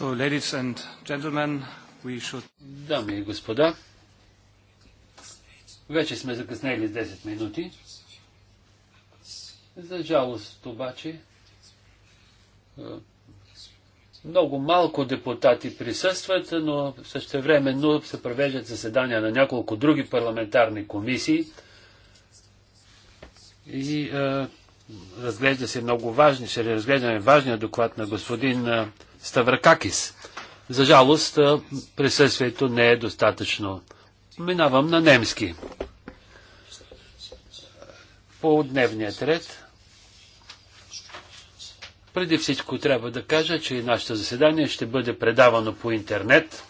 So, ladies and gentlemen, we should... Дами и господа, вече сме закъснели с 10 минути. За жалост обаче, е, много малко депутати присъстват, но същевременно се провеждат заседания на няколко други парламентарни комисии. И е, разглежда се много важни, ще разглеждаме важния доклад на господин Ставракакис. За жалост, присъствието не е достатъчно. Минавам на немски. По дневният ред. Преди всичко трябва да кажа, че нашето заседание ще бъде предавано по интернет.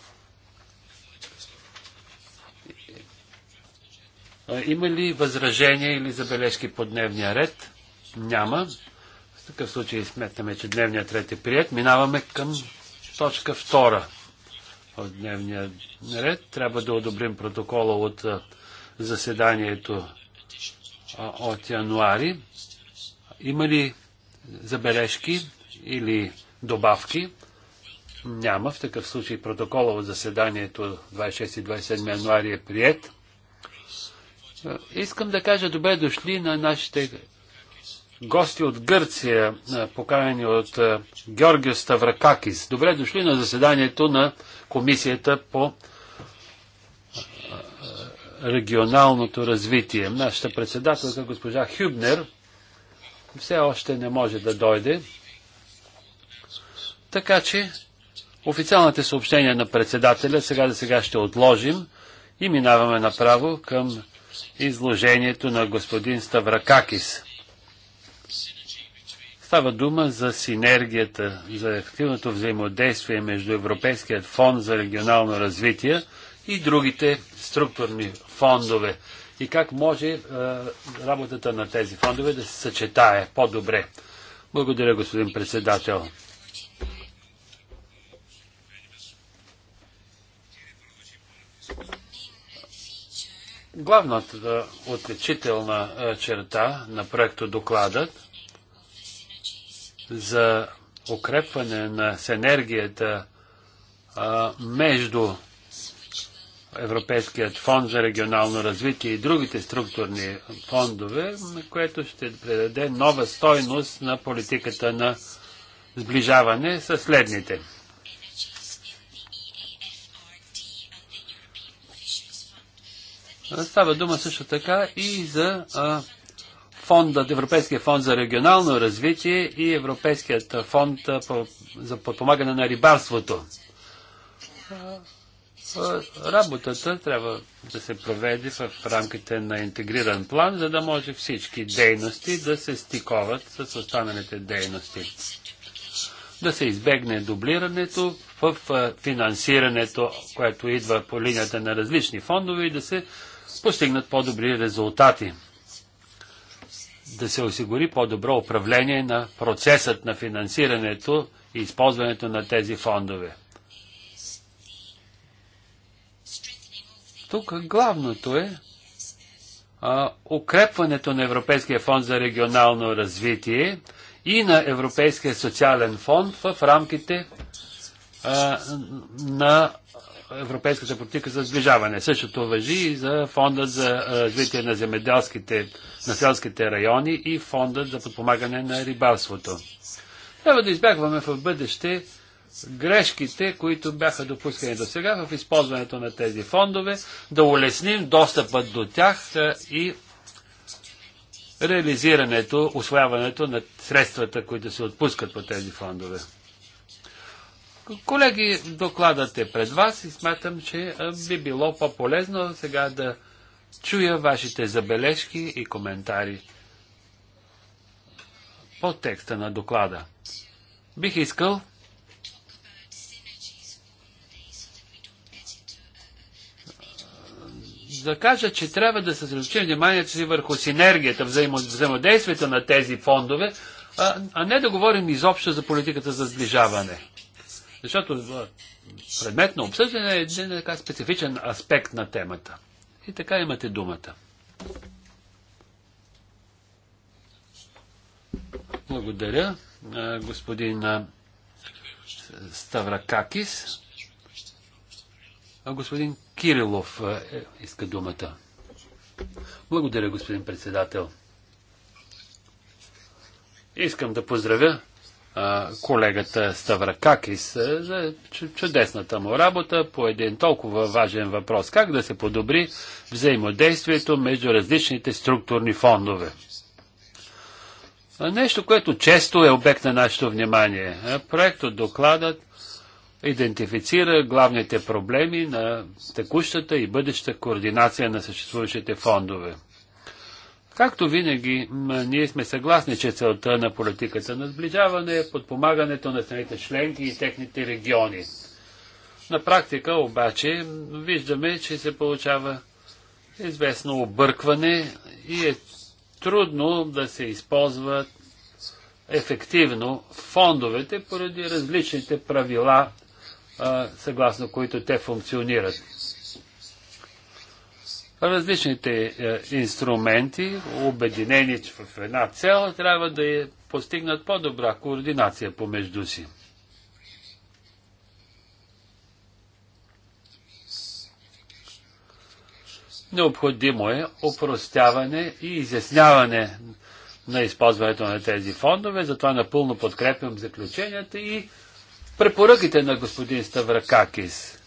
Има ли възражения или забележки по дневния ред? Няма. В такъв случай сметаме, че дневният ред е прият. Минаваме към точка втора от дневния ред. Трябва да одобрим протокола от заседанието от януари. Има ли забележки или добавки? Няма. В такъв случай протокола от заседанието 26 и 27 януари е прият. Искам да кажа добре дошли на нашите гости от Гърция, поканени от Георгио Ставракакис. Добре дошли на заседанието на Комисията по регионалното развитие. Нашата председателка, госпожа Хюбнер, все още не може да дойде. Така че официалните съобщения на председателя сега да сега ще отложим и минаваме направо към изложението на господин Ставракакис. Става дума за синергията, за активното взаимодействие между Европейският фонд за регионално развитие и другите структурни фондове и как може е, работата на тези фондове да се съчетае по-добре. Благодаря, господин председател. Главната отличителна е, черта на проекто докладът за укрепване на синергията а, между Европейският фонд за регионално развитие и другите структурни фондове, което ще предаде нова стойност на политиката на сближаване с следните. Става дума също така и за а, фонда, Европейския фонд за регионално развитие и Европейският фонд за подпомагане на рибарството. Работата трябва да се проведе в рамките на интегриран план, за да може всички дейности да се стиковат с останалите дейности. Да се избегне дублирането в финансирането, което идва по линията на различни фондове и да се постигнат по-добри резултати да се осигури по-добро управление на процесът на финансирането и използването на тези фондове. Тук главното е а, укрепването на Европейския фонд за регионално развитие и на Европейския социален фонд в рамките а, на европейската политика за сближаване. Същото въжи и за фонда за развитие на земеделските, на селските райони и фонда за подпомагане на рибарството. Трябва да избягваме в бъдеще грешките, които бяха допускани до сега в използването на тези фондове, да улесним достъпът до тях и реализирането, освояването на средствата, които се отпускат по тези фондове. Колеги, докладът е пред вас и смятам, че би било по-полезно сега да чуя вашите забележки и коментари по текста на доклада. Бих искал да кажа, че трябва да съсредоточим вниманието си върху синергията, взаимодействието на тези фондове, а, а не да говорим изобщо за политиката за сближаване. Защото е, предмет на обсъждане е един е така специфичен аспект на темата. И така имате думата. Благодаря, е, господин Ставракакис. А господин Кирилов иска думата. Благодаря, господин председател. Искам да поздравя колегата Ставракакис е, за чудесната му работа по един толкова важен въпрос. Как да се подобри взаимодействието между различните структурни фондове? Нещо, което често е обект на нашето внимание. Проектът докладът идентифицира главните проблеми на текущата и бъдеща координация на съществуващите фондове. Както винаги, ние сме съгласни, че целта на политиката на сближаване е подпомагането на страните членки и техните региони. На практика обаче виждаме, че се получава известно объркване и е трудно да се използват ефективно фондовете поради различните правила, съгласно които те функционират различните е, инструменти, обединени в една цел, трябва да е постигнат по-добра координация помежду си. Необходимо е упростяване и изясняване на използването на тези фондове, затова напълно подкрепям заключенията и препоръките на господин Ставракакис.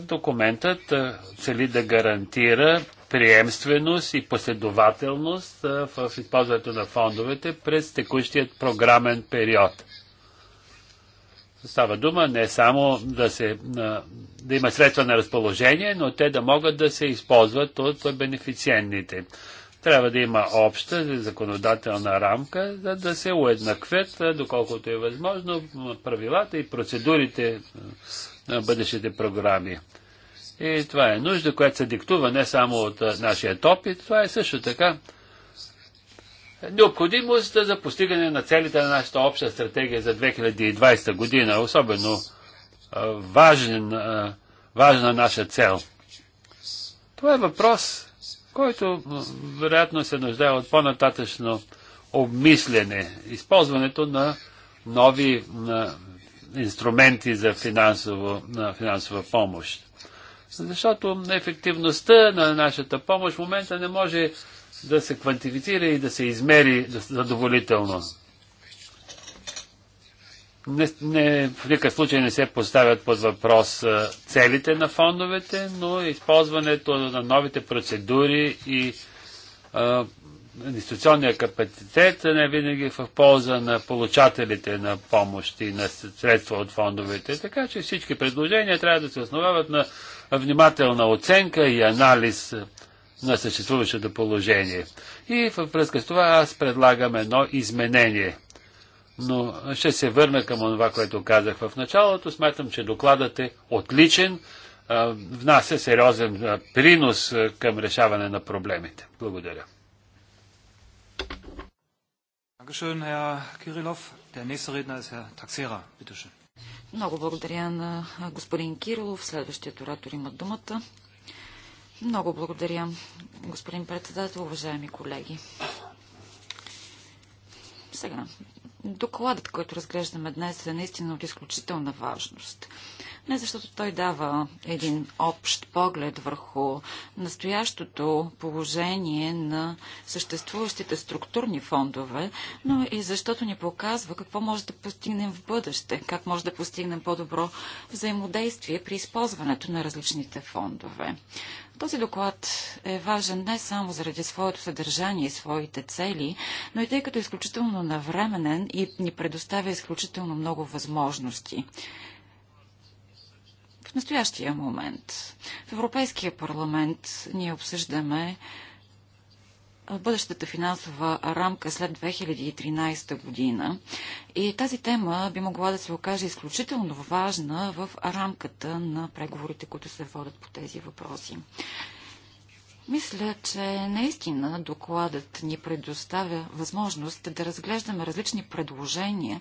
Документът цели да гарантира приемственост и последователност в използването на фондовете през текущият програмен период. Става дума не само да, се, да има средства на разположение, но те да могат да се използват от бенефициентните. Трябва да има обща законодателна рамка, за да се уеднаквят, доколкото е възможно, правилата и процедурите бъдещите програми. И това е нужда, която се диктува не само от нашия опит, това е също така необходимост за постигане на целите на нашата обща стратегия за 2020 година, особено важен, важна наша цел. Това е въпрос, който вероятно се нуждае от по-нататъчно обмислене, използването на нови на инструменти за финансово, на финансова помощ. Защото ефективността на нашата помощ в момента не може да се квантифицира и да се измери задоволително. Не, не, в никакъв случай не се поставят под въпрос целите на фондовете, но използването на новите процедури и институционния капацитет е не винаги в полза на получателите на помощи и на средства от фондовете. Така че всички предложения трябва да се основават на внимателна оценка и анализ на съществуващото положение. И във връзка с това аз предлагам едно изменение. Но ще се върна към това, което казах в началото. Смятам, че докладът е отличен, внася сериозен принос към решаване на проблемите. Благодаря. Dankeschön, Herr Kirillov. Der nächste Redner ist Herr Taxera. Bitte schön. Много благодаря на господин Кирилов. Следващият оратор има думата. Много благодаря, господин председател, уважаеми колеги. Сега Докладът, който разглеждаме днес, е наистина от изключителна важност. Не защото той дава един общ поглед върху настоящото положение на съществуващите структурни фондове, но и защото ни показва какво може да постигнем в бъдеще, как може да постигнем по-добро взаимодействие при използването на различните фондове. Този доклад е важен не само заради своето съдържание и своите цели, но и тъй като е изключително навременен и ни предоставя изключително много възможности. В настоящия момент в Европейския парламент ние обсъждаме бъдещата финансова рамка след 2013 година. И тази тема би могла да се окаже изключително важна в рамката на преговорите, които се водят по тези въпроси. Мисля, че наистина докладът ни предоставя възможност да разглеждаме различни предложения,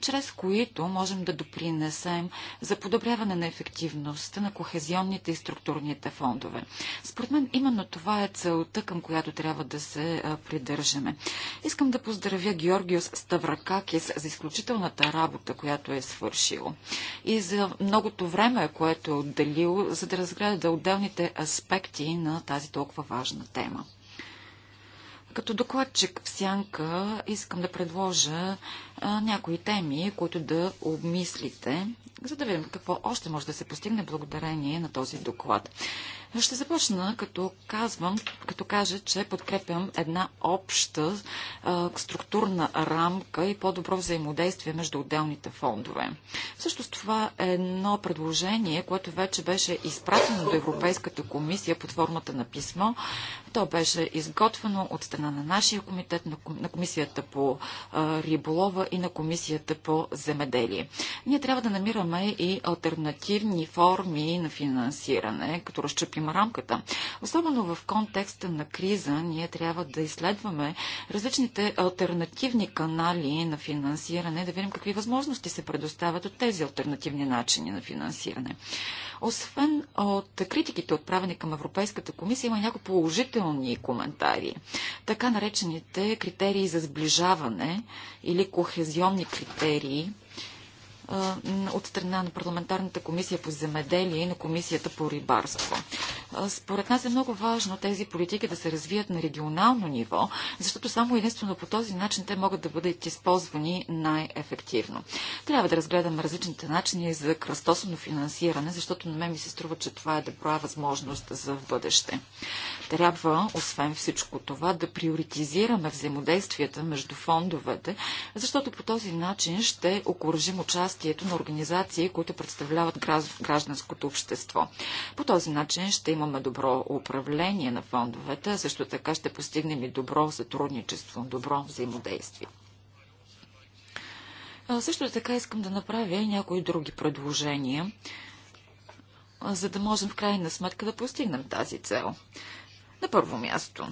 чрез които можем да допринесем за подобряване на ефективността на кохезионните и структурните фондове. Според мен именно това е целта, към която трябва да се придържаме. Искам да поздравя Георгиос Ставракакис за изключителната работа, която е свършил и за многото време, което е отделил, за да разгледа отделните аспекти на тази толкова толкова важна тема. Като докладчик в Сянка искам да предложа някои теми, които да обмислите, за да видим какво още може да се постигне благодарение на този доклад. Ще започна като казвам, като кажа, че подкрепям една обща а, структурна рамка и по-добро взаимодействие между отделните фондове. Също това е едно предложение, което вече беше изпратено до Европейската комисия под формата на писмо. То беше изготвено от страна на нашия комитет, на комисията по а, риболова и на Комисията по земеделие. Ние трябва да намираме и альтернативни форми на финансиране, като разчупим рамката. Особено в контекста на криза, ние трябва да изследваме различните альтернативни канали на финансиране, да видим какви възможности се предоставят от тези альтернативни начини на финансиране. Освен от критиките, отправени към Европейската комисия, има някои положителни коментари. Така наречените критерии за сближаване или кохезионни критерии, от страна на парламентарната комисия по земеделие и на комисията по рибарство. Според нас е много важно тези политики да се развият на регионално ниво, защото само единствено по този начин те могат да бъдат използвани най-ефективно. Трябва да разгледаме различните начини за кръстосано финансиране, защото на мен ми се струва, че това е добра възможност за в бъдеще. Трябва, освен всичко това, да приоритизираме взаимодействията между фондовете, защото по този начин ще окоръжим участие участието на организации, които представляват гражданското общество. По този начин ще имаме добро управление на фондовете, също така ще постигнем и добро сътрудничество, добро взаимодействие. Също така искам да направя и някои други предложения, за да можем в крайна сметка да постигнем тази цел. На първо място,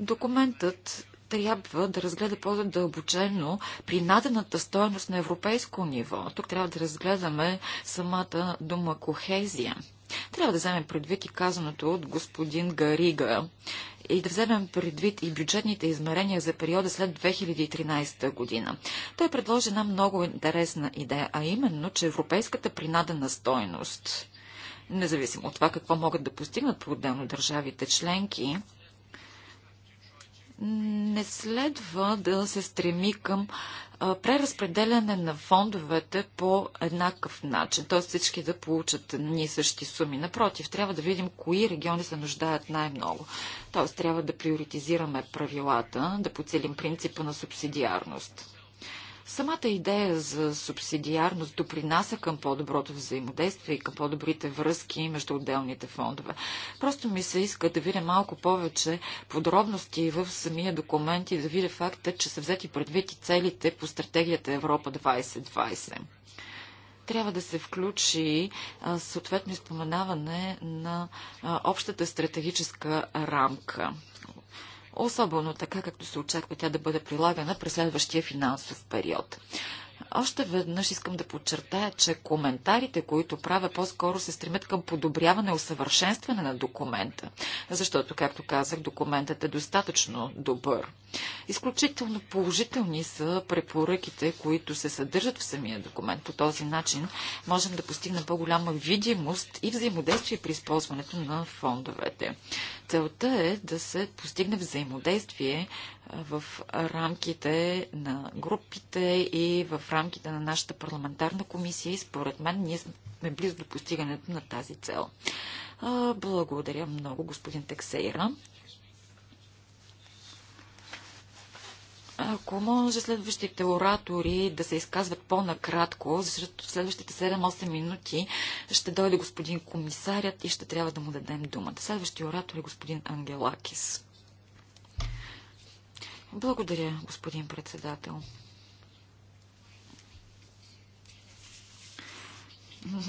документът трябва да разгледа по-дълбочено принадената стоеност на европейско ниво. Тук трябва да разгледаме самата дума кохезия. Трябва да вземем предвид и казаното от господин Гарига и да вземем предвид и бюджетните измерения за периода след 2013 година. Той предложи една много интересна идея, а именно, че европейската принадена стойност, независимо от това какво могат да постигнат по-отделно държавите членки, не следва да се стреми към а, преразпределяне на фондовете по еднакъв начин, т.е. всички да получат ние същи суми. Напротив, трябва да видим кои региони се нуждаят най-много. Т.е. трябва да приоритизираме правилата, да поцелим принципа на субсидиарност. Самата идея за субсидиарност допринася към по-доброто взаимодействие и към по-добрите връзки между отделните фондове. Просто ми се иска да видя малко повече подробности в самия документ и да видя факта, че са взети предвид и целите по стратегията Европа 2020 трябва да се включи съответно изпоменаване на общата стратегическа рамка особено така, както се очаква тя да бъде прилагана през следващия финансов период. Още веднъж искам да подчертая, че коментарите, които правя, по-скоро се стремят към подобряване, и усъвършенстване на документа, защото, както казах, документът е достатъчно добър. Изключително положителни са препоръките, които се съдържат в самия документ. По този начин можем да постигнем по-голяма видимост и взаимодействие при използването на фондовете. Целта е да се постигне взаимодействие в рамките на групите и в рамките на нашата парламентарна комисия и според мен ние сме близо до постигането на тази цел. Благодаря много, господин Тексейра. Ако може следващите оратори да се изказват по-накратко, защото в следващите 7-8 минути ще дойде господин комисарят и ще трябва да му дадем думата. Следващия оратор е господин Ангелакис. Благодаря, господин председател.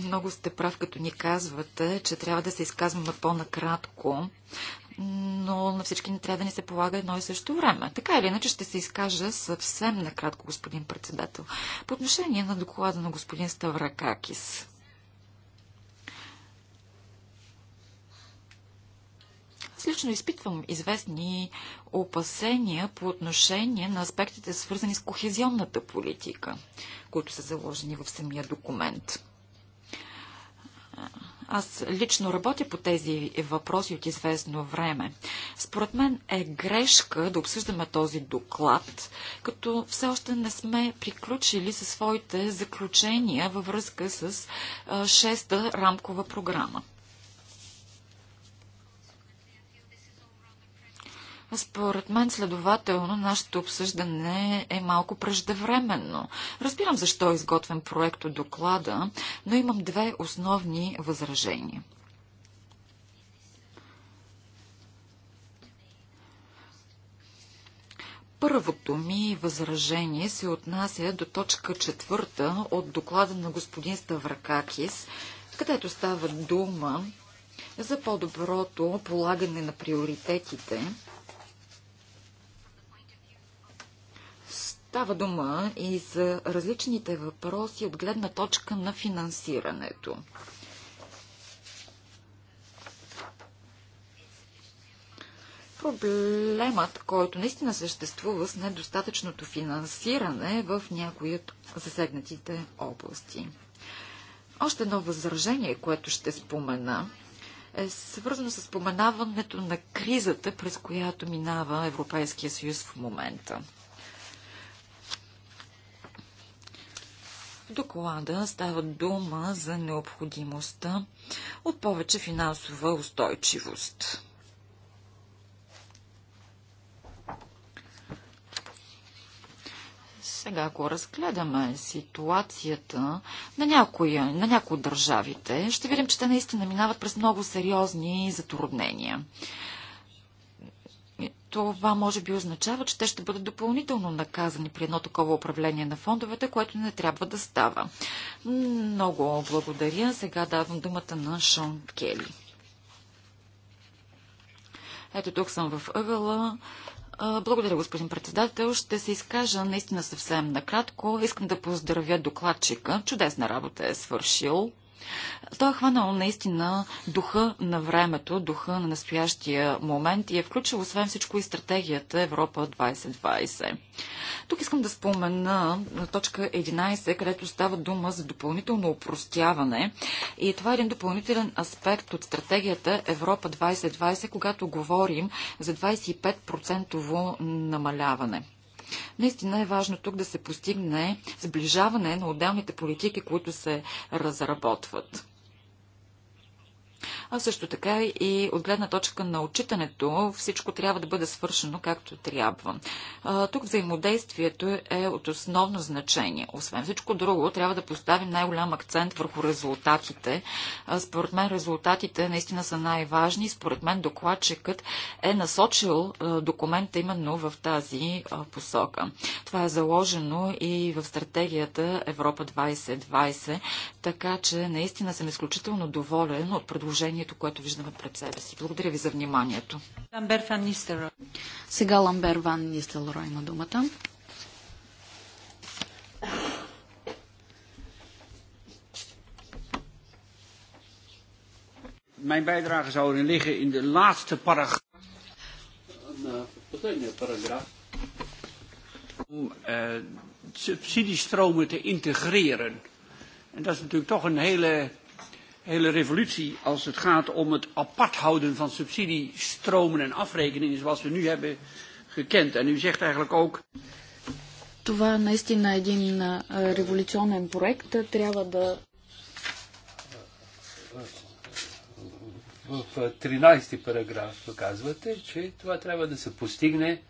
Много сте прав, като ни казвате, че трябва да се изказваме по-накратко, но на всички не трябва да ни се полага едно и също време. Така или иначе ще се изкажа съвсем накратко, господин председател. По отношение на доклада на господин Ставракакис. Аз лично изпитвам известни опасения по отношение на аспектите, свързани с кохезионната политика, които са заложени в самия документ. Аз лично работя по тези въпроси от известно време. Според мен е грешка да обсъждаме този доклад, като все още не сме приключили със своите заключения във връзка с шеста рамкова програма. Според мен, следователно, нашето обсъждане е малко преждевременно. Разбирам защо е изготвен проект от доклада, но имам две основни възражения. Първото ми възражение се отнася до точка четвърта от доклада на господин Ставракакис, където става дума за по-доброто полагане на приоритетите Става дума и за различните въпроси от гледна точка на финансирането. Проблемът, който наистина съществува с недостатъчното финансиране в някои от засегнатите области. Още едно възражение, което ще спомена, е свързано с споменаването на кризата, през която минава Европейския съюз в момента. доклада става дума за необходимостта от повече финансова устойчивост. Сега, ако разгледаме ситуацията на някои, на някои от държавите, ще видим, че те наистина минават през много сериозни затруднения това може би означава, че те ще бъдат допълнително наказани при едно такова управление на фондовете, което не трябва да става. Много благодаря. Сега давам думата на Шон Кели. Ето тук съм в ъгъла. Благодаря, господин председател. Ще се изкажа наистина съвсем накратко. Искам да поздравя докладчика. Чудесна работа е свършил. Той е хванал наистина духа на времето, духа на настоящия момент и е включил освен всичко и стратегията Европа 2020. Тук искам да спомена на точка 11, където става дума за допълнително упростяване и това е един допълнителен аспект от стратегията Европа 2020, когато говорим за 25% намаляване. Наистина е важно тук да се постигне сближаване на отделните политики, които се разработват а също така и от гледна точка на отчитането всичко трябва да бъде свършено както трябва. Тук взаимодействието е от основно значение. Освен всичко друго, трябва да поставим най-голям акцент върху резултатите. Според мен резултатите наистина са най-важни. Според мен докладчикът е насочил документа именно в тази посока. Това е заложено и в стратегията Европа 2020, така че наистина съм изключително доволен от предложението положението, което виждаме пред себе си. Благодаря ви за вниманието. Ламбер Ван Нистелрой. Сега Ламбер Ван Нистелрой има думата. Mijn bijdrage zou erin liggen in de laatste paragraaf. На последния параграф. Om uh, subsidiestromen te integreren. En dat is natuurlijk toch een hele hele revolutie als het gaat om het apart houden van subsidiestromen en afrekeningen zoals we nu hebben gekend. En u zegt eigenlijk ook. Това наистина е един революционен проект. Трябва да. В 13 параграф казвате, че това трябва да се постигне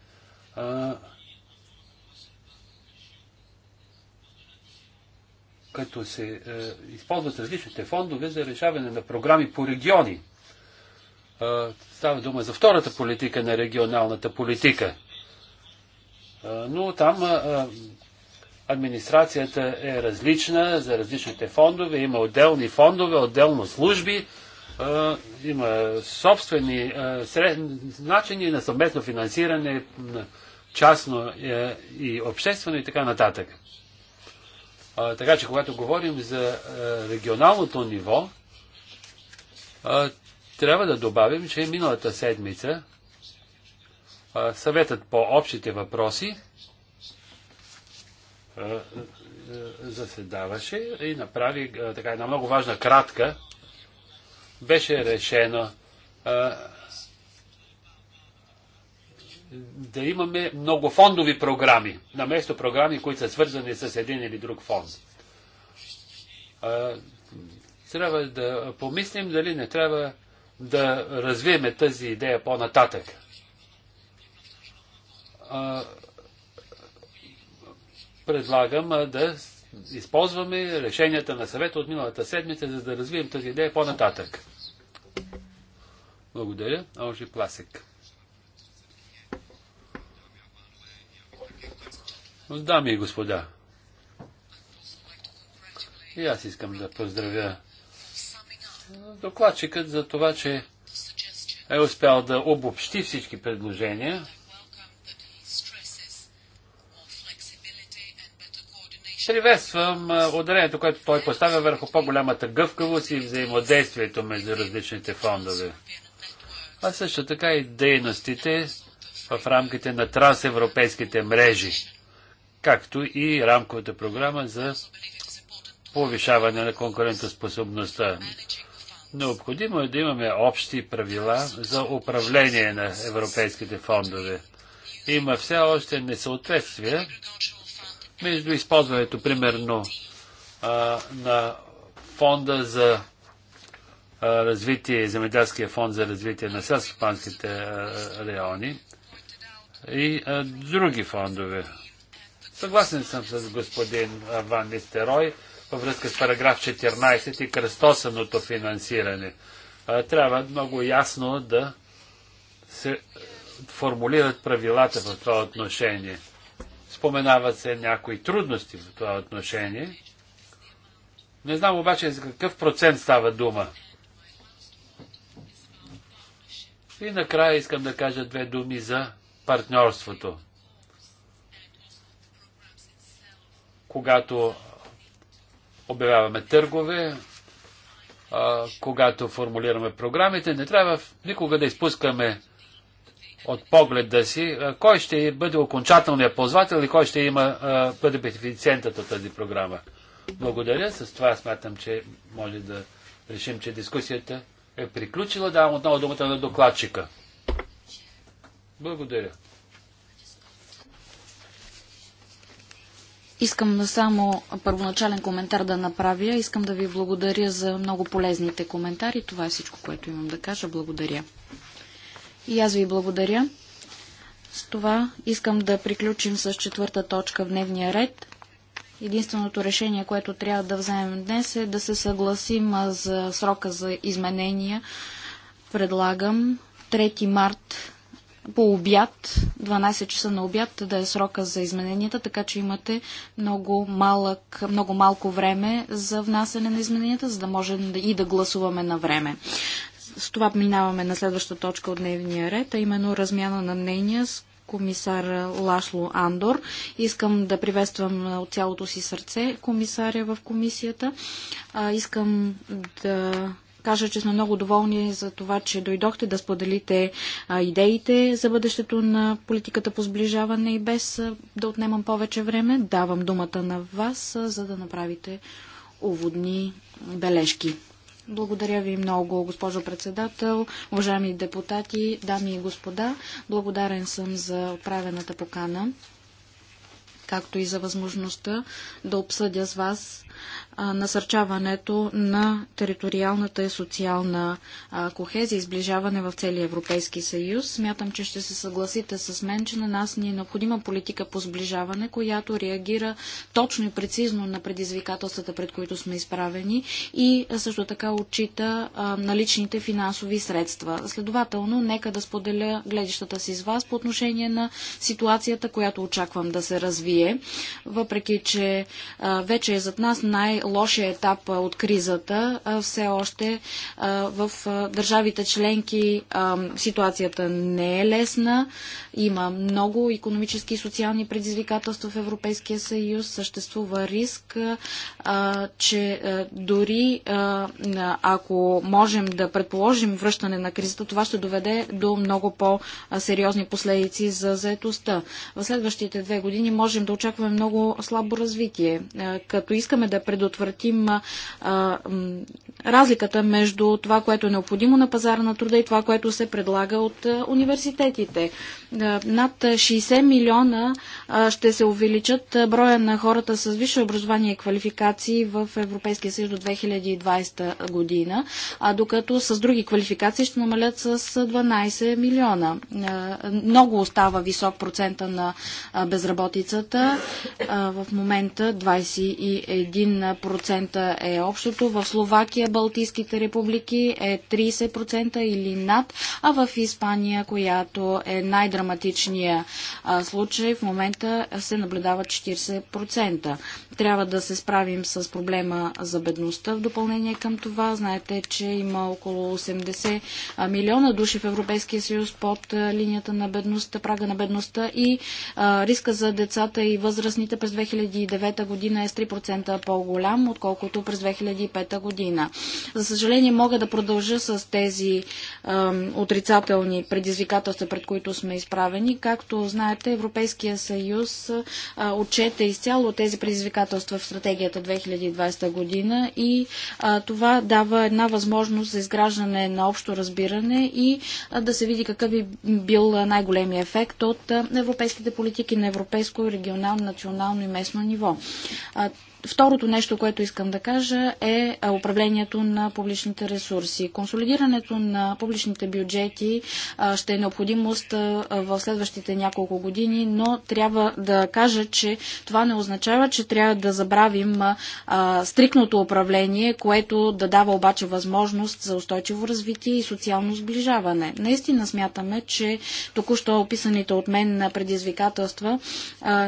като се е, използват различните фондове за решаване на програми по региони. Е, става дума за втората политика на регионалната политика. Е, но там е, е администрацията е различна за различните фондове. Има отделни фондове, отделно служби. Е, има собствени е, сред... начини на съвместно финансиране на частно е, и обществено и така нататък. А, така че, когато говорим за а, регионалното ниво, а, трябва да добавим, че миналата седмица а, съветът по общите въпроси а, заседаваше и направи а, така една много важна кратка. Беше решено да имаме многофондови програми, наместо програми, които са свързани с един или друг фонд. трябва да помислим дали не трябва да развиеме тази идея по-нататък. Предлагам да използваме решенията на съвета от миналата седмица, за да развием тази идея по-нататък. Благодаря. Още пласек. Дами и господа, и аз искам да поздравя докладчикът за това, че е успял да обобщи всички предложения. Приветствам ударението, което той поставя върху по-голямата гъвкавост и взаимодействието между различните фондове. А също така и дейностите в рамките на трансевропейските мрежи както и рамковата програма за повишаване на конкурентоспособността. Необходимо е да имаме общи правила за управление на европейските фондове. Има все още несъответствие между използването, примерно, на фонда за развитие, земеделския фонд за развитие на селскопанските райони и други фондове. Съгласен съм с господин Ван Нистерой във връзка с параграф 14 и кръстосаното финансиране. Трябва много ясно да се формулират правилата в това отношение. Споменават се някои трудности в това отношение. Не знам обаче за какъв процент става дума. И накрая искам да кажа две думи за партньорството. когато обявяваме търгове, когато формулираме програмите, не трябва никога да изпускаме от погледа си кой ще бъде окончателният ползвател и кой ще има, бъде бенефициентът от тази програма. Благодаря. С това смятам, че може да решим, че дискусията е приключила. Давам отново думата на докладчика. Благодаря. Искам само първоначален коментар да направя. Искам да ви благодаря за много полезните коментари. Това е всичко, което имам да кажа. Благодаря. И аз ви благодаря. С това искам да приключим с четвърта точка в дневния ред. Единственото решение, което трябва да вземем днес е да се съгласим за срока за изменения. Предлагам 3 март по обяд, 12 часа на обяд да е срока за измененията, така че имате много, малък, много малко време за внасяне на измененията, за да можем да и да гласуваме на време. С това минаваме на следващата точка от дневния ред, а именно размяна на мнения с комисар Лашло Андор. Искам да приветствам от цялото си сърце комисаря в комисията. Искам да кажа, че сме много доволни за това, че дойдохте да споделите идеите за бъдещето на политиката по сближаване и без да отнемам повече време, давам думата на вас, за да направите уводни бележки. Благодаря ви много, госпожо председател, уважаеми депутати, дами и господа. Благодарен съм за отправената покана, както и за възможността да обсъдя с вас насърчаването на териториалната и социална кохезия и сближаване в целия Европейски съюз. Смятам, че ще се съгласите с мен, че на нас ни е необходима политика по сближаване, която реагира точно и прецизно на предизвикателствата, пред които сме изправени и също така отчита наличните финансови средства. Следователно, нека да споделя гледищата си с вас по отношение на ситуацията, която очаквам да се развие, въпреки че вече е зад нас най- най-лошия етап от кризата. Все още в държавите членки ситуацията не е лесна. Има много економически и социални предизвикателства в Европейския съюз. Съществува риск, че дори ако можем да предположим връщане на кризата, това ще доведе до много по-сериозни последици за заетостта. В следващите две години можем да очакваме много слабо развитие. Като искаме да предотвратим предотвратим а, разликата между това, което е необходимо на пазара на труда и това, което се предлага от а, университетите. А, над 60 милиона а, ще се увеличат броя на хората с висше образование и квалификации в Европейския съюз до 2020 година, а докато с други квалификации ще намалят с 12 милиона. А, много остава висок процента на безработицата. А, в момента 21 40% е общото, в Словакия, Балтийските републики е 30% или над, а в Испания, която е най-драматичният случай, в момента се наблюдава 40%. Трябва да се справим с проблема за бедността. В допълнение към това, знаете, че има около 80 милиона души в Европейския съюз под линията на бедността, прага на бедността и риска за децата и възрастните през 2009 година е с 3% по-голям там, отколкото през 2005 година. За съжаление, мога да продължа с тези е, отрицателни предизвикателства, пред които сме изправени. Както знаете, Европейския съюз е, отчете изцяло тези предизвикателства в стратегията 2020 година и е, това дава една възможност за изграждане на общо разбиране и е, да се види какъв би бил най-големия ефект от европейските политики на европейско, регионално, национално и местно ниво. Второто нещо, което искам да кажа е управлението на публичните ресурси. Консолидирането на публичните бюджети ще е необходимост в следващите няколко години, но трябва да кажа, че това не означава, че трябва да забравим стрикното управление, което да дава обаче възможност за устойчиво развитие и социално сближаване. Наистина смятаме, че току-що описаните от мен предизвикателства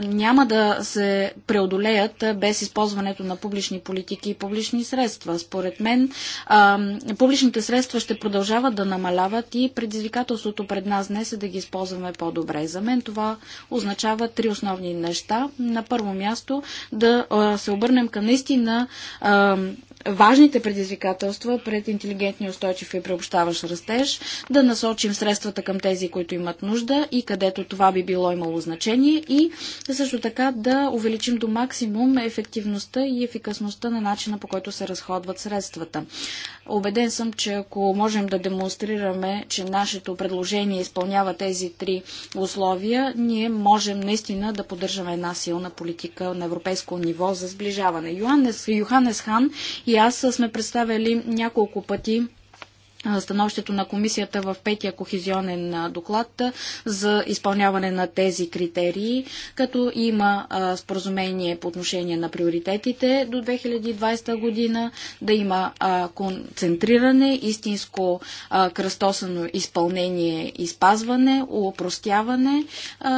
няма да се преодолеят без използването използването на публични политики и публични средства. Според мен, публичните средства ще продължават да намаляват и предизвикателството пред нас днес е да ги използваме по-добре. За мен това означава три основни неща. На първо място да се обърнем към наистина важните предизвикателства пред интелигентния, устойчив и преобщаващ растеж, да насочим средствата към тези, които имат нужда и където това би било имало значение и също така да увеличим до максимум ефективността и ефикасността на начина по който се разходват средствата. Обеден съм, че ако можем да демонстрираме, че нашето предложение изпълнява тези три условия, ние можем наистина да поддържаме една силна политика на европейско ниво за сближаване. Йоаннес, Йоханес Хан и и аз сме представили няколко пъти становището на комисията в петия кохезионен доклад за изпълняване на тези критерии, като има споразумение по отношение на приоритетите до 2020 година, да има концентриране, истинско кръстосано изпълнение и спазване, упростяване,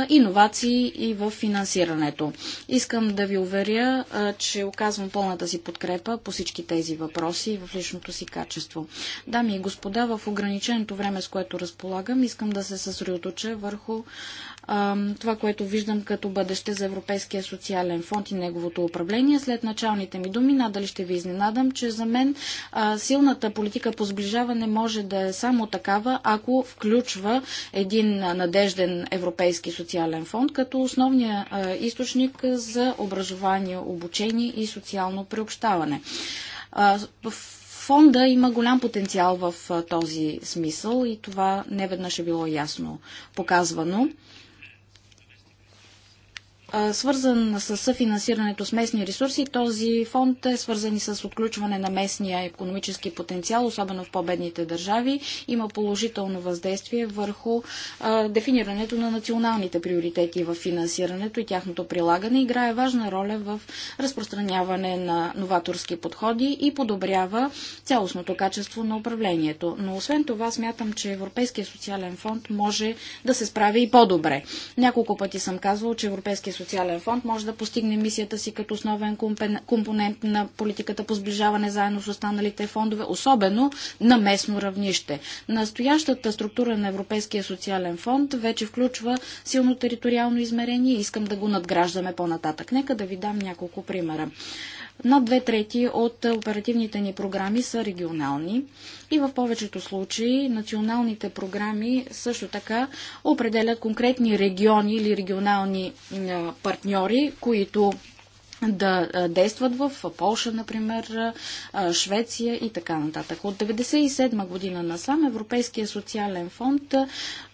иновации и в финансирането. Искам да ви уверя, че оказвам пълната си подкрепа по всички тези въпроси в личното си качество. Дами и господи, господа, в ограниченото време, с което разполагам, искам да се съсредоточа върху а, това, което виждам като бъдеще за Европейския социален фонд и неговото управление. След началните ми думи, надали ще ви изненадам, че за мен а, силната политика по сближаване може да е само такава, ако включва един надежден Европейски социален фонд като основния а, източник за образование, обучение и социално приобщаване. В Фонда има голям потенциал в този смисъл и това неведнъж е било ясно показвано свързан с съфинансирането с местни ресурси. Този фонд е свързан и с отключване на местния економически потенциал, особено в по-бедните държави. Има положително въздействие върху дефинирането на националните приоритети в финансирането и тяхното прилагане. Играе важна роля в разпространяване на новаторски подходи и подобрява цялостното качество на управлението. Но освен това смятам, че Европейския социален фонд може да се справи и по-добре. Няколко пъти съм казвал, че Европейския социален социален фонд може да постигне мисията си като основен компонент на политиката по сближаване заедно с останалите фондове, особено на местно равнище. Настоящата структура на Европейския социален фонд вече включва силно териториално измерение и искам да го надграждаме по-нататък. Нека да ви дам няколко примера. Над две трети от оперативните ни програми са регионални и в повечето случаи националните програми също така определят конкретни региони или регионални партньори, които да действат в Полша, например, Швеция и така нататък. От 1997 година насам Европейския социален фонд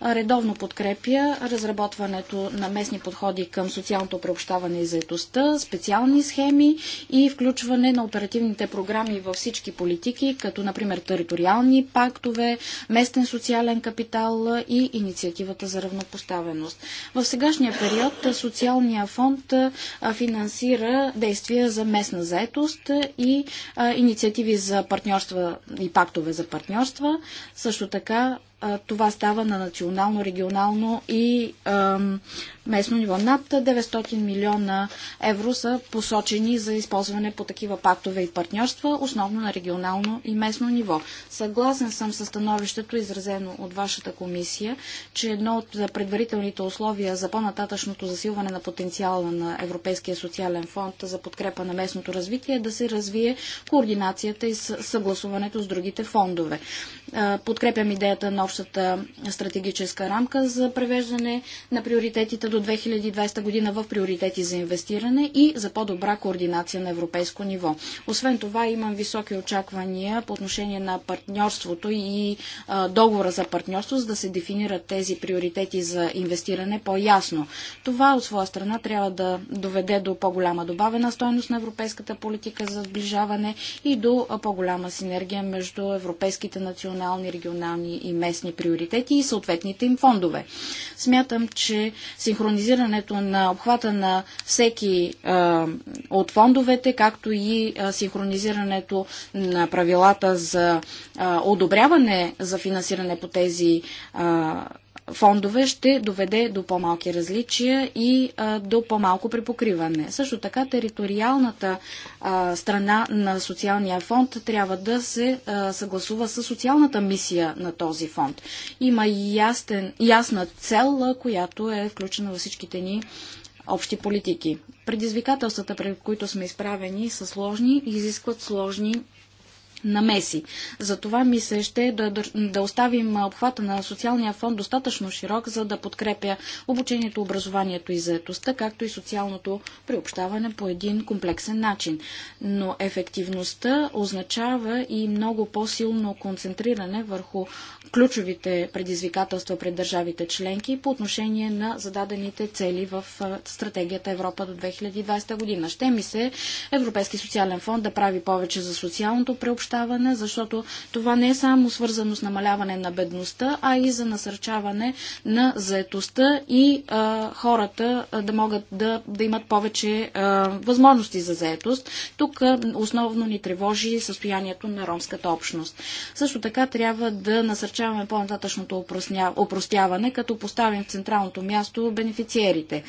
редовно подкрепя разработването на местни подходи към социалното преобщаване и заедостта, специални схеми и включване на оперативните програми във всички политики, като например териториални пактове, местен социален капитал и инициативата за равнопоставеност. В сегашния период социалния фонд финансира действия за местна заетост и а, инициативи за партньорства и пактове за партньорства. Също така това става на национално, регионално и ам, местно ниво. Над 900 милиона евро са посочени за използване по такива пактове и партньорства, основно на регионално и местно ниво. Съгласен съм с становището, изразено от вашата комисия, че едно от предварителните условия за по-нататъчното засилване на потенциала на Европейския социален фонд за подкрепа на местното развитие е да се развие координацията и съгласуването с другите фондове. Подкрепям идеята на общата стратегическа рамка за превеждане на приоритетите до 2020 година в приоритети за инвестиране и за по-добра координация на европейско ниво. Освен това, имам високи очаквания по отношение на партньорството и а, договора за партньорство, за да се дефинират тези приоритети за инвестиране по-ясно. Това от своя страна трябва да доведе до по-голяма добавена стойност на европейската политика за сближаване и до по-голяма синергия между европейските национални, регионални и местни известни приоритети и съответните им фондове. Смятам, че синхронизирането на обхвата на всеки а, от фондовете, както и а, синхронизирането на правилата за а, одобряване за финансиране по тези а, фондове ще доведе до по-малки различия и а, до по-малко препокриване. Също така териториалната а, страна на социалния фонд трябва да се а, съгласува с социалната мисия на този фонд. Има ясен, ясна цел, която е включена във всичките ни общи политики. Предизвикателствата, пред които сме изправени, са сложни и изискват сложни намеси. Затова ми се ще да, да оставим обхвата на социалния фонд достатъчно широк, за да подкрепя обучението, образованието и заетостта, както и социалното приобщаване по един комплексен начин. Но ефективността означава и много по-силно концентриране върху ключовите предизвикателства пред държавите членки по отношение на зададените цели в стратегията Европа до 2020 година. Ще ми се Европейски социален фонд да прави повече за социалното приобщаване приобщаване, защото това не е само свързано с намаляване на бедността, а и за насърчаване на заетостта и а, хората а, да могат да, да имат повече а, възможности за заетост. Тук а, основно ни тревожи състоянието на ромската общност. Също така трябва да насърчаваме по-нататъчното опростяване, като поставим в централното място бенефициерите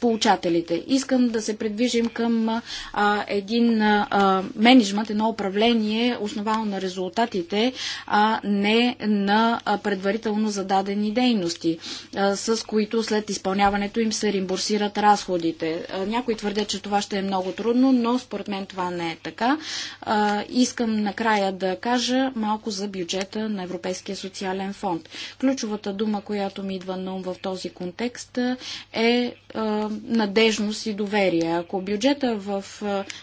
получателите. Искам да се предвижим към а, един а, менеджмент, едно управление, основано на резултатите, а не на предварително зададени дейности, а, с които след изпълняването им се реимбурсират разходите. А, някои твърдят, че това ще е много трудно, но според мен това не е така. А, искам накрая да кажа малко за бюджета на Европейския социален фонд. Ключовата дума, която ми идва на ум в този контекст е а, надежност и доверие. Ако бюджета в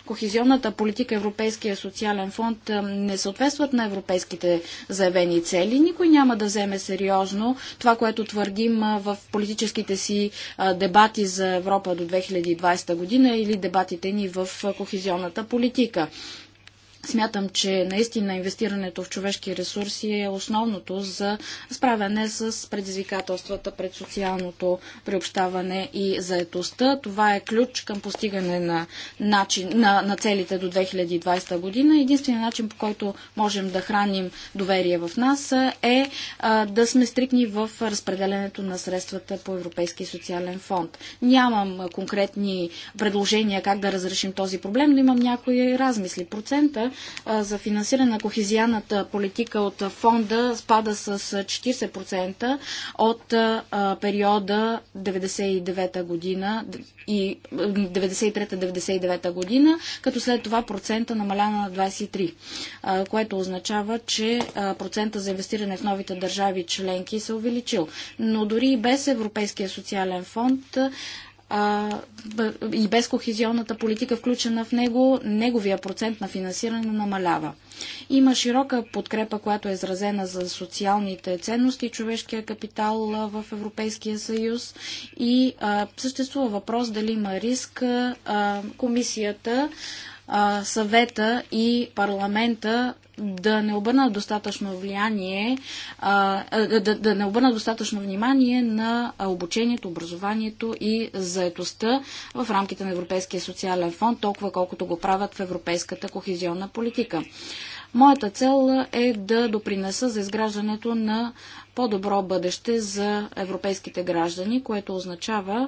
кохезионната политика Европейския социален фонд не съответстват на европейските заявени цели, никой няма да вземе сериозно това, което твърдим в политическите си дебати за Европа до 2020 година или дебатите ни в кохезионната политика. Смятам, че наистина инвестирането в човешки ресурси е основното за справяне с предизвикателствата пред социалното приобщаване и заетостта. Това е ключ към постигане на, начин, на, на целите до 2020 година. Единственият начин, по който можем да храним доверие в нас е а, да сме стрикни в разпределенето на средствата по Европейски социален фонд. Нямам конкретни предложения как да разрешим този проблем, но имам някои размисли. Процента за финансиране на кохезианната политика от фонда спада с 40% от периода 99 година и 93-99 година, като след това процента намаляна на 23, което означава, че процента за инвестиране в новите държави членки се увеличил. Но дори и без Европейския социален фонд а, и без кохезионната политика включена в него, неговия процент на финансиране намалява. Има широка подкрепа, която е изразена за социалните ценности, човешкия капитал в Европейския съюз и а, съществува въпрос дали има риск а, комисията а, съвета и парламента да не обърнат достатъчно влияние, а, да, да не обърнат достатъчно внимание на обучението, образованието и заетостта в рамките на Европейския социален фонд, толкова колкото го правят в Европейската кохезионна политика. Моята цел е да допринеса за изграждането на по-добро бъдеще за европейските граждани, което означава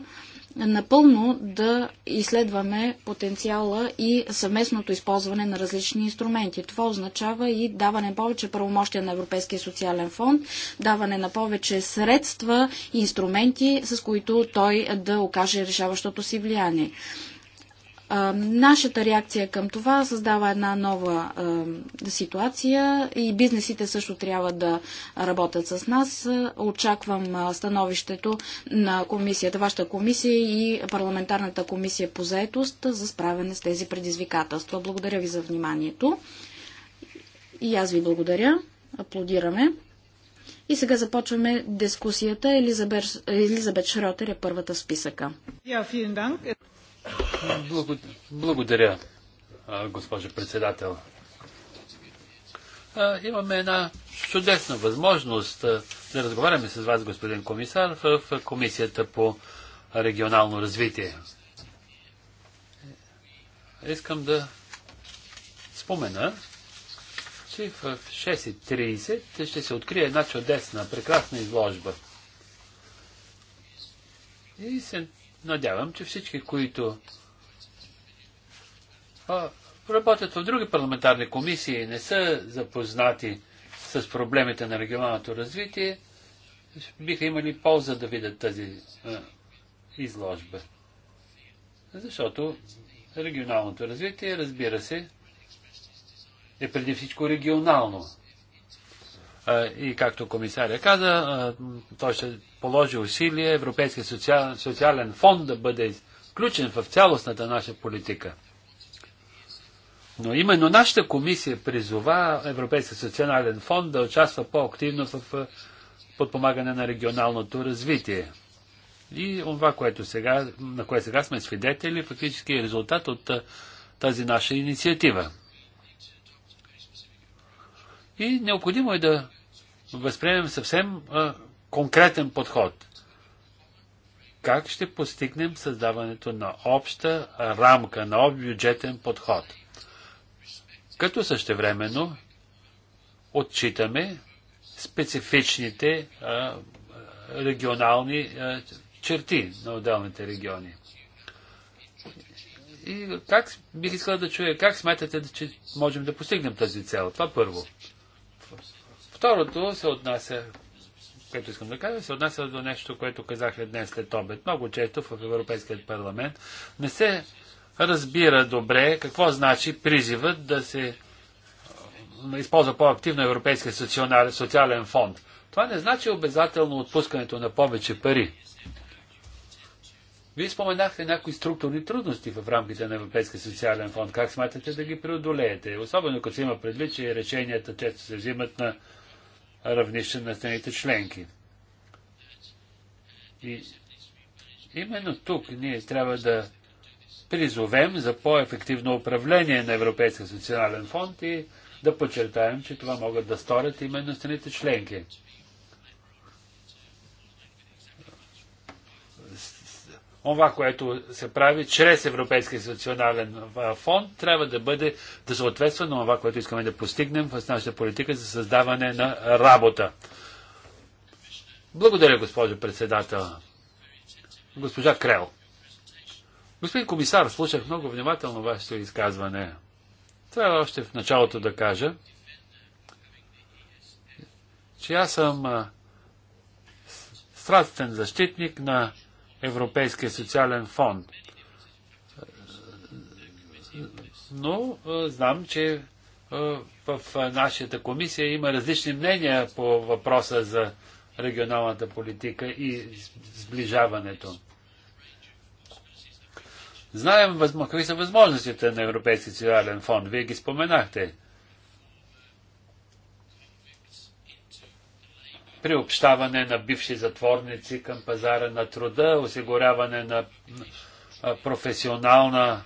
напълно да изследваме потенциала и съвместното използване на различни инструменти. Това означава и даване повече правомощия на Европейския социален фонд, даване на повече средства и инструменти, с които той да окаже решаващото си влияние нашата реакция към това създава една нова а, ситуация и бизнесите също трябва да работят с нас. Очаквам становището на комисията, вашата комисия и парламентарната комисия по заетост за справяне с тези предизвикателства. Благодаря ви за вниманието. И аз ви благодаря. Аплодираме. И сега започваме дискусията. Елизабет, Елизабет Шротер е първата в списъка. Yeah, благодаря, госпожо председател. Имаме една чудесна възможност да разговаряме с вас, господин комисар, в Комисията по регионално развитие. Искам да спомена, че в 6.30 ще се открие една чудесна, прекрасна изложба. И се Надявам, че всички, които а, работят в други парламентарни комисии и не са запознати с проблемите на регионалното развитие, биха имали полза да видят тази а, изложба. Защото регионалното развитие, разбира се, е преди всичко регионално. И както комисаря каза, той ще положи усилие Европейския социален, социален фонд да бъде включен в цялостната наша политика. Но именно нашата комисия призова Европейския социален фонд да участва по-активно в подпомагане на регионалното развитие. И това, което сега, на което сега сме свидетели, фактически е резултат от тази наша инициатива. И необходимо е да възприемем съвсем а, конкретен подход. Как ще постигнем създаването на обща рамка, на общ бюджетен подход? Като същевременно отчитаме специфичните а, регионални а, черти на отделните региони. И как бих искал да чуя, как смятате, че можем да постигнем тази цел? Това първо. Второто се отнася, което искам да кажа, се отнася до нещо, което казах днес след обед. Много често в Европейският парламент не се разбира добре какво значи призивът да се използва по-активно Европейския социален, социален фонд. Това не значи обязателно отпускането на повече пари. Вие споменахте някои структурни трудности в рамките на Европейския социален фонд. Как смятате да ги преодолеете? Особено като се има предвид, че решенията често се взимат на равнище на страните членки. И именно тук ние трябва да призовем за по-ефективно управление на Европейския социален фонд и да подчертаем, че това могат да сторят именно страните членки. това, което се прави чрез Европейския социален фонд, трябва да бъде да съответства на това, което искаме да постигнем в нашата политика за създаване на работа. Благодаря, госпожо председател. Госпожа Крел. Господин комисар, слушах много внимателно вашето изказване. Трябва още в началото да кажа, че аз съм страстен защитник на Европейския социален фонд. Но знам, че в нашата комисия има различни мнения по въпроса за регионалната политика и сближаването. Знаем какви са възможностите на Европейския социален фонд. Вие ги споменахте. приобщаване на бивши затворници към пазара на труда, осигуряване на професионална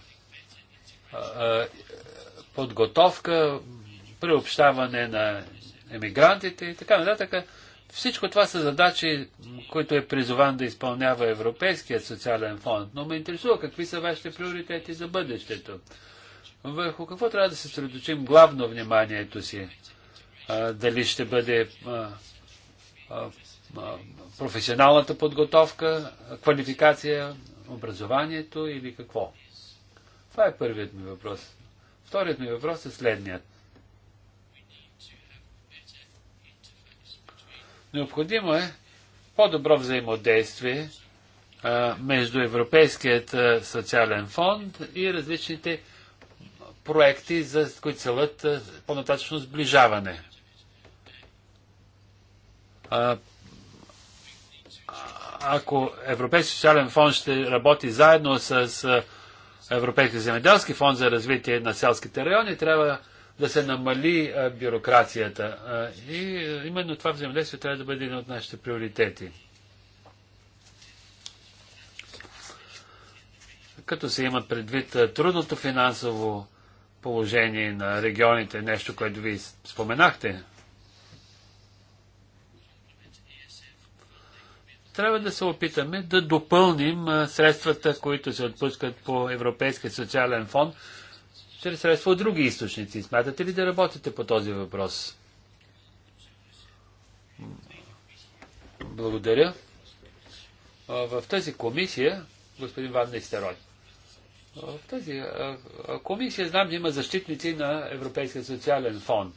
подготовка, приобщаване на емигрантите и така нататък. Всичко това са задачи, които е призован да изпълнява Европейският социален фонд, но ме интересува какви са вашите приоритети за бъдещето. Върху какво трябва да се средочим главно вниманието си? А, дали ще бъде а, професионалната подготовка, квалификация, образованието или какво? Това е първият ми въпрос. Вторият ми въпрос е следният. Необходимо е по-добро взаимодействие между Европейският социален фонд и различните проекти, за които целят по-нататъчно сближаване. А, ако Европейски социален фонд ще работи заедно с Европейски земеделски фонд за развитие на селските райони, трябва да се намали бюрокрацията. И именно това взаимодействие трябва да бъде един от нашите приоритети. Като се има предвид трудното финансово положение на регионите, нещо, което ви споменахте, трябва да се опитаме да допълним средствата, които се отпускат по Европейския социален фонд, чрез средства от други източници. Смятате ли да работите по този въпрос? Благодаря. В тази комисия, господин Ван Нестерой, в тази комисия знам, че има защитници на Европейския социален фонд.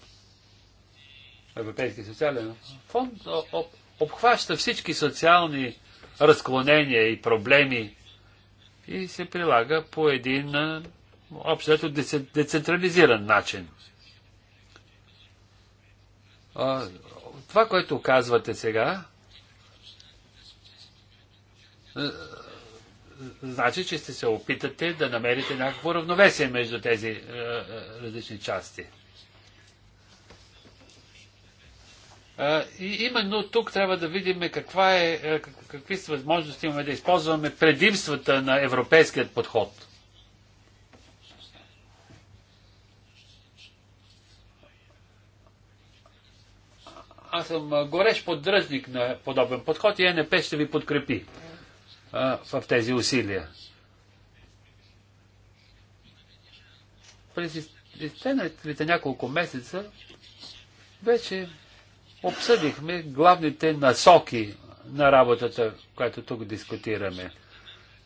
Европейския социален фонд обхваща всички социални разклонения и проблеми и се прилага по един общо децентрализиран начин. Това, което казвате сега, значи, че ще се опитате да намерите някакво равновесие между тези различни части. И именно тук трябва да видим каква е, какви са възможности имаме да използваме предимствата на европейският подход. Аз съм горещ поддръжник на подобен подход и НП ще ви подкрепи в тези усилия. През изтеналите няколко месеца вече обсъдихме главните насоки на работата, която тук дискутираме.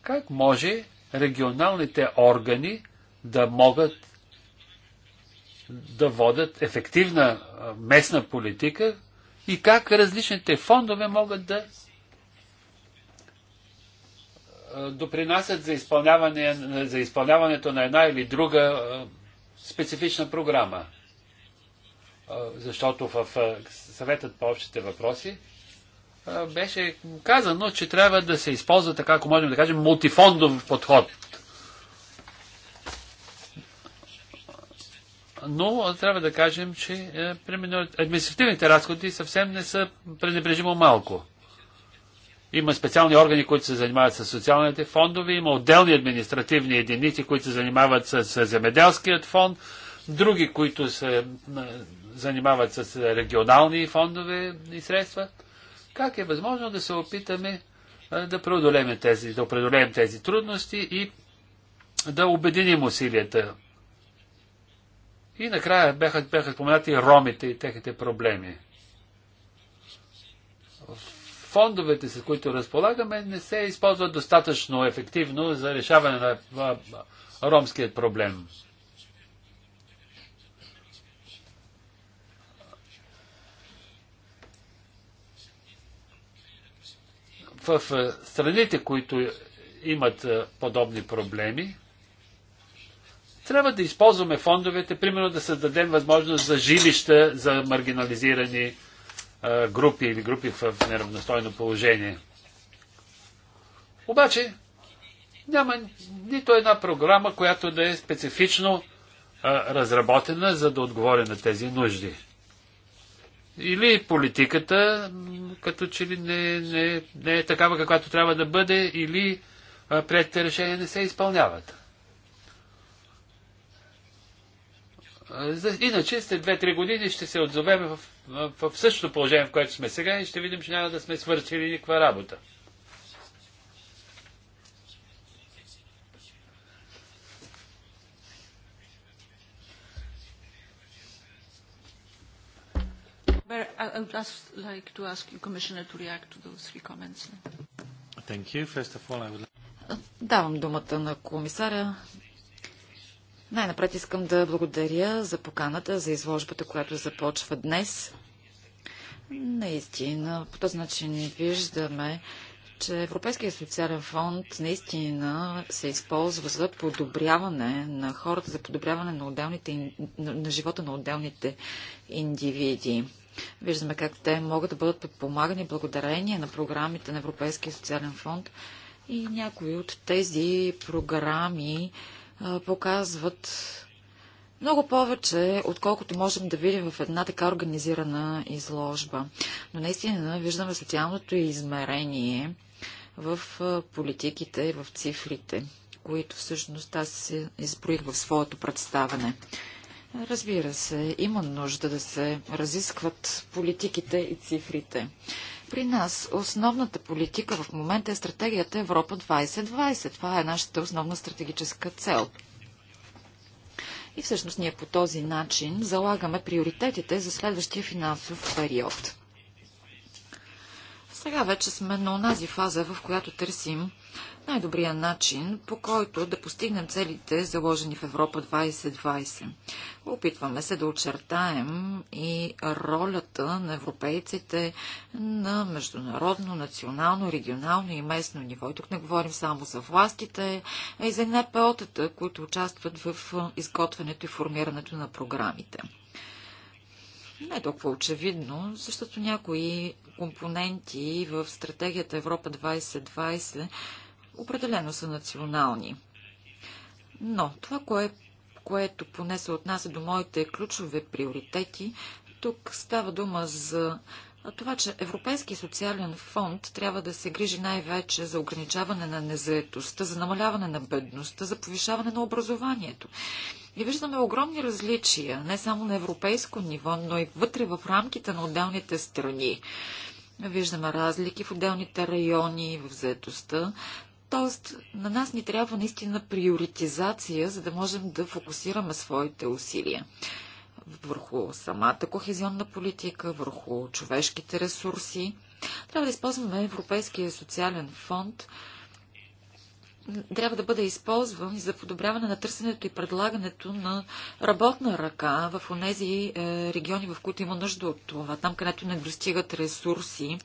Как може регионалните органи да могат да водят ефективна местна политика и как различните фондове могат да допринасят за, изпълняване, за изпълняването на една или друга специфична програма защото в съветът по общите въпроси беше казано, че трябва да се използва така, ако можем да кажем, мултифондов подход. Но трябва да кажем, че е, примерно, административните разходи съвсем не са пренебрежимо малко. Има специални органи, които се занимават с социалните фондове, има отделни административни единици, които се занимават с, с земеделският фонд, други, които се занимават с регионални фондове и средства. Как е възможно да се опитаме да преодолеем тези, да преодолеем тези трудности и да обединим усилията. И накрая бяха, бяха споменати ромите и техните проблеми. Фондовете, с които разполагаме, не се използват достатъчно ефективно за решаване на ромският проблем. в е, страните, които имат е, подобни проблеми, трябва да използваме фондовете, примерно да създадем възможност за жилища за маргинализирани е, групи или групи в неравностойно положение. Обаче, няма нито една програма, която да е специфично разработена, за да отговори на тези нужди. Или политиката като че ли не, не, не е такава, каквато трябва да бъде, или предите решения не се изпълняват. Иначе след 2-3 години ще се отзовем в, в, в същото положение, в което сме сега и ще видим, че няма да сме свършили никаква работа. I would just like to ask you, Commissioner, to react to those three comments. Thank you. First of all, I would е, Давам думата на комисаря. Най-напред искам да благодаря за поканата, за изложбата, която започва днес. Наистина, по този начин виждаме, че Европейския социален фонд наистина се използва за подобряване на хората, за подобряване на, отделните, на живота на отделните индивиди. Виждаме как те могат да бъдат подпомагани благодарение на програмите на Европейския социален фонд и някои от тези програми а, показват много повече, отколкото можем да видим в една така организирана изложба. Но наистина виждаме социалното измерение в политиките и в цифрите, които всъщност аз изброих в своето представане. Разбира се, има нужда да се разискват политиките и цифрите. При нас основната политика в момента е стратегията Европа 2020. Това е нашата основна стратегическа цел. И всъщност ние по този начин залагаме приоритетите за следващия финансов период. Сега вече сме на онази фаза, в която търсим най-добрия начин, по който да постигнем целите, заложени в Европа 2020. Опитваме се да очертаем и ролята на европейците на международно, национално, регионално и местно ниво. И тук не говорим само за властите, а и за НПО-тата, които участват в изготвянето и формирането на програмите не е толкова очевидно, защото някои компоненти в стратегията Европа 2020 определено са национални. Но това, кое, което поне се отнася до моите ключови приоритети, тук става дума за това, че Европейски социален фонд трябва да се грижи най-вече за ограничаване на незаетостта, за намаляване на бедността, за повишаване на образованието. И виждаме огромни различия, не само на европейско ниво, но и вътре в рамките на отделните страни. Виждаме разлики в отделните райони, в заетостта. Тоест, на нас ни трябва наистина приоритизация, за да можем да фокусираме своите усилия върху самата кохезионна политика, върху човешките ресурси. Трябва да използваме Европейския социален фонд, трябва да бъде използван за подобряване на търсенето и предлагането на работна ръка в тези е, региони, в които има нужда от това, там където не достигат ресурси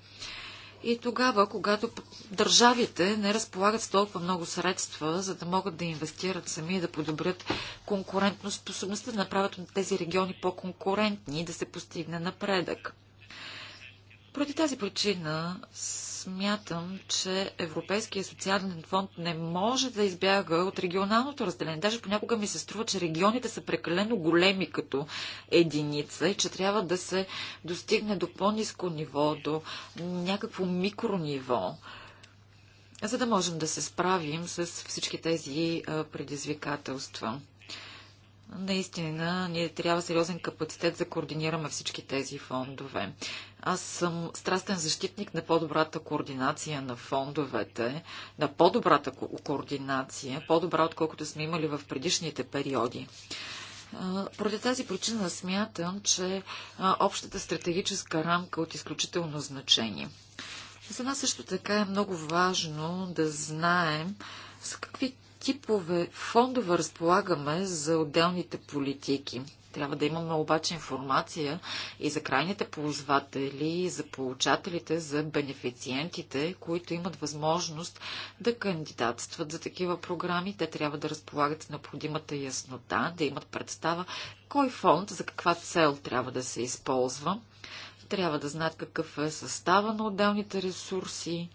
и тогава, когато държавите не разполагат с толкова много средства, за да могат да инвестират сами и да подобрят конкурентно способността, да направят на тези региони по-конкурентни и да се постигне напредък. Поради тази причина смятам, че Европейския социален фонд не може да избяга от регионалното разделение. Даже понякога ми се струва, че регионите са прекалено големи като единица и че трябва да се достигне до по-низко ниво, до някакво микрониво, за да можем да се справим с всички тези предизвикателства. Наистина, ние трябва сериозен капацитет за да координираме всички тези фондове. Аз съм страстен защитник на по-добрата координация на фондовете, на по-добрата координация, по-добра отколкото сме имали в предишните периоди. Поради тази причина смятам, че общата стратегическа рамка е от изключително значение. За нас също така е много важно да знаем с какви типове фондове разполагаме за отделните политики. Трябва да имаме обаче информация и за крайните ползватели, за получателите, за бенефициентите, които имат възможност да кандидатстват за такива програми. Те трябва да разполагат с необходимата яснота, да имат представа кой фонд, за каква цел трябва да се използва. Трябва да знаят какъв е състава на отделните ресурси,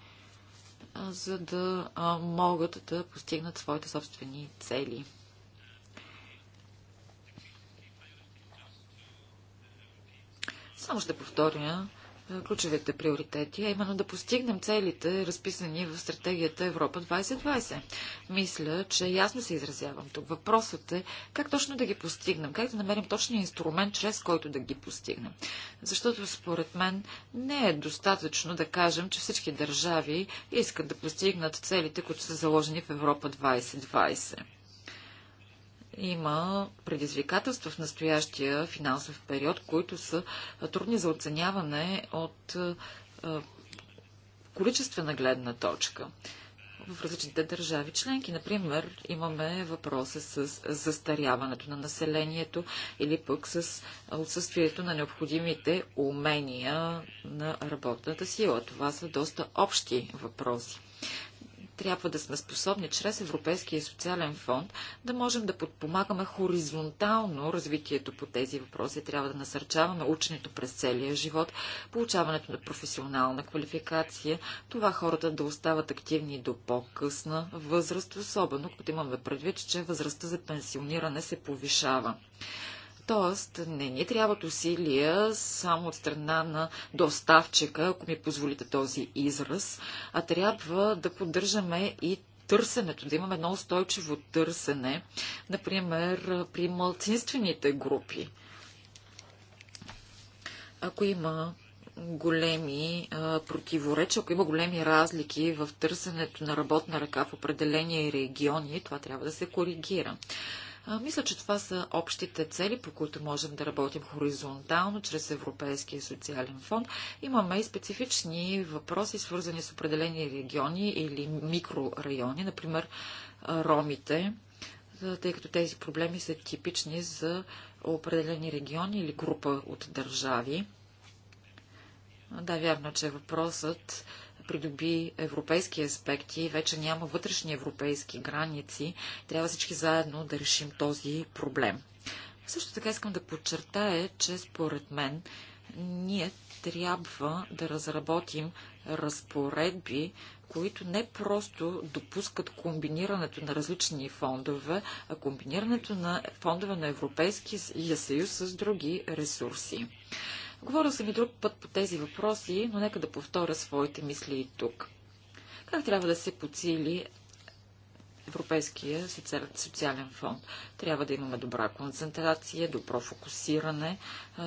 за да могат да постигнат своите собствени цели. Само ще повторя е, ключовите приоритети, а именно да постигнем целите, разписани в стратегията Европа 2020. Мисля, че ясно се изразявам тук. Въпросът е как точно да ги постигнем, как да намерим точния инструмент, чрез който да ги постигнем. Защото според мен не е достатъчно да кажем, че всички държави искат да постигнат целите, които са заложени в Европа 2020 има предизвикателства в настоящия финансов период, които са трудни за оценяване от е, количествена гледна точка в различните държави членки. Например, имаме въпроса с застаряването на населението или пък с отсъствието на необходимите умения на работната сила. Това са доста общи въпроси. Трябва да сме способни чрез Европейския социален фонд да можем да подпомагаме хоризонтално развитието по тези въпроси. Трябва да насърчаваме ученето през целия живот, получаването на професионална квалификация, това хората да остават активни до по-късна възраст, особено като имаме предвид, че възрастта за пенсиониране се повишава. Тоест, не ни трябват усилия само от страна на доставчика, ако ми позволите този израз, а трябва да поддържаме и търсенето, да имаме едно устойчиво търсене, например, при малцинствените групи. Ако има големи противоречия, ако има големи разлики в търсенето на работна ръка в определени региони, това трябва да се коригира мисля, че това са общите цели, по които можем да работим хоризонтално, чрез Европейския социален фонд. Имаме и специфични въпроси, свързани с определени региони или микрорайони, например ромите, тъй като тези проблеми са типични за определени региони или група от държави. Да, вярно, че въпросът придоби европейски аспекти, вече няма вътрешни европейски граници, трябва всички заедно да решим този проблем. Също така искам да подчертая, че според мен ние трябва да разработим разпоредби, които не просто допускат комбинирането на различни фондове, а комбинирането на фондове на Европейския съюз с други ресурси. Говорил съм и друг път по тези въпроси, но нека да повторя своите мисли и тук. Как трябва да се подсили Европейския социален фонд. Трябва да имаме добра концентрация, добро фокусиране,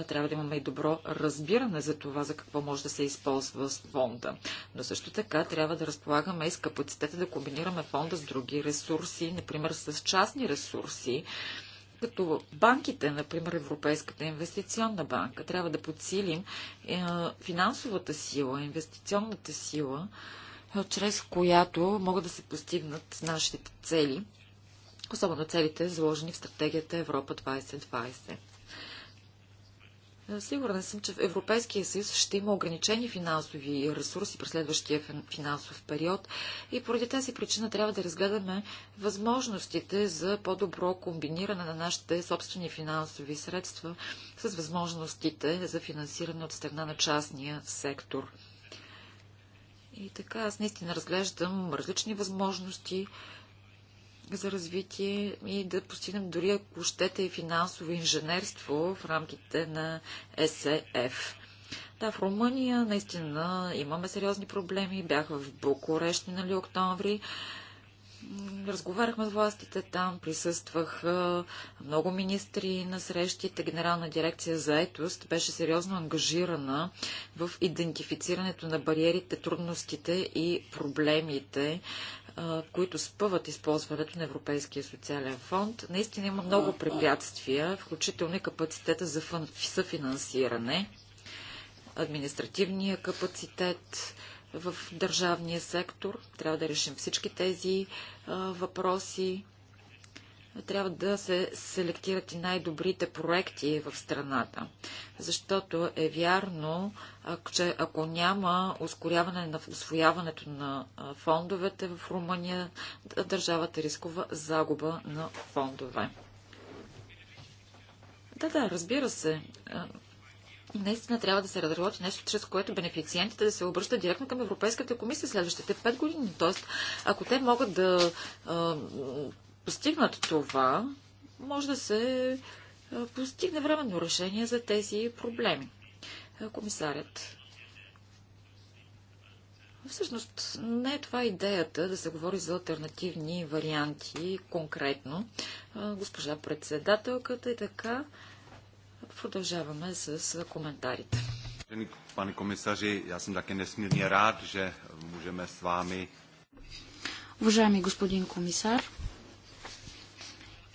трябва да имаме и добро разбиране за това, за какво може да се използва с фонда. Но също така трябва да разполагаме и с капацитета да комбинираме фонда с други ресурси, например с частни ресурси, като банките, например Европейската инвестиционна банка, трябва да подсилим е, финансовата сила, инвестиционната сила, е, чрез която могат да се постигнат нашите цели, особено целите, заложени в стратегията Европа 2020. Е, Сигурен съм, че в Европейския съюз ще има ограничени финансови ресурси през следващия финансов период и поради тази причина трябва да разгледаме възможностите за по-добро комбиниране на нашите собствени финансови средства с възможностите за финансиране от страна на частния сектор. И така, аз наистина разглеждам различни възможности, за развитие и да постигнем дори, ако щете, и финансово инженерство в рамките на СЕФ. Да, в Румъния наистина имаме сериозни проблеми. бяха в Букурещ минали октомври. Разговаряхме с властите там, присъстваха много министри на срещите. Генерална дирекция за етост беше сериозно ангажирана в идентифицирането на бариерите, трудностите и проблемите които спъват използването на Европейския социален фонд. Наистина има много препятствия, включително и капацитета за съфинансиране, административния капацитет в държавния сектор. Трябва да решим всички тези въпроси трябва да се селектират и най-добрите проекти в страната. Защото е вярно, че ако няма ускоряване на освояването на фондовете в Румъния, държавата рискува загуба на фондове. Да, да, разбира се. Наистина трябва да се разработи нещо, чрез което бенефициентите да се обръщат директно към Европейската комисия следващите 5 години. Тоест, ако те могат да постигнат това, може да се постигне временно решение за тези проблеми. Комисарят. Всъщност, не е това идеята да се говори за альтернативни варианти конкретно. Госпожа председателката и така продължаваме с коментарите. Пане комисаři, аз съм také несмирně рад, че можем с вами. Уважаеми господин комисар,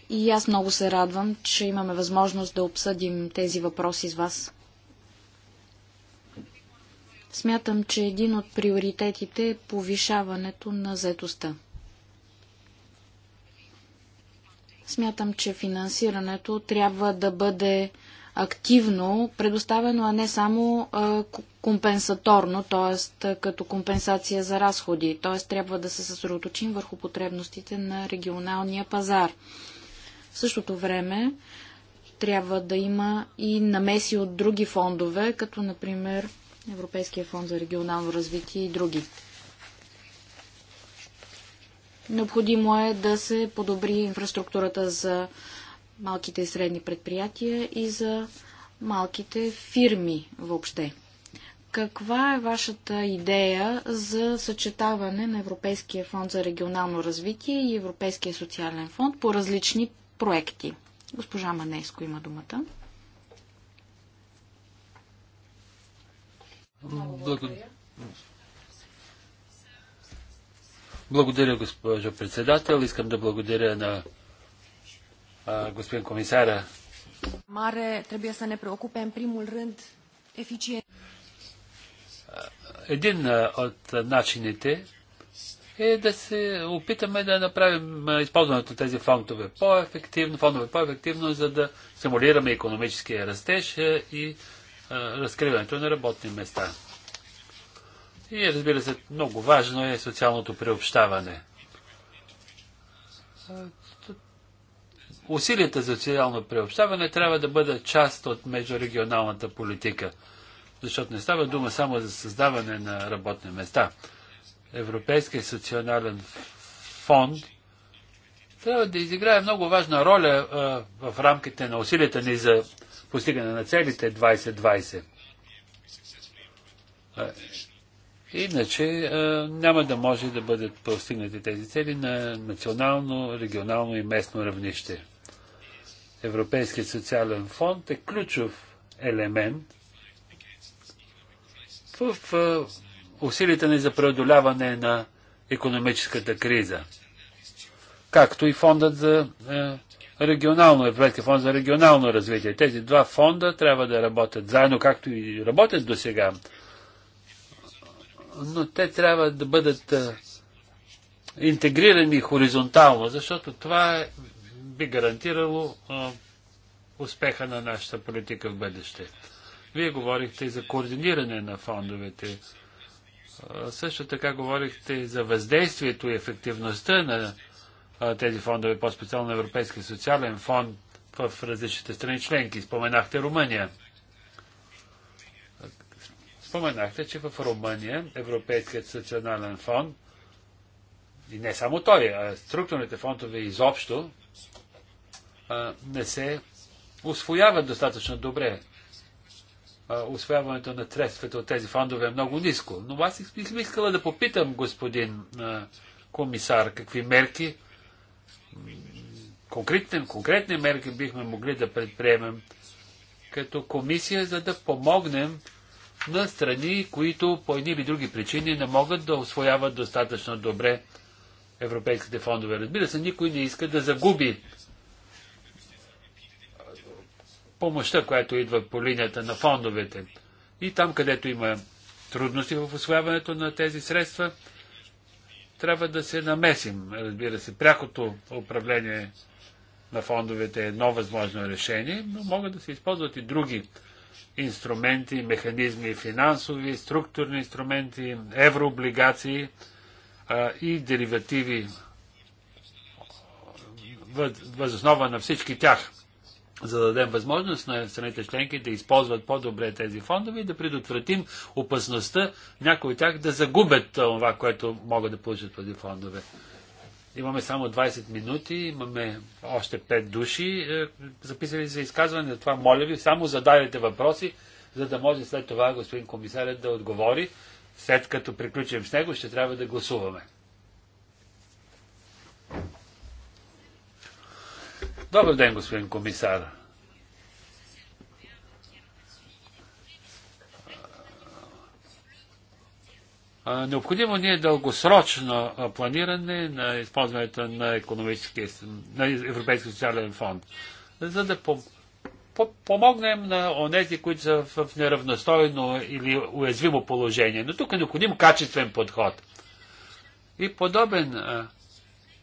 и аз много се радвам, че имаме възможност да обсъдим тези въпроси с вас. Смятам, че един от приоритетите е повишаването на заетостта. Смятам, че финансирането трябва да бъде активно предоставено, а не само а, компенсаторно, т.е. като компенсация за разходи. Т.е. трябва да се съсредоточим върху потребностите на регионалния пазар. В същото време трябва да има и намеси от други фондове, като например Европейския фонд за регионално развитие и други. Необходимо е да се подобри инфраструктурата за малките и средни предприятия и за малките фирми въобще. Каква е вашата идея за съчетаване на Европейския фонд за регионално развитие и Европейския социален фонд по различни проекти. Госпожа Манеско има думата. Благодаря. Благодаря, госпожо председател. Искам да благодаря на а, господин комисара. Маре, трябва да се не în примул рънд ефициент. Един от начините е да се опитаме да направим използването на тези фондове по-ефективно, фондове по-ефективно, за да стимулираме економическия растеж и а, разкриването на работни места. И разбира се, много важно е социалното приобщаване. Усилията за социално приобщаване трябва да бъдат част от междурегионалната политика, защото не става дума само за създаване на работни места – Европейския социален фонд трябва да изиграе много важна роля в рамките на усилията ни за постигане на целите 2020. иначе няма да може да бъдат постигнати тези цели на национално, регионално и местно равнище. Европейският социален фонд е ключов елемент в усилите ни за преодоляване на економическата криза. Както и фондът за е, регионално, Европейския фонд за регионално развитие. Тези два фонда трябва да работят заедно, както и работят до сега. Но те трябва да бъдат е, интегрирани хоризонтално, защото това е, би гарантирало е, успеха на нашата политика в бъдеще. Вие говорихте и за координиране на фондовете. Също така говорихте и за въздействието и ефективността на тези фондове, по-специално Европейския социален фонд в различните страни членки. Споменахте Румъния. Споменахте, че в Румъния Европейският социален фонд и не само той, а структурните фондове изобщо не се освояват достатъчно добре усвояването на средствата от тези фондове е много ниско. Но аз бих искала да попитам господин комисар какви мерки, конкретни, конкретни мерки бихме могли да предприемем като комисия, за да помогнем на страни, които по едни или други причини не могат да освояват достатъчно добре европейските фондове. Разбира се, никой не иска да загуби помощта, която идва по линията на фондовете. И там, където има трудности в освояването на тези средства, трябва да се намесим. Разбира се, прякото управление на фондовете е едно възможно решение, но могат да се използват и други инструменти, механизми финансови, структурни инструменти, еврооблигации а, и деривативи въз основа на всички тях за да дадем възможност на страните членки да използват по-добре тези фондове и да предотвратим опасността някои от тях да загубят това, което могат да получат тези фондове. Имаме само 20 минути, имаме още 5 души е, записали за изказване, затова моля ви, само задавайте въпроси, за да може след това господин комисарят да отговори. След като приключим с него, ще трябва да гласуваме. Добър ден, господин комисар. Необходимо ни е дългосрочно планиране на използването на, на Европейския социален фонд, за да по, по, помогнем на онези, които са в неравностойно или уязвимо положение. Но тук е необходим качествен подход. И подобен а,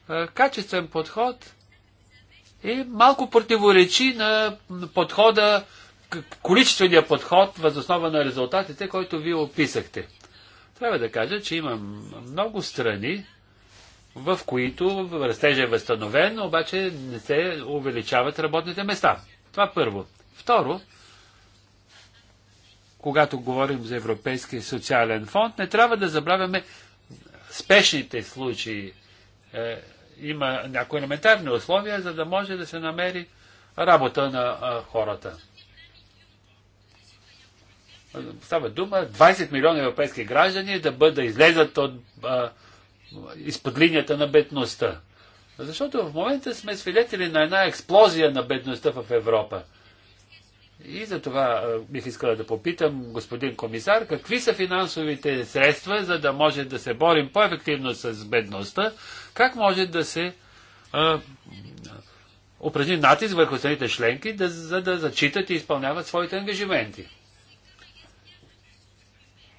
а, качествен подход и малко противоречи на подхода, количествения подход, възоснова на резултатите, който вие описахте. Трябва да кажа, че има много страни, в които растежа е възстановен, обаче не се увеличават работните места. Това първо. Второ, когато говорим за Европейския социален фонд, не трябва да забравяме спешните случаи. Е, има някои елементарни условия, за да може да се намери работа на а, хората. Става дума 20 милиона европейски граждани да бъдат да излезат от, а, изпод линията на бедността. Защото в момента сме свидетели на една експлозия на бедността в Европа. И за това бих искала да попитам господин комисар, какви са финансовите средства, за да може да се борим по-ефективно с бедността, как може да се а, упражни натиск върху страните членки, да, за да зачитат и изпълняват своите ангажименти?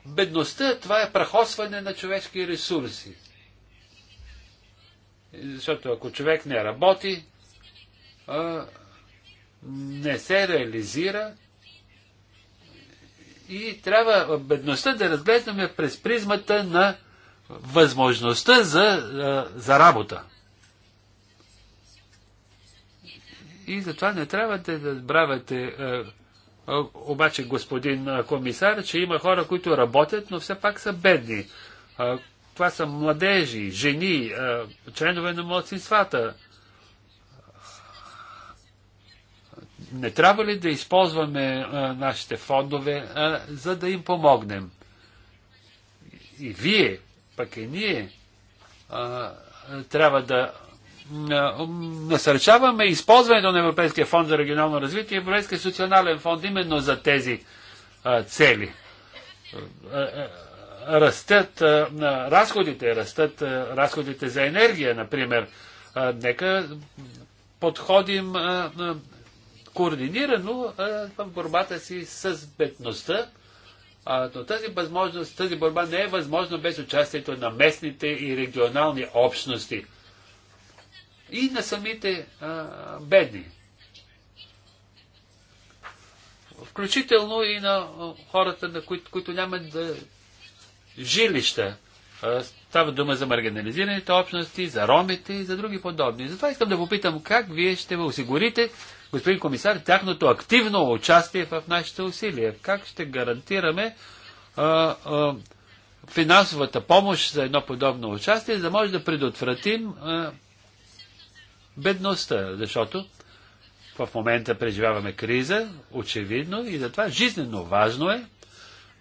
Бедността, това е прахосване на човешки ресурси. Защото ако човек не работи, а, не се реализира и трябва бедността да разглеждаме през призмата на възможността за, за работа. И затова не трябва да забравяте обаче, господин комисар, че има хора, които работят, но все пак са бедни. Това са младежи, жени, членове на младсинствата. Не трябва ли да използваме нашите фондове, за да им помогнем? И вие, пък и ние а, трябва да насърчаваме използването на Европейския фонд за регионално развитие и Европейския социален фонд именно за тези а, цели. Растат а, разходите, растат а, разходите за енергия, например. А, нека подходим а, а, координирано а, в борбата си с бедността но тази, възможност, тази борба не е възможна без участието на местните и регионални общности и на самите а, бедни. Включително и на хората, на които, които нямат да, жилища. става дума за маргинализираните общности, за ромите и за други подобни. Затова искам да попитам как вие ще осигурите господин комисар, тяхното активно участие в нашите усилия. Как ще гарантираме а, а, финансовата помощ за едно подобно участие, за да може да предотвратим а, бедността, защото в момента преживяваме криза, очевидно, и затова жизненно важно е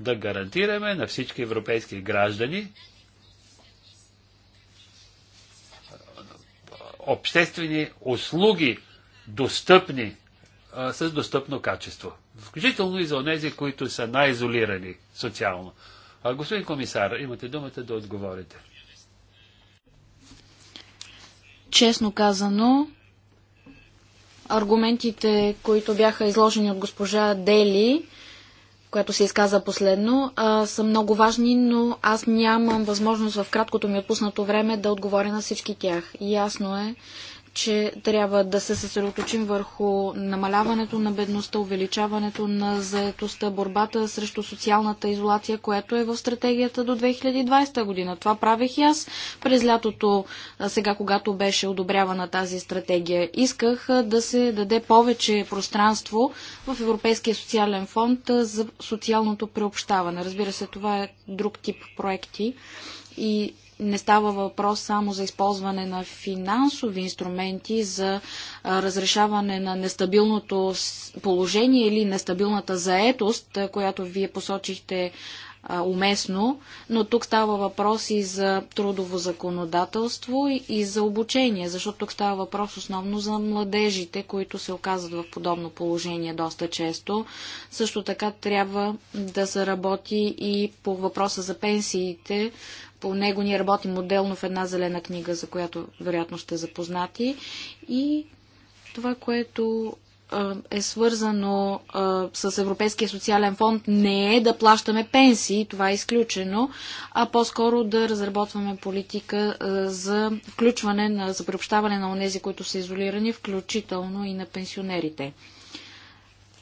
да гарантираме на всички европейски граждани обществени услуги достъпни, а, с достъпно качество. Включително и за тези, които са най-изолирани социално. А, господин комисар, имате думата да отговорите. Честно казано, аргументите, които бяха изложени от госпожа Дели, която се изказа последно, а, са много важни, но аз нямам възможност в краткото ми отпуснато време да отговоря на всички тях. И ясно е, че трябва да се съсредоточим върху намаляването на бедността, увеличаването на заетостта, борбата срещу социалната изолация, което е в стратегията до 2020 година. Това правих и аз през лятото, сега когато беше одобрявана тази стратегия. Исках да се даде повече пространство в Европейския социален фонд за социалното преобщаване. Разбира се, това е друг тип проекти и не става въпрос само за използване на финансови инструменти за разрешаване на нестабилното положение или нестабилната заетост, която вие посочихте уместно, но тук става въпрос и за трудово законодателство и за обучение, защото тук става въпрос основно за младежите, които се оказват в подобно положение доста често. Също така трябва да се работи и по въпроса за пенсиите, по него ние работим отделно в една зелена книга, за която вероятно ще запознати. И това, което е свързано а, с Европейския социален фонд не е да плащаме пенсии, това е изключено, а по-скоро да разработваме политика а, за включване на, за приобщаване на онези, които са изолирани, включително и на пенсионерите.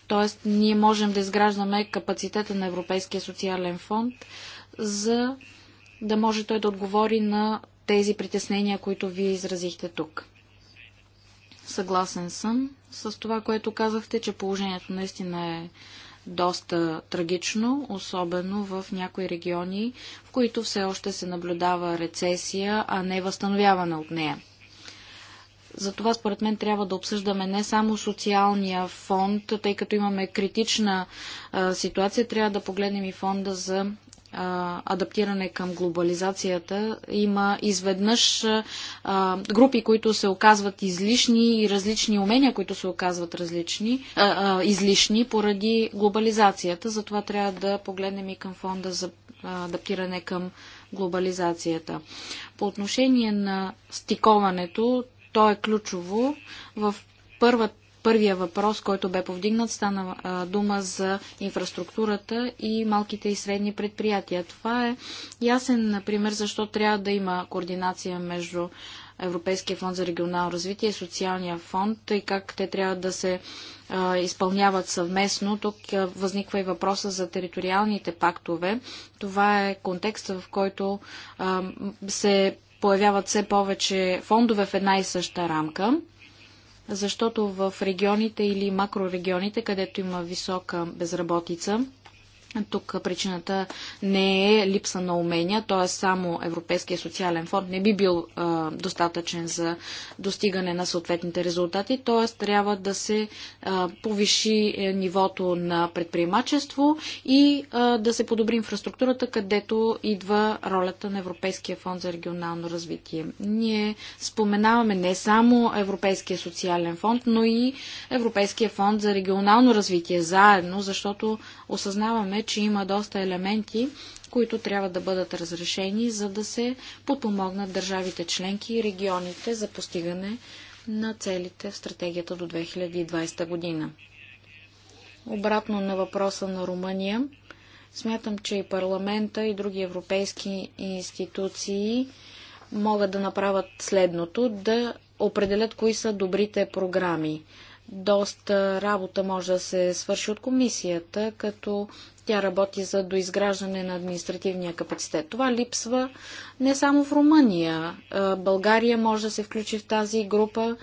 Тоест, ние можем да изграждаме капацитета на Европейския социален фонд за да може той да отговори на тези притеснения, които вие изразихте тук. Съгласен съм с това, което казахте, че положението наистина е доста трагично, особено в някои региони, в които все още се наблюдава рецесия, а не възстановяване от нея. Затова според мен трябва да обсъждаме не само социалния фонд, тъй като имаме критична а, ситуация, трябва да погледнем и фонда за адаптиране към глобализацията, има изведнъж а, групи, които се оказват излишни и различни умения, които се оказват различни, а, а, излишни поради глобализацията. Затова трябва да погледнем и към фонда за адаптиране към глобализацията. По отношение на стиковането, то е ключово. В първата първия въпрос, който бе повдигнат, стана а, дума за инфраструктурата и малките и средни предприятия. Това е ясен, например, защо трябва да има координация между Европейския фонд за регионално развитие и Социалния фонд и как те трябва да се а, изпълняват съвместно. Тук а, възниква и въпроса за териториалните пактове. Това е контекст, в който а, се появяват все повече фондове в една и съща рамка защото в регионите или макрорегионите, където има висока безработица, тук причината не е липса на умения, т.е. само Европейския социален фонд не би бил достатъчен за достигане на съответните резултати, т.е. трябва да се повиши е, нивото на предприемачество и да се подобри инфраструктурата, където идва ролята на Европейския фонд за регионално развитие. Ние споменаваме не само Европейския социален фонд, но и Европейския фонд за регионално развитие заедно, защото осъзнаваме, че има доста елементи, които трябва да бъдат разрешени, за да се подпомогнат държавите членки и регионите за постигане на целите в стратегията до 2020 година. Обратно на въпроса на Румъния, смятам, че и парламента и други европейски институции могат да направят следното, да определят кои са добрите програми доста работа може да се свърши от комисията, като тя работи за доизграждане на административния капацитет. Това липсва не само в Румъния. България може да се включи в тази група.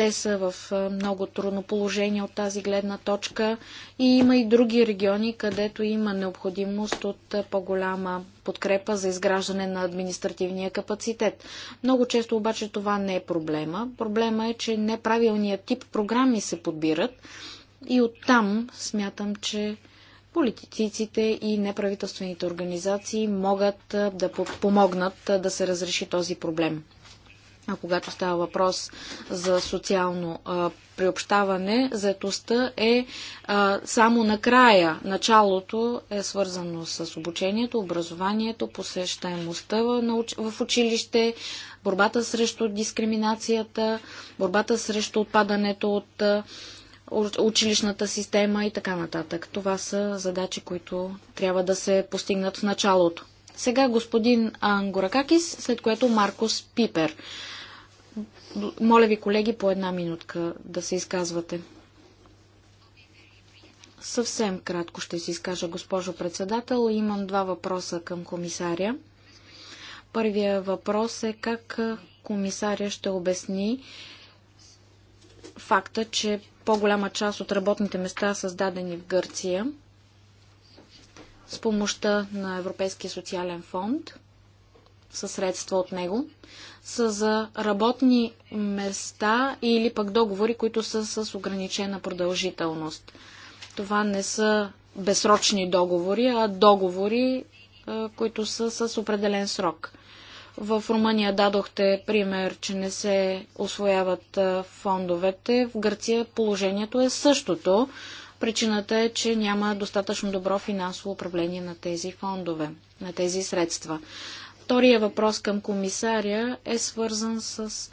Те са в много трудно положение от тази гледна точка и има и други региони, където има необходимост от по-голяма подкрепа за изграждане на административния капацитет. Много често обаче това не е проблема. Проблема е, че неправилният тип програми се подбират и оттам смятам, че политиците и неправителствените организации могат да помогнат да се разреши този проблем а когато става въпрос за социално а, приобщаване, заетостта е а, само накрая. Началото е свързано с обучението, образованието, посещаемостта в, в училище, борбата срещу дискриминацията, борбата срещу отпадането от а, училищната система и така нататък. Това са задачи, които трябва да се постигнат в началото. Сега господин Ангоракакис, след което Маркос Пипер. Моля ви, колеги, по една минутка да се изказвате. Съвсем кратко ще си изкажа, госпожо председател. Имам два въпроса към комисаря. Първия въпрос е как комисаря ще обясни факта, че по-голяма част от работните места създадени в Гърция с помощта на Европейския социален фонд, със средства от него са за работни места или пък договори, които са с ограничена продължителност. Това не са безсрочни договори, а договори, които са с определен срок. В Румъния дадохте пример, че не се освояват фондовете. В Гърция положението е същото. Причината е, че няма достатъчно добро финансово управление на тези фондове, на тези средства. Втория въпрос към комисаря е свързан с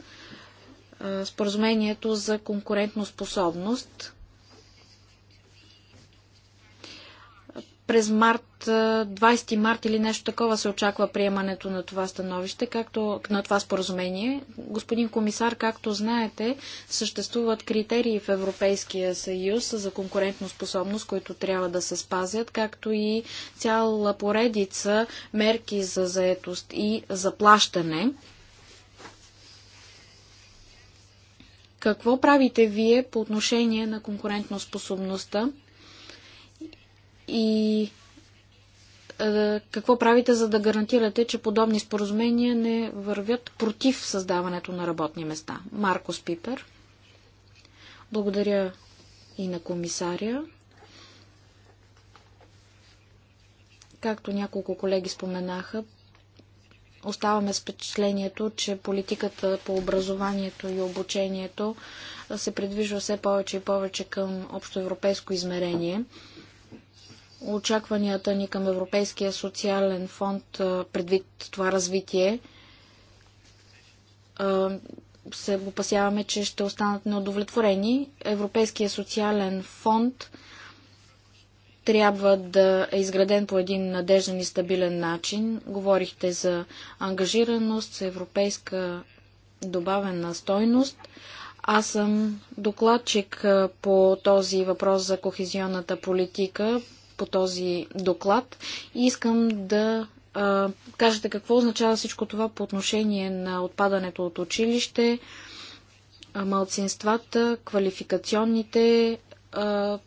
споразумението за конкурентоспособност. способност. през март, 20 март или нещо такова се очаква приемането на това становище, както на това споразумение. Господин комисар, както знаете, съществуват критерии в Европейския съюз за конкурентно способност, които трябва да се спазят, както и цяла поредица мерки за заетост и заплащане. Какво правите вие по отношение на конкурентно способността? и е, какво правите, за да гарантирате, че подобни споразумения не вървят против създаването на работни места? Маркос Пипер. Благодаря и на комисаря. Както няколко колеги споменаха, оставаме с впечатлението, че политиката по образованието и обучението се придвижва все повече и повече към общоевропейско измерение очакванията ни към Европейския социален фонд предвид това развитие, се опасяваме, че ще останат неудовлетворени. Европейския социален фонд трябва да е изграден по един надежден и стабилен начин. Говорихте за ангажираност, за европейска добавена стойност. Аз съм докладчик по този въпрос за кохезионната политика по този доклад и искам да а, кажете какво означава всичко това по отношение на отпадането от училище, малцинствата, квалификационните а,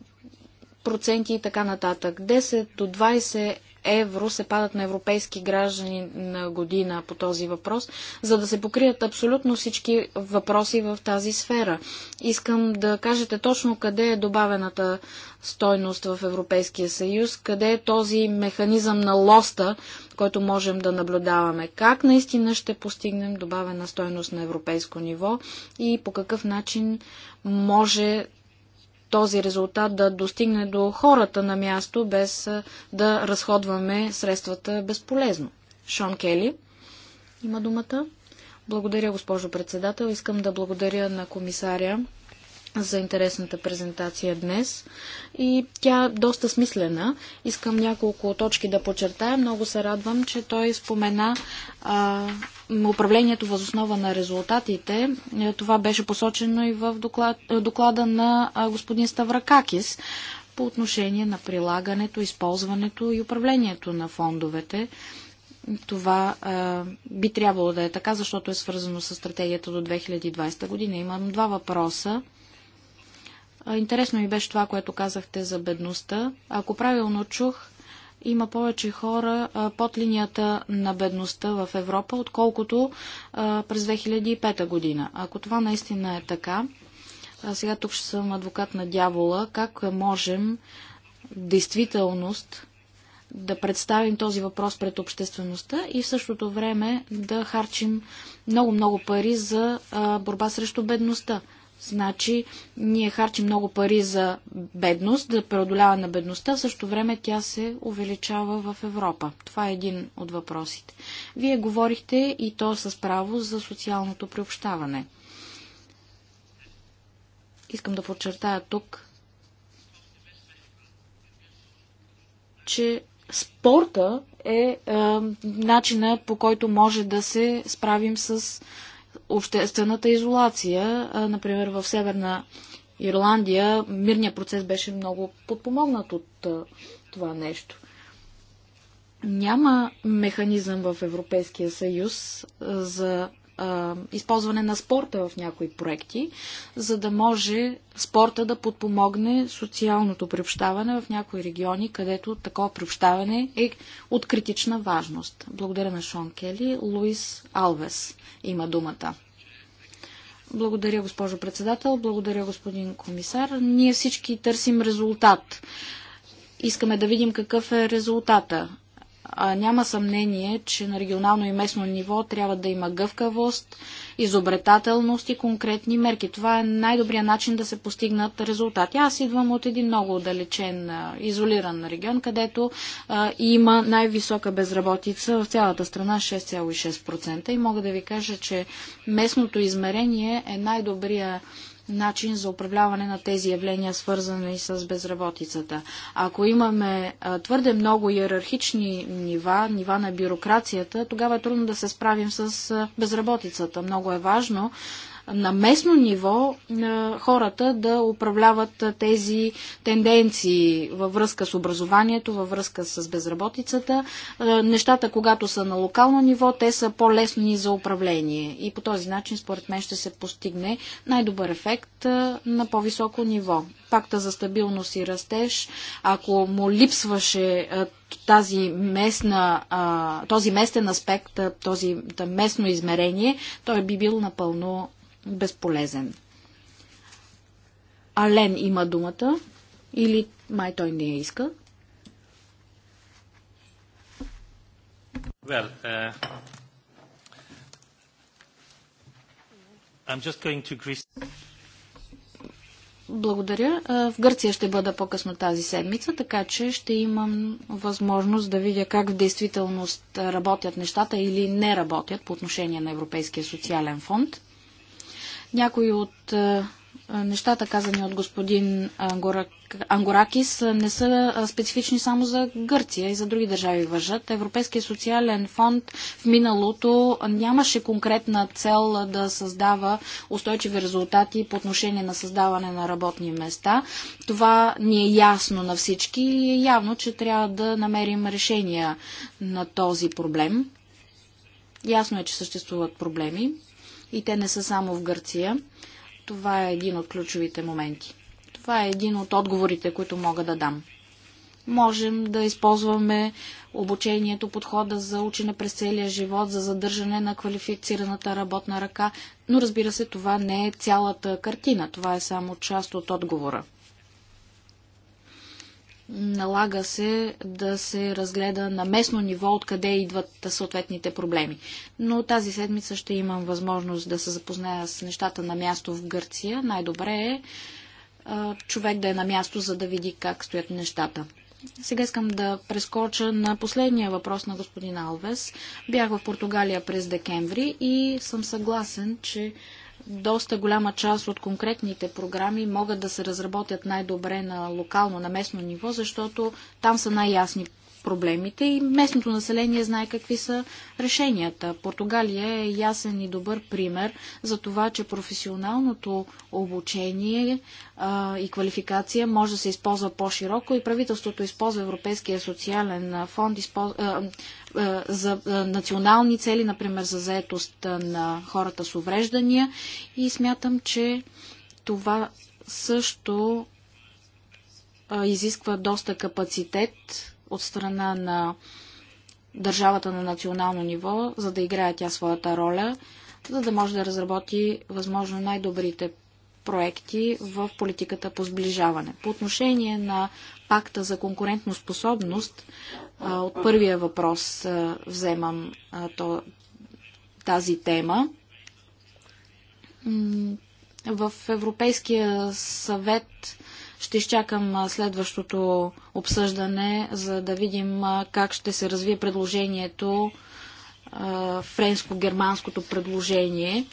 проценти и така нататък. 10 до 20 евро се падат на европейски граждани на година по този въпрос, за да се покрият абсолютно всички въпроси в тази сфера. Искам да кажете точно къде е добавената стойност в Европейския съюз, къде е този механизъм на лоста, който можем да наблюдаваме. Как наистина ще постигнем добавена стойност на европейско ниво и по какъв начин може този резултат да достигне до хората на място, без да разходваме средствата безполезно. Шон Кели има думата. Благодаря, госпожо председател. Искам да благодаря на комисаря за интересната презентация днес и тя е доста смислена. Искам няколко точки да подчертая. Много се радвам, че той спомена а, управлението възоснова на резултатите. Е, това беше посочено и в доклад, е, доклада на господин Ставракакис по отношение на прилагането, използването и управлението на фондовете. Това а, би трябвало да е така, защото е свързано с стратегията до 2020 година. Имам два въпроса. Интересно ми беше това, което казахте за бедността. Ако правилно чух, има повече хора под линията на бедността в Европа, отколкото през 2005 година. Ако това наистина е така, сега тук ще съм адвокат на дявола, как можем действителност да представим този въпрос пред обществеността и в същото време да харчим много-много пари за борба срещу бедността. Значи, ние харчим много пари за бедност, за да преодоляване на бедността, също време тя се увеличава в Европа. Това е един от въпросите. Вие говорихте и то с право за социалното приобщаване. Искам да подчертая тук, че спорта е, е начина по който може да се справим с обществената изолация. Например, в Северна Ирландия мирният процес беше много подпомогнат от това нещо. Няма механизъм в Европейския съюз за а, използване на спорта в някои проекти, за да може спорта да подпомогне социалното приобщаване в някои региони, където такова приобщаване е от критична важност. Благодаря на Шон Кели. Луис Алвес има думата. Благодаря, госпожо председател. Благодаря, господин комисар. Ние всички търсим резултат. Искаме да видим какъв е резултата няма съмнение, че на регионално и местно ниво трябва да има гъвкавост, изобретателност и конкретни мерки. Това е най-добрият начин да се постигнат резултати. Аз идвам от един много отдалечен, изолиран регион, където а, има най-висока безработица в цялата страна 6,6%. И мога да ви кажа, че местното измерение е най-добрият начин за управляване на тези явления, свързани с безработицата. Ако имаме твърде много иерархични нива, нива на бюрокрацията, тогава е трудно да се справим с безработицата. Много е важно на местно ниво хората да управляват тези тенденции във връзка с образованието, във връзка с безработицата. Е, нещата, когато са на локално ниво, те са по-лесни за управление. И по този начин, според мен, ще се постигне най-добър ефект е, на по-високо ниво. Пакта за стабилност и растеж, ако му липсваше е, тази местна, този местен аспект, този местно измерение, той би бил напълно безполезен. Ален има думата или май той не я иска. Well, uh, I'm just going to Greece. Благодаря. В Гърция ще бъда по-късно тази седмица, така че ще имам възможност да видя как в действителност работят нещата или не работят по отношение на Европейския социален фонд. Някои от е, е, нещата, казани от господин Ангоракис, е, не са специфични само за Гърция и за други държави въжат. Европейския социален фонд в миналото нямаше конкретна цел да създава устойчиви резултати по отношение на създаване на работни места. Това ни е ясно на всички и е явно, че трябва да намерим решения на този проблем. Ясно е, че съществуват проблеми и те не са само в Гърция. Това е един от ключовите моменти. Това е един от отговорите, които мога да дам. Можем да използваме обучението, подхода за учене през целия живот, за задържане на квалифицираната работна ръка, но разбира се, това не е цялата картина, това е само част от отговора налага се да се разгледа на местно ниво откъде идват съответните проблеми. Но тази седмица ще имам възможност да се запозная с нещата на място в Гърция. Най-добре е човек да е на място, за да види как стоят нещата. Сега искам да прескоча на последния въпрос на господин Алвес. Бях в Португалия през декември и съм съгласен, че доста голяма част от конкретните програми могат да се разработят най-добре на локално, на местно ниво, защото там са най-ясни проблемите и местното население знае какви са решенията. Португалия е ясен и добър пример за това, че професионалното обучение а, и квалификация може да се използва по-широко и правителството използва Европейския социален фонд използ... а, а, за национални цели, например за заетост на хората с увреждания и смятам, че това също изисква доста капацитет от страна на държавата на национално ниво, за да играе тя своята роля, за да може да разработи възможно най-добрите проекти в политиката по сближаване. По отношение на пакта за конкурентно способност, от първия въпрос вземам тази тема. В Европейския съвет ще изчакам следващото обсъждане, за да видим как ще се развие предложението, френско-германското предложение.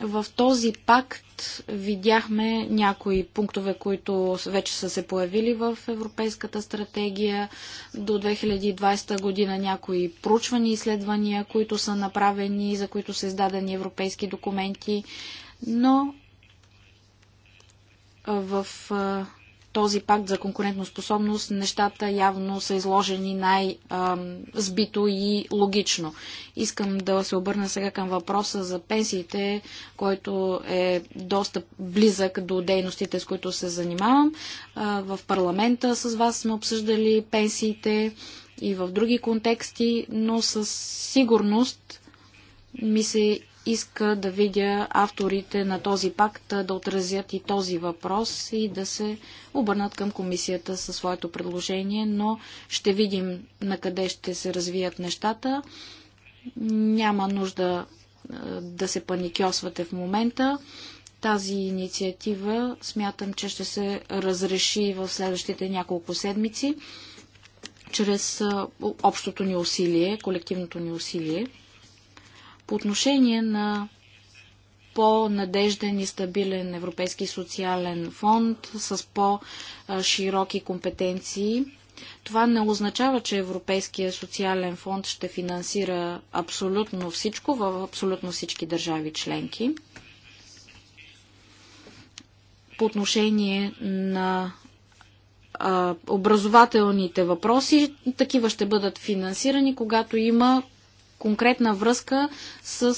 В този пакт видяхме някои пунктове, които вече са се появили в Европейската стратегия до 2020 година, някои проучвани изследвания, които са направени, за които са издадени европейски документи, но в този пакт за конкурентоспособност нещата явно са изложени най-збито и логично. Искам да се обърна сега към въпроса за пенсиите, който е доста близък до дейностите, с които се занимавам. В парламента с вас сме обсъждали пенсиите и в други контексти, но със сигурност ми се иска да видя авторите на този пакт да отразят и този въпрос и да се обърнат към комисията със своето предложение, но ще видим на къде ще се развият нещата. Няма нужда да се паникьосвате в момента. Тази инициатива смятам, че ще се разреши в следващите няколко седмици чрез общото ни усилие, колективното ни усилие. По отношение на по-надежден и стабилен Европейски социален фонд с по-широки компетенции. Това не означава, че Европейския социален фонд ще финансира абсолютно всичко в абсолютно всички държави членки. По отношение на образователните въпроси, такива ще бъдат финансирани, когато има конкретна връзка с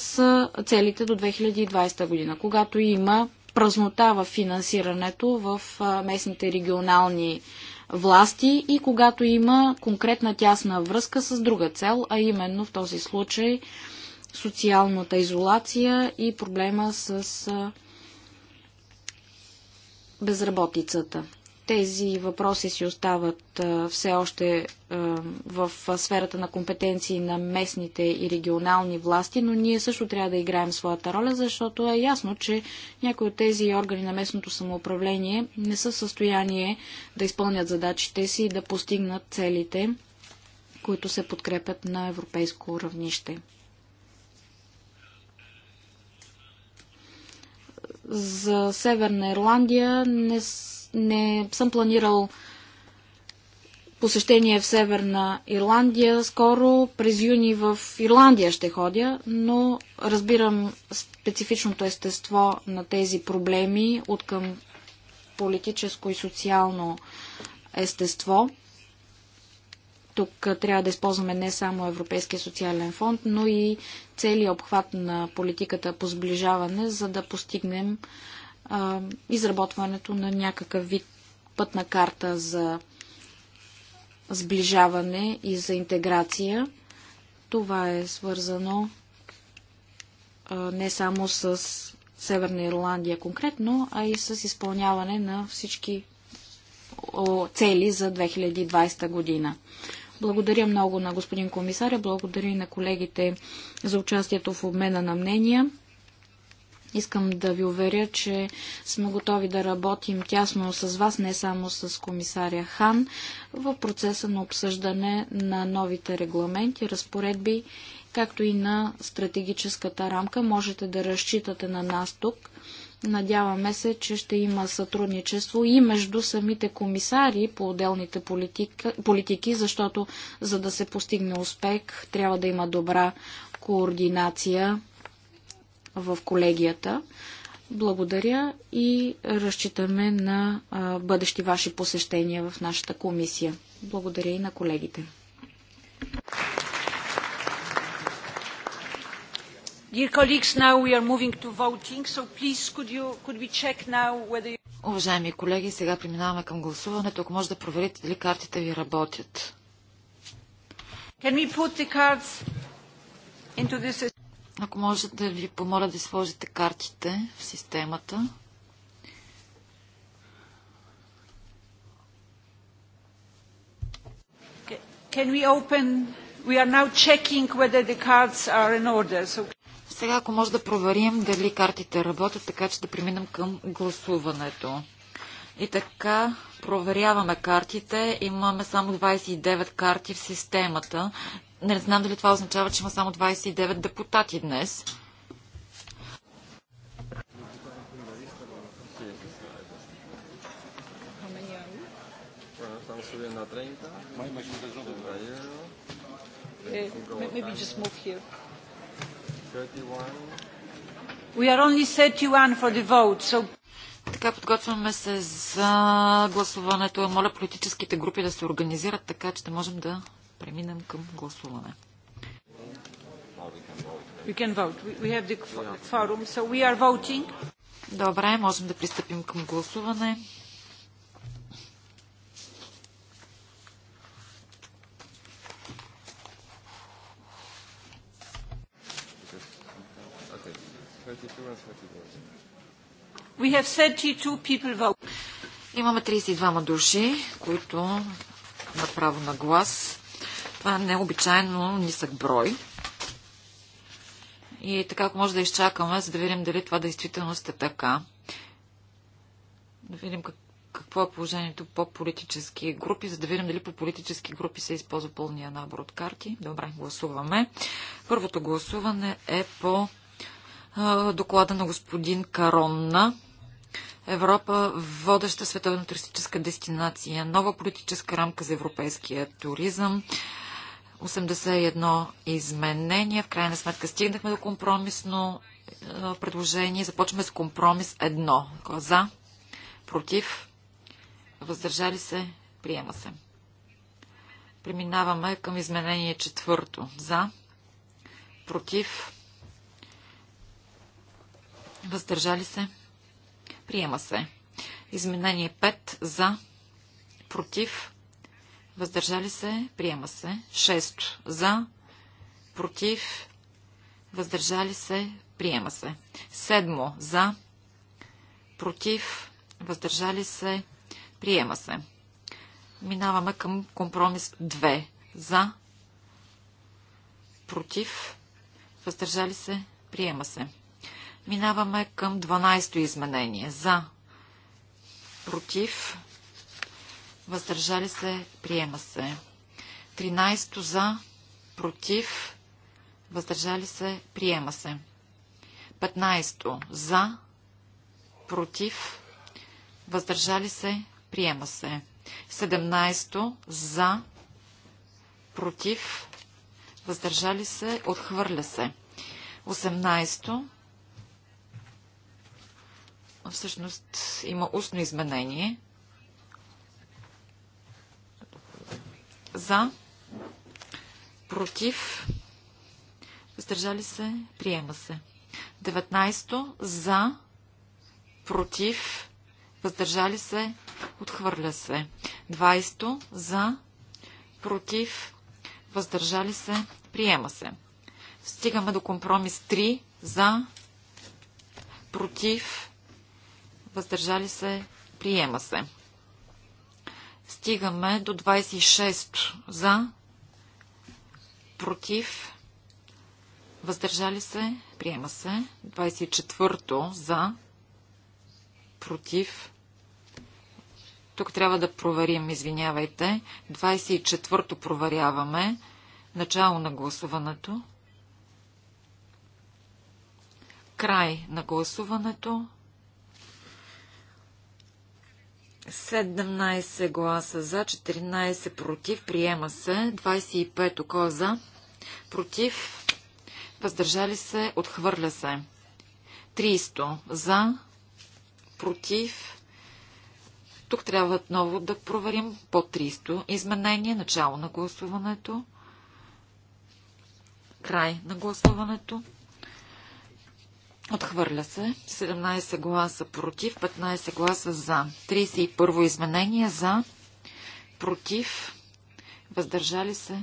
целите до 2020 година, когато има празнота в финансирането в местните регионални власти и когато има конкретна тясна връзка с друга цел, а именно в този случай социалната изолация и проблема с безработицата. Тези въпроси си остават все още в сферата на компетенции на местните и регионални власти, но ние също трябва да играем своята роля, защото е ясно, че някои от тези органи на местното самоуправление не са в състояние да изпълнят задачите си и да постигнат целите, които се подкрепят на европейско равнище. За Северна Ирландия не не съм планирал посещение в Северна Ирландия. Скоро през юни в Ирландия ще ходя, но разбирам специфичното естество на тези проблеми от към политическо и социално естество. Тук трябва да използваме не само Европейския социален фонд, но и целият обхват на политиката по сближаване, за да постигнем а, изработването на някакъв вид пътна карта за сближаване и за интеграция. Това е свързано а, не само с Северна Ирландия конкретно, а и с изпълняване на всички цели за 2020 година. Благодаря много на господин комисаря, благодаря и на колегите за участието в обмена на мнения. Искам да ви уверя, че сме готови да работим тясно с вас, не само с комисаря Хан, в процеса на обсъждане на новите регламенти, разпоредби, както и на стратегическата рамка. Можете да разчитате на нас тук. Надяваме се, че ще има сътрудничество и между самите комисари по отделните политика, политики, защото за да се постигне успех, трябва да има добра координация в колегията. Благодаря и разчитаме на бъдещи ваши посещения в нашата комисия. Благодаря и на колегите. Уважаеми колеги, сега преминаваме към гласуването. Ако може да проверите дали картите ви работят. Ако може да ви помоля да сложите картите в системата. Can we open? We are now checking whether the cards are in order. So... Сега, ако може да проверим дали картите работят, така че да преминем към гласуването. И така проверяваме картите. Имаме само 29 карти в системата. Не знам дали това означава, че има само 29 депутати днес. We are only 31 for the vote, so така подготвяме се за гласуването. Моля политическите групи да се организират така, че да можем да преминем към гласуване. Добре, можем да пристъпим към гласуване. Okay. 32 and 32. We have 32 people vote. Имаме 32 души, които направо на глас. Това е необичайно нисък брой. И така, ако може да изчакаме, за да видим дали това действително сте така. Да видим как, какво е положението по политически групи, за да видим дали по политически групи се използва пълния набор от карти. Добре, гласуваме. Първото гласуване е по е, доклада на господин Каронна. Европа водеща световна туристическа дестинация, нова политическа рамка за европейския туризъм, 81 изменения. В крайна сметка стигнахме до компромисно предложение. Започваме с компромис 1. Е за, против, въздържали се, приема се. Преминаваме към изменение четвърто. За, против, въздържали се, Приема се. Изменение 5 за, против, въздържали се, приема се. 6 за, против, въздържали се, приема се. 7 за, против, въздържали се, приема се. Минаваме към компромис 2 за, против, въздържали се, приема се. Минаваме към 12-то изменение. За, против, въздържали се, приема се. 13-то за, против, въздържали се, приема се. 15-то за, против, въздържали се, приема се. 17-то за, против, въздържали се, отхвърля се. 18-то Всъщност има устно изменение. За, против, въздържали се, приема се. 19 за, против, въздържали се, отхвърля се. 20 за, против, въздържали се, приема се. Стигаме до компромис 3 за, против, въздържали се, приема се. Стигаме до 26 за, против, въздържали се, приема се. 24 за, против. Тук трябва да проверим, извинявайте. 24-то проверяваме. Начало на гласуването. Край на гласуването. 17 гласа за, 14 против, приема се, 25 око е за, против, въздържали се, отхвърля се. 300 за, против, тук трябва отново да проверим по 300 изменение, начало на гласуването, край на гласуването. Отхвърля се. 17 гласа против, 15 гласа за. 31 изменение за, против, въздържали се,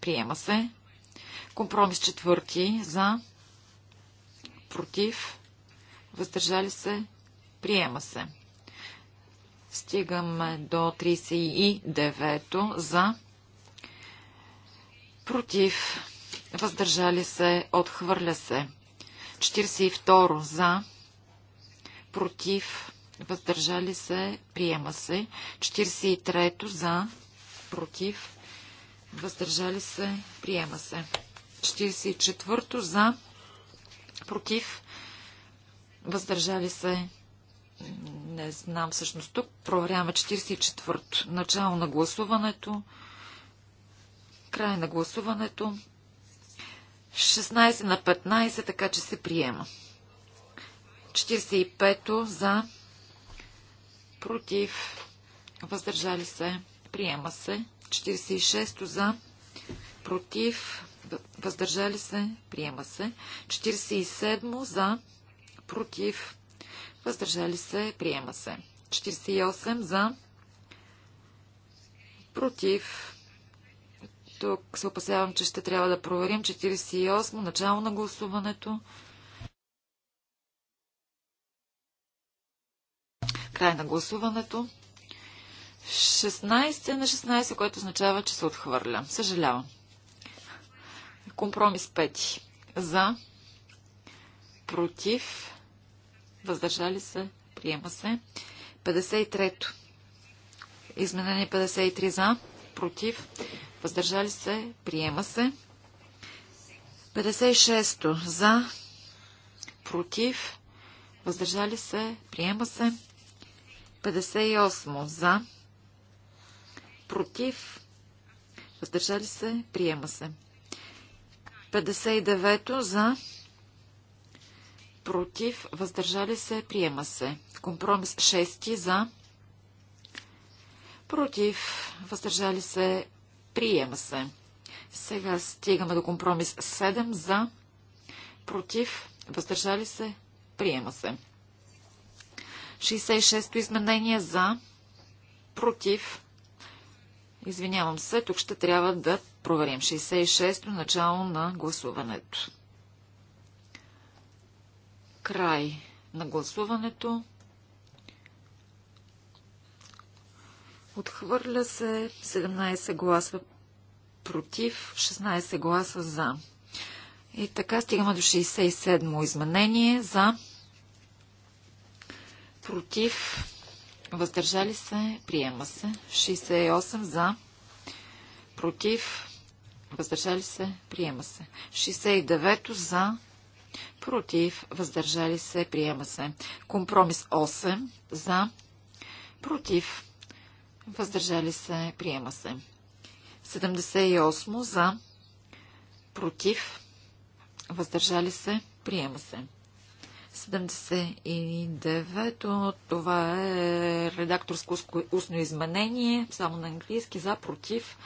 приема се. Компромис четвърти за, против, въздържали се, приема се. Стигаме до 39 за, против, въздържали се, отхвърля се. 42 за, против, въздържали се, приема се. 43 за, против, въздържали се, приема се. 44 за, против, въздържали се, не знам всъщност тук, проверяваме 44-то. Начало на гласуването, край на гласуването, 16 на 15, така че се приема. 45-то за, против, въздържали се, приема се. 46-то за, против, въздържали се, приема се. 47-то за, против, въздържали се, приема се. 48 за, против, тук се опасявам, че ще трябва да проверим 48, начало на гласуването. Край на гласуването. 16 на 16, което означава, че се отхвърля. Съжалявам. Компромис 5. За. Против. Въздържали се. Приема се. 53 Изменение 53 за. Против въздържали се, приема се. 56-то за, против, въздържали се, приема се. 58 за, против, въздържали се, приема се. 59 за, против, въздържали се, приема се. Компромис 6 за, против, въздържали се, Приема се. Сега стигаме до компромис 7 за, против, въздържали се, приема се. 66-то изменение за, против, извинявам се, тук ще трябва да проверим 66-то начало на гласуването. Край на гласуването. Отхвърля се 17 гласа против, 16 гласа за. И така стигаме до 67-мо изменение за против, въздържали се, приема се. 68 за против, въздържали се, приема се. 69 за против, въздържали се, приема се. Компромис 8 за против, въздържали се, приема се. 78 за, против, въздържали се, приема се. 79 това е редакторско устно изменение, само на английски, за, против,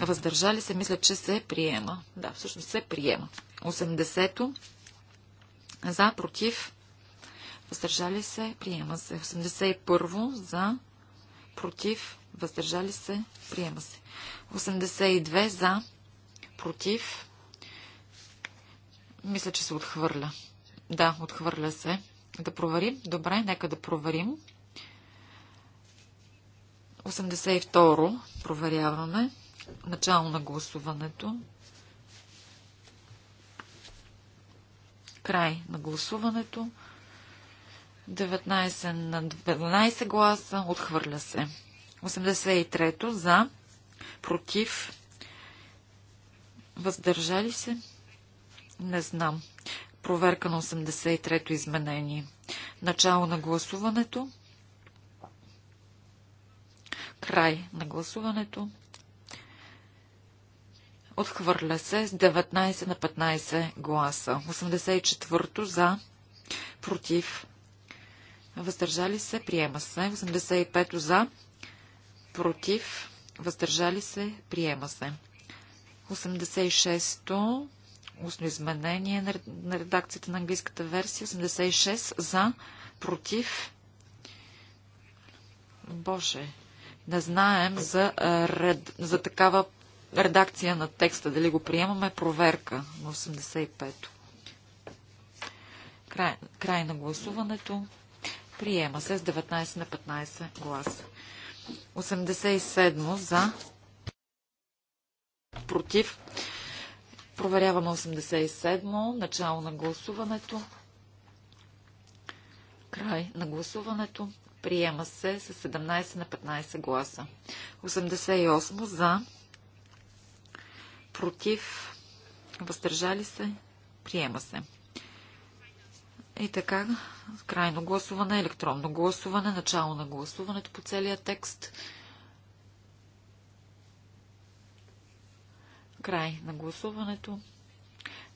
въздържали се, мисля, че се приема. Да, всъщност се приема. 80-то, за, против, въздържали се, приема се. 81 за, против, въздържали се, приема се. 82 за, против, мисля, че се отхвърля. Да, отхвърля се. Да проверим. Добре, нека да проверим. 82 проверяваме. Начало на гласуването. Край на гласуването. 19 на 12 гласа. Отхвърля се. 83-то за. Против. Въздържали се? Не знам. Проверка на 83-то изменение. Начало на гласуването. Край на гласуването. Отхвърля се с 19 на 15 гласа. 84-то за. Против въздържали се, приема се. 85 за, против, въздържали се, приема се. 86-то, устно изменение на редакцията на английската версия, 86 за, против, Боже, не знаем за, ред, за такава редакция на текста, дали го приемаме, проверка на 85-то. Край, край на гласуването. Приема се с 19 на 15 гласа. 87 за. Против. Проверяваме 87. Начало на гласуването. Край на гласуването. Приема се с 17 на 15 гласа. 88 за. Против. Въздържали се. Приема се. И така, крайно гласуване, електронно гласуване, начало на гласуването по целия текст. Край на гласуването.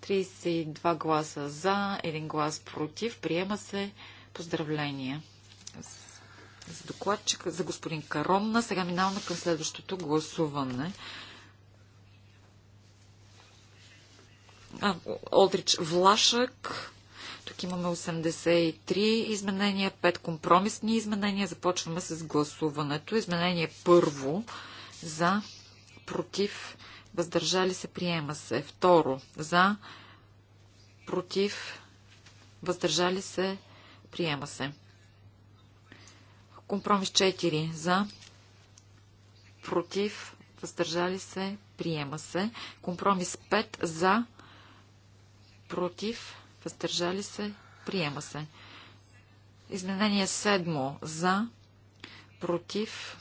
32 гласа за, 1 глас против. Приема се поздравление за докладчика, за господин Каромна. Сега минаваме към следващото гласуване. А, Олдрич Влашък тук имаме 83 изменения, 5 компромисни изменения. Започваме с гласуването. Изменение първо за, против, въздържали се, приема се. Второ за, против, въздържали се, приема се. Компромис 4 за, против, въздържали се, приема се. Компромис 5 за, против, въздържали се, приема се. Изменение 7 за, против,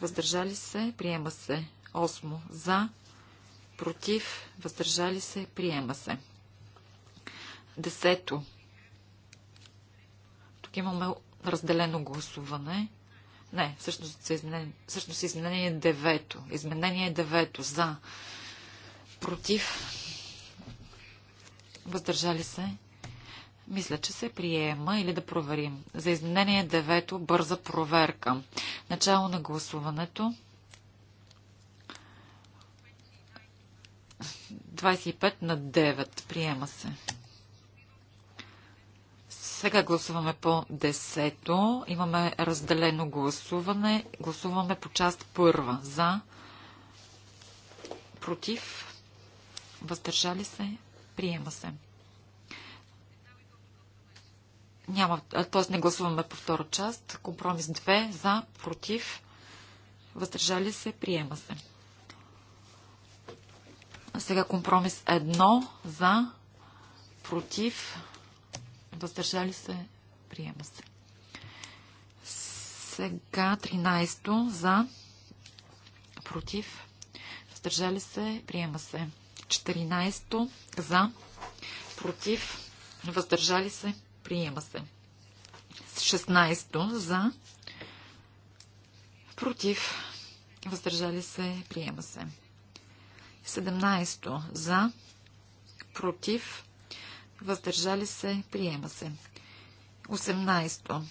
въздържали се, приема се. Осмо. за, против, въздържали се, приема се. Десето. Тук имаме разделено гласуване. Не, всъщност, изменение, всъщност изменение девето. Изменение девето за, против, Въздържали се? Мисля, че се приема или да проверим. За изменение 9 бърза проверка. Начало на гласуването. 25 на 9. Приема се. Сега гласуваме по 10. Имаме разделено гласуване. Гласуваме по част първа. За. Против. Въздържали се. Приема се. Няма, т.е. не гласуваме по втора част. Компромис 2 за, против, въздържали се, приема се. Сега компромис 1 за, против, въздържали се, приема се. Сега 13 за, против, въздържали се, приема се. 14 за, против, въздържали се, приема се. 16 за, против, въздържали се, приема се. 17 за, против, въздържали се, приема се. 18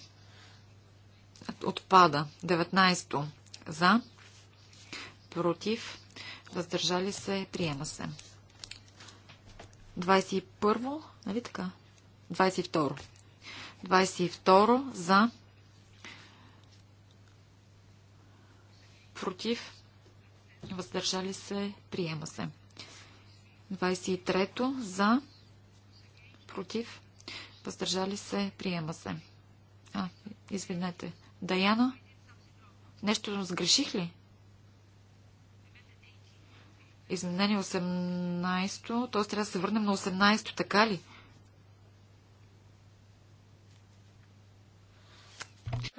отпада. 19 за, против, въздържали се, приема се. 21, нали така? 22. 22 за против въздържали се, приема се. 23 за против въздържали се, приема се. А, извинете. Даяна, нещо сгреших ли? Изменение 18-то, т.е. трябва да се върнем на 18-то, така ли?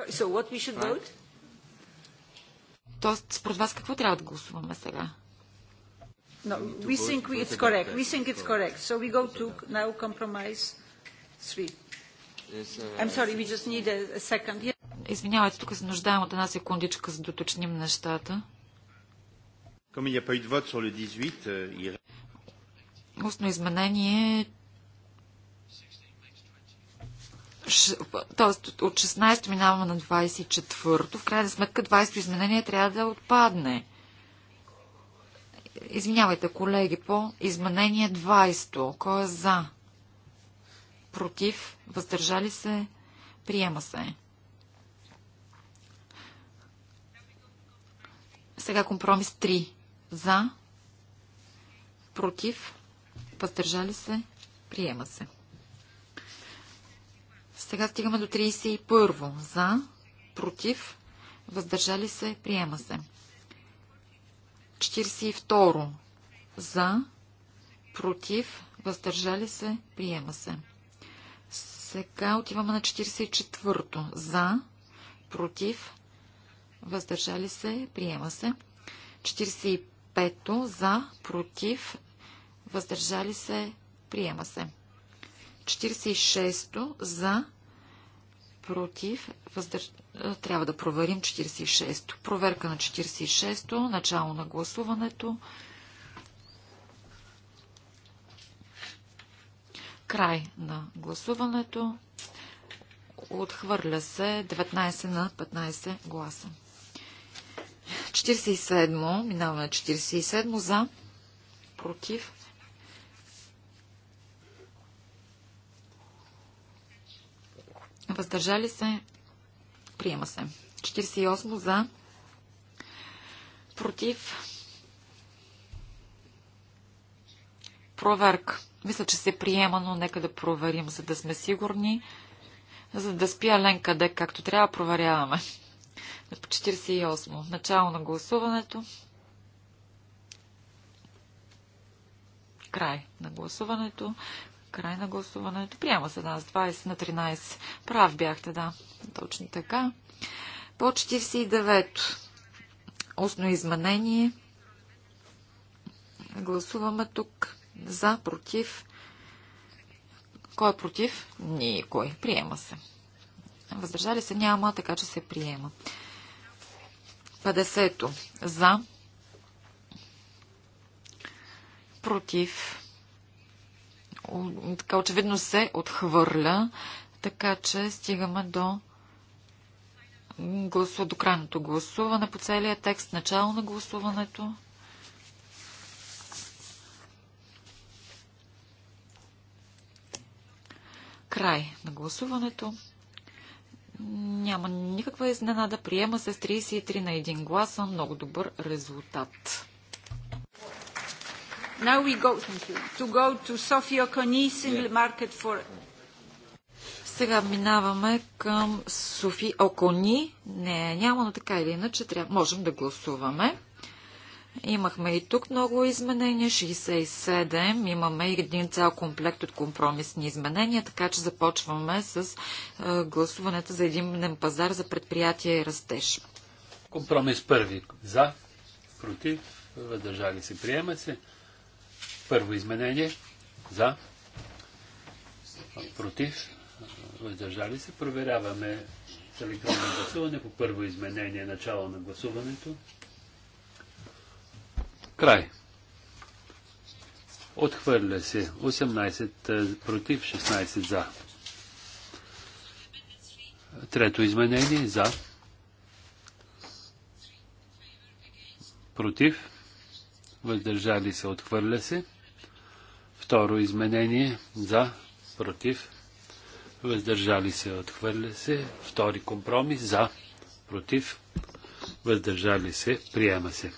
So what we should vote? Тоест, според вас какво трябва да гласуваме сега? No, we think we, it's correct. We think it's correct. So we go to now compromise three. I'm sorry, we just need a second. Извинявайте, тук се нуждаем от една секундичка, за да уточним нещата. Comme il n'y a pas eu de vote sur le 18, euh, il... Устно изменение Тоест, от 16 минаваме на 24-то. В крайна сметка 20-то изменение трябва да отпадне. Извинявайте, колеги, по изменение 20-то. Кой е за? Против? Въздържали се? Приема се. Сега компромис 3. За. Против. Въздържали се. Приема се. Сега стигаме до 31. За. Против. Въздържали се. Приема се. 42. За. Против. Въздържали се. Приема се. Сега отиваме на 44-то. За, против, въздържали се, приема се. 45 Пето за, против, въздържали се, приема се. 46-то за, против, въздърж... трябва да проверим 46-то. Проверка на 46-то, начало на гласуването. Край на гласуването. Отхвърля се 19 на 15 гласа. 47. Минаваме 47. За. Против. Въздържали се. Приема се. 48. За. Против. Проверка. Мисля, че се приема, но нека да проверим, за да сме сигурни. За да спи Аленка, къде както трябва, проверяваме. 48. Начало на гласуването. Край на гласуването. Край на гласуването. Приема се нас 20 на 13. Прав бяхте, да. Точно така. По 49. Устно изменение. Гласуваме тук за, против. Кой е против? Никой. Приема се. Въздържали се няма, така че се приема. 50 за, против, така очевидно се отхвърля, така че стигаме до гласува до крайното гласуване по целия текст, начало на гласуването. Край на гласуването. Няма никаква изненада. Приема се с 33 на 1 гласа. Много добър резултат. Now we go, to go to Sofia single market for... Сега минаваме към Софи Окони. Не, няма, но така или иначе трябва... можем да гласуваме. Имахме и тук много изменения, 67. Имаме и един цял комплект от компромисни изменения, така че започваме с е, гласуването за един пазар за предприятие и растеж. Компромис първи. За, против, въздържали се, приема се. Първо изменение. За, против, въздържали се. Проверяваме с електронно гласуване по първо изменение начало на гласуването. Край. Отхвърля се. 18 е, против, 16 за. Трето изменение за. Против. Въздържали се. Отхвърля се. Второ изменение за. Против. Въздържали се. Отхвърля се. Втори компромис за. Против. Въздържали се. Приема се.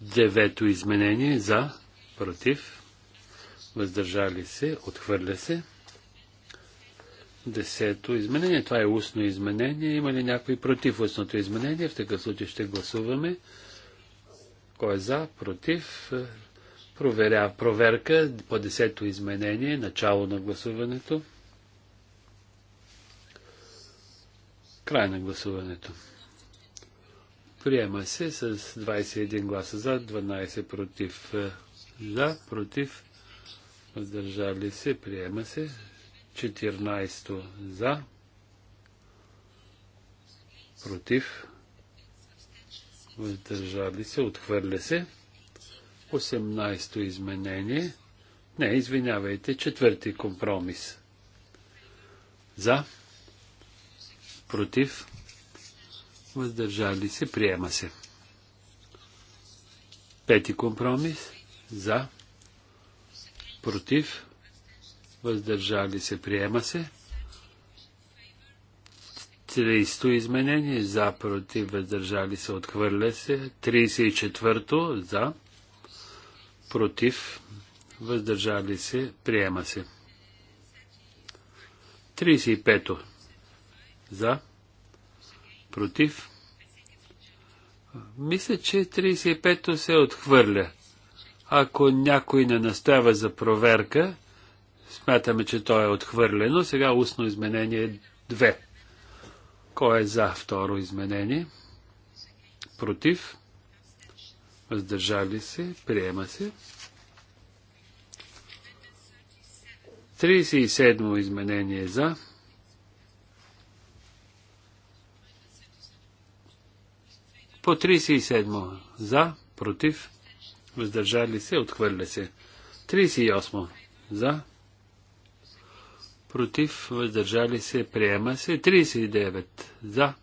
Девето изменение за, против, въздържали се, отхвърля се. Десето изменение, това е устно изменение. Има ли някой против устното изменение? В такъв случай ще гласуваме. Кой е за, против? Проверя, проверка по десето изменение, начало на гласуването. Край на гласуването. Приема се с 21 гласа за, 12 против. Е, за, против, въздържали се, приема се. 14 за, против, въздържали се, отхвърля се. 18 изменение. Не, извинявайте, четвърти компромис. За, против, въздържали се, приема се. Пети компромис за, против, въздържали се, приема се. 30 изменение за, против, въздържали се, отхвърля се. 34 четвърто за, против, въздържали се, приема се. 35-то за, против, против. Мисля, че 35-то се отхвърля. Ако някой не настоява за проверка, смятаме, че то е отхвърлено. Сега устно изменение 2. Кой е за второ изменение? Против? Въздържали се? Приема се. 37 изменение за. По 37 за, против, въздържали се, отхвърля се. 38 за, против, въздържали се, приема се. 39 за,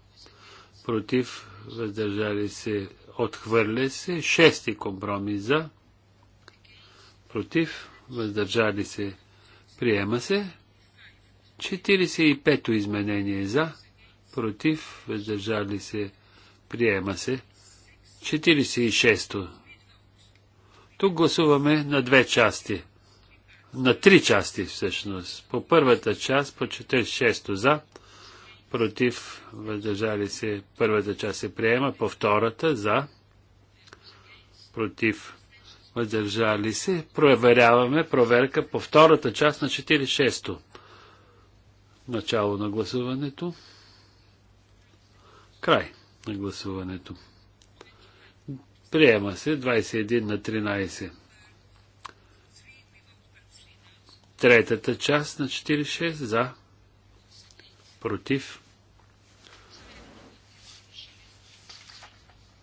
против, въздържали се, отхвърля се. Шести компромис за, против, въздържали се, приема се. 45 изменение за, против, въздържали се, Приема се. 46-то. Тук гласуваме на две части. На три части всъщност. По първата част, по 46-то за, против, въздържали се, първата част се приема, по втората за, против, въздържали се. Проверяваме проверка по втората част на 46-то. Начало на гласуването. Край на гласуването. Приема се 21 на 13. Третата част на 46 за. Против.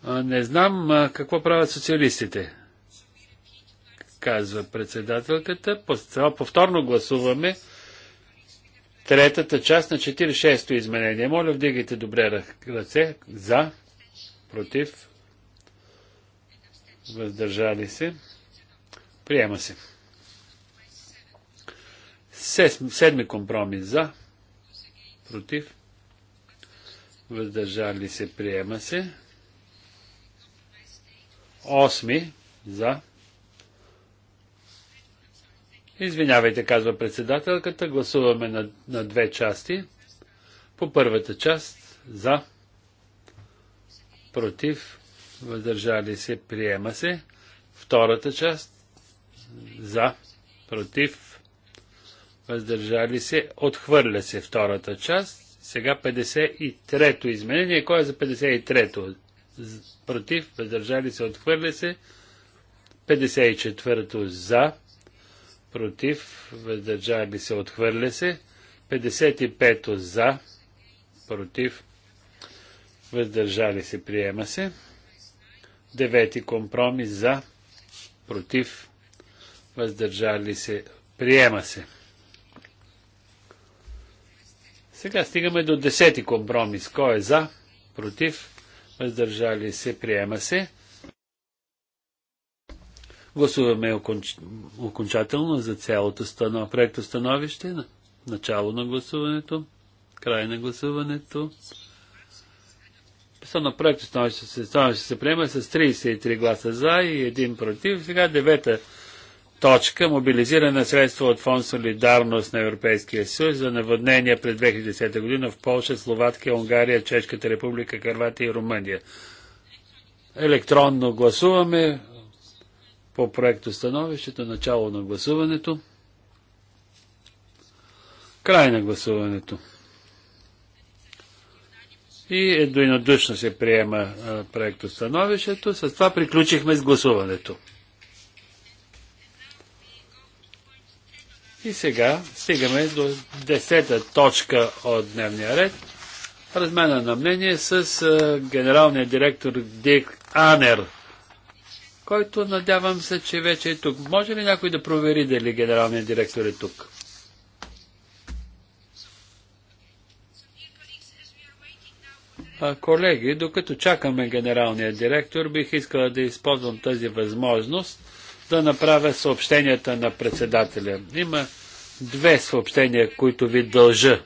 Не знам какво правят социалистите, казва председателката. Повторно гласуваме третата част на 46-то изменение. Моля, вдигайте добре ръце. За, против, въздържали се. Приема се. Седми компромис за, против, въздържали се, приема се. Осми за, Извинявайте, казва председателката, гласуваме на, на две части. По първата част за, против, въздържали се, приема се. Втората част за, против, въздържали се, отхвърля се втората част. Сега 53-то изменение. Кой е за 53-то? Против, въздържали се, отхвърля се. 54-то за, против, въздържали се, отхвърля се. 55 за, против, въздържали се, приема се. Девети компромис за, против, въздържали се, приема се. Сега стигаме до десети компромис. Кой е за, против, въздържали се, приема се. Гласуваме оконч... окончателно за цялото станов... проекто становище. Начало на гласуването, край на гласуването. Писано проекто становище се, становище се приема с 33 гласа за и 1 против. Сега девета точка мобилизиране на средства от фонд Солидарност на Европейския съюз за наводнения през 2010 година в Польша, Словакия, Унгария, Чешката република, Харватия и Румъния. Електронно гласуваме по проекто становището, начало на гласуването, край на гласуването. И единодушно се приема проекто становището. С това приключихме с гласуването. И сега стигаме до 10-та точка от дневния ред. Размена на мнение с генералния директор Дик Анер който надявам се, че вече е тук. Може ли някой да провери дали генералният директор е тук? А, колеги, докато чакаме генералния директор, бих искала да използвам тази възможност да направя съобщенията на председателя. Има две съобщения, които ви дължа.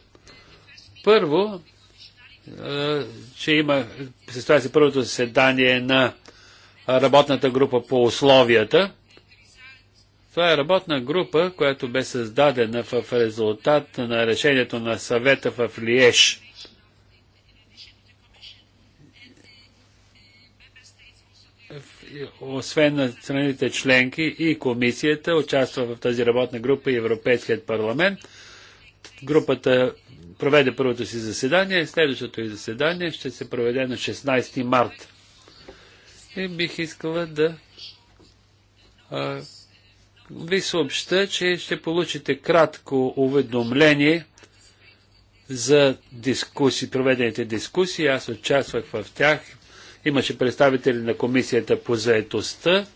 Първо, че има, състоя се първото заседание на работната група по условията. Това е работна група, която бе създадена в резултат на решението на съвета в Лиеш. Освен на страните членки и комисията, участва в тази работна група и Европейският парламент. Групата проведе първото си заседание. Следващото и заседание ще се проведе на 16 марта. И бих искала да а, ви съобща, че ще получите кратко уведомление за дискусии, проведените дискусии. Аз участвах в тях. Имаше представители на комисията по заетостта.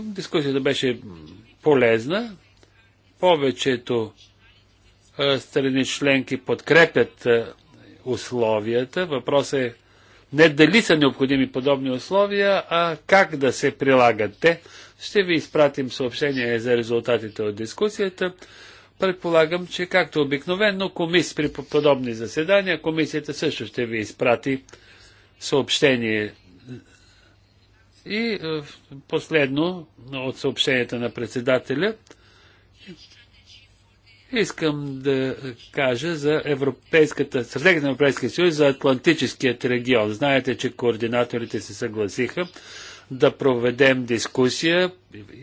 Дискусията беше полезна. Повечето страни членки подкрепят условията. Въпросът е не дали са необходими подобни условия, а как да се прилагат те. Ще ви изпратим съобщение за резултатите от дискусията. Предполагам, че както обикновено комис при подобни заседания, комисията също ще ви изпрати съобщение. И е, последно от съобщенията на председателя Искам да кажа за Европейската, стратегия на Европейския съюз за Атлантическият регион. Знаете, че координаторите се съгласиха да проведем дискусия,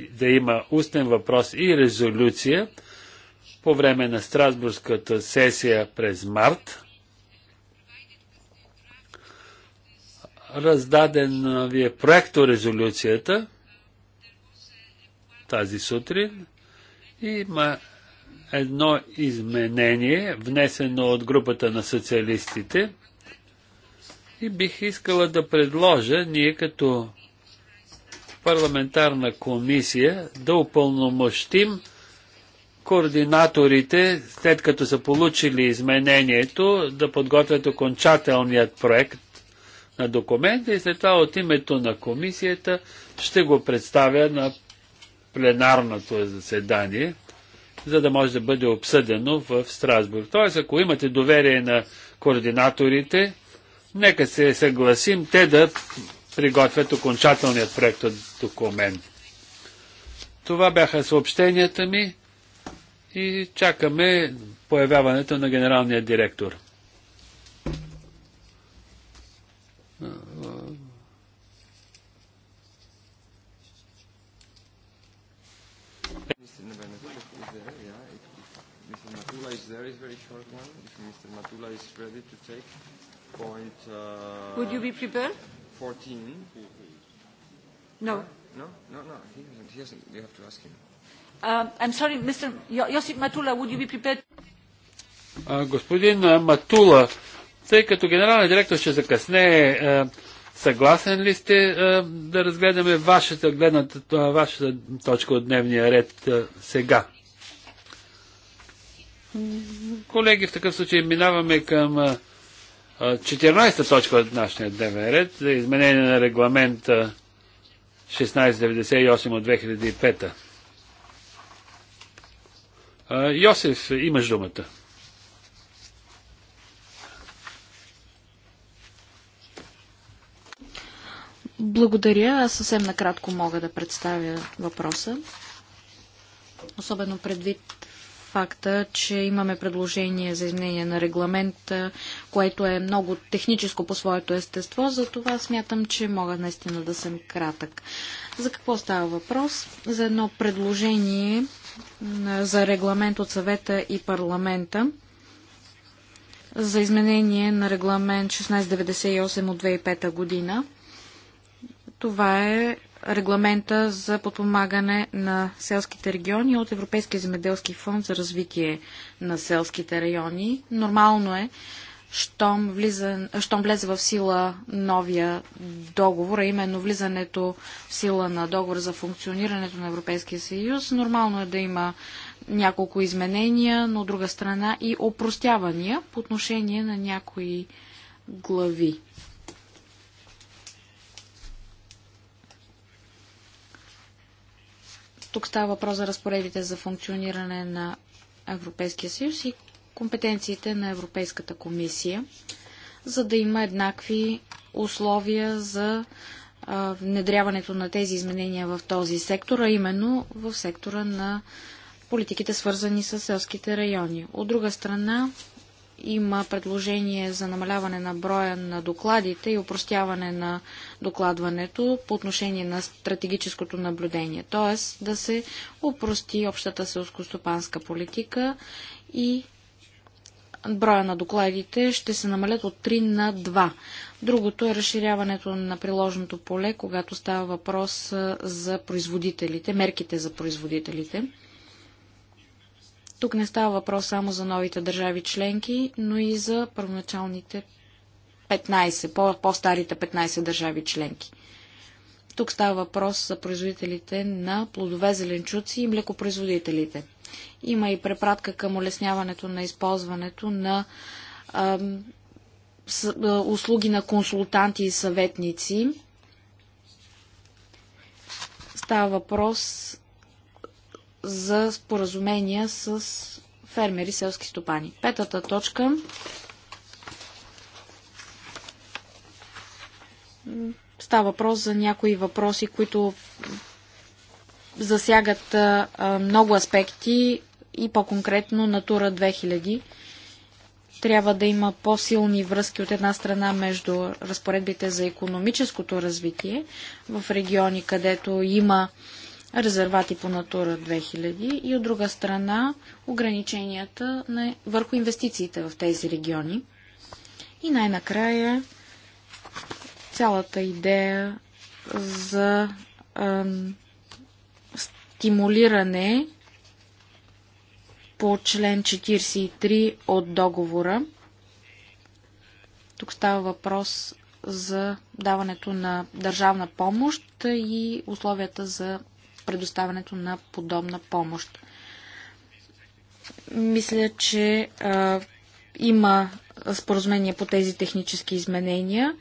да има устен въпрос и резолюция по време на Страсбургската сесия през март. Раздаден ви е проекто резолюцията тази сутрин и има едно изменение, внесено от групата на социалистите. И бих искала да предложа ние като парламентарна комисия да упълномощим координаторите, след като са получили изменението, да подготвят окончателният проект на документа и след това от името на комисията ще го представя на пленарното заседание за да може да бъде обсъдено в Страсбург. Тоест, ако имате доверие на координаторите, нека се съгласим те да приготвят окончателният проект от документ. Това бяха съобщенията ми и чакаме появяването на генералния директор. very, very short one, if Mr. Matula is ready to take point... Uh, Would you be prepared? 14. No. No, no, no, he hasn't, he hasn't. You have to ask him. Uh, I'm sorry, Mr. Josip Matula, would you be prepared? Uh, господин uh, Матула, тъй като генералният директор ще закъсне, uh, съгласен ли сте uh, да разгледаме вашата, гледната, uh, вашата точка от дневния ред uh, сега? Колеги, в такъв случай минаваме към 14-та точка от нашия дневен ред за изменение на регламент 1698 от 2005. Йосиф, имаш думата. Благодаря. Аз съвсем накратко мога да представя въпроса. Особено предвид факта, че имаме предложение за изменение на регламент, което е много техническо по своето естество, затова смятам, че мога наистина да съм кратък. За какво става въпрос? За едно предложение за регламент от съвета и парламента за изменение на регламент 1698 от 2005 година. Това е регламента за подпомагане на селските региони от Европейския земеделски фонд за развитие на селските райони. Нормално е, щом, влиза, щом влезе в сила новия договор, а именно влизането в сила на договор за функционирането на Европейския съюз, нормално е да има няколко изменения, но от друга страна и опростявания по отношение на някои глави. Тук става въпрос за разпоредите за функциониране на Европейския съюз и компетенциите на Европейската комисия, за да има еднакви условия за внедряването на тези изменения в този сектор, а именно в сектора на политиките свързани с селските райони. От друга страна, има предложение за намаляване на броя на докладите и упростяване на докладването по отношение на стратегическото наблюдение, т.е. да се упрости общата селскостопанска политика и броя на докладите ще се намалят от 3 на 2. Другото е разширяването на приложното поле, когато става въпрос за производителите, мерките за производителите. Тук не става въпрос само за новите държави членки, но и за първоначалните 15, по-старите по 15 държави членки. Тук става въпрос за производителите на плодове, зеленчуци и млекопроизводителите. Има и препратка към улесняването на използването на ам, с, а, услуги на консултанти и съветници. Става въпрос за споразумения с фермери селски стопани. Петата точка става въпрос за някои въпроси, които засягат много аспекти и по-конкретно Натура 2000 трябва да има по-силни връзки от една страна между разпоредбите за економическото развитие в региони, където има резервати по Натура 2000 и от друга страна ограниченията на, върху инвестициите в тези региони. И най-накрая цялата идея за ам, стимулиране по член 43 от договора. Тук става въпрос за даването на държавна помощ и условията за предоставянето на подобна помощ. Мисля, че а, има споразумение по тези технически изменения,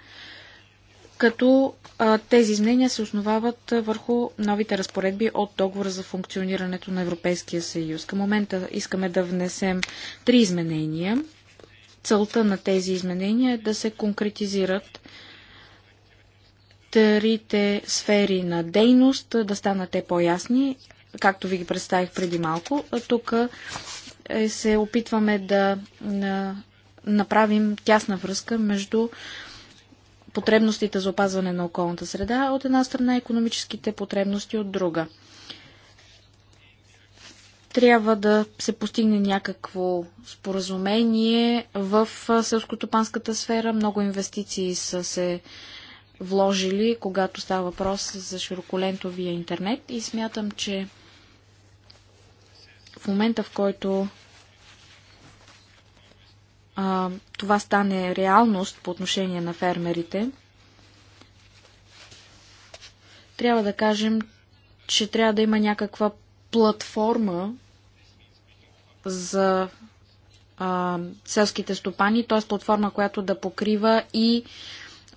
като а, тези изменения се основават върху новите разпоредби от договора за функционирането на Европейския съюз. Към момента искаме да внесем три изменения. Целта на тези изменения е да се конкретизират трите сфери на дейност, да станат те по-ясни, както ви ги представих преди малко. Тук е, се опитваме да направим тясна връзка между потребностите за опазване на околната среда от една страна, економическите потребности от друга. Трябва да се постигне някакво споразумение в селскотопанската сфера. Много инвестиции са се вложили, когато става въпрос за широколентовия интернет и смятам, че в момента, в който а, това стане реалност по отношение на фермерите, трябва да кажем, че трябва да има някаква платформа за а, селските стопани, т.е. платформа, която да покрива и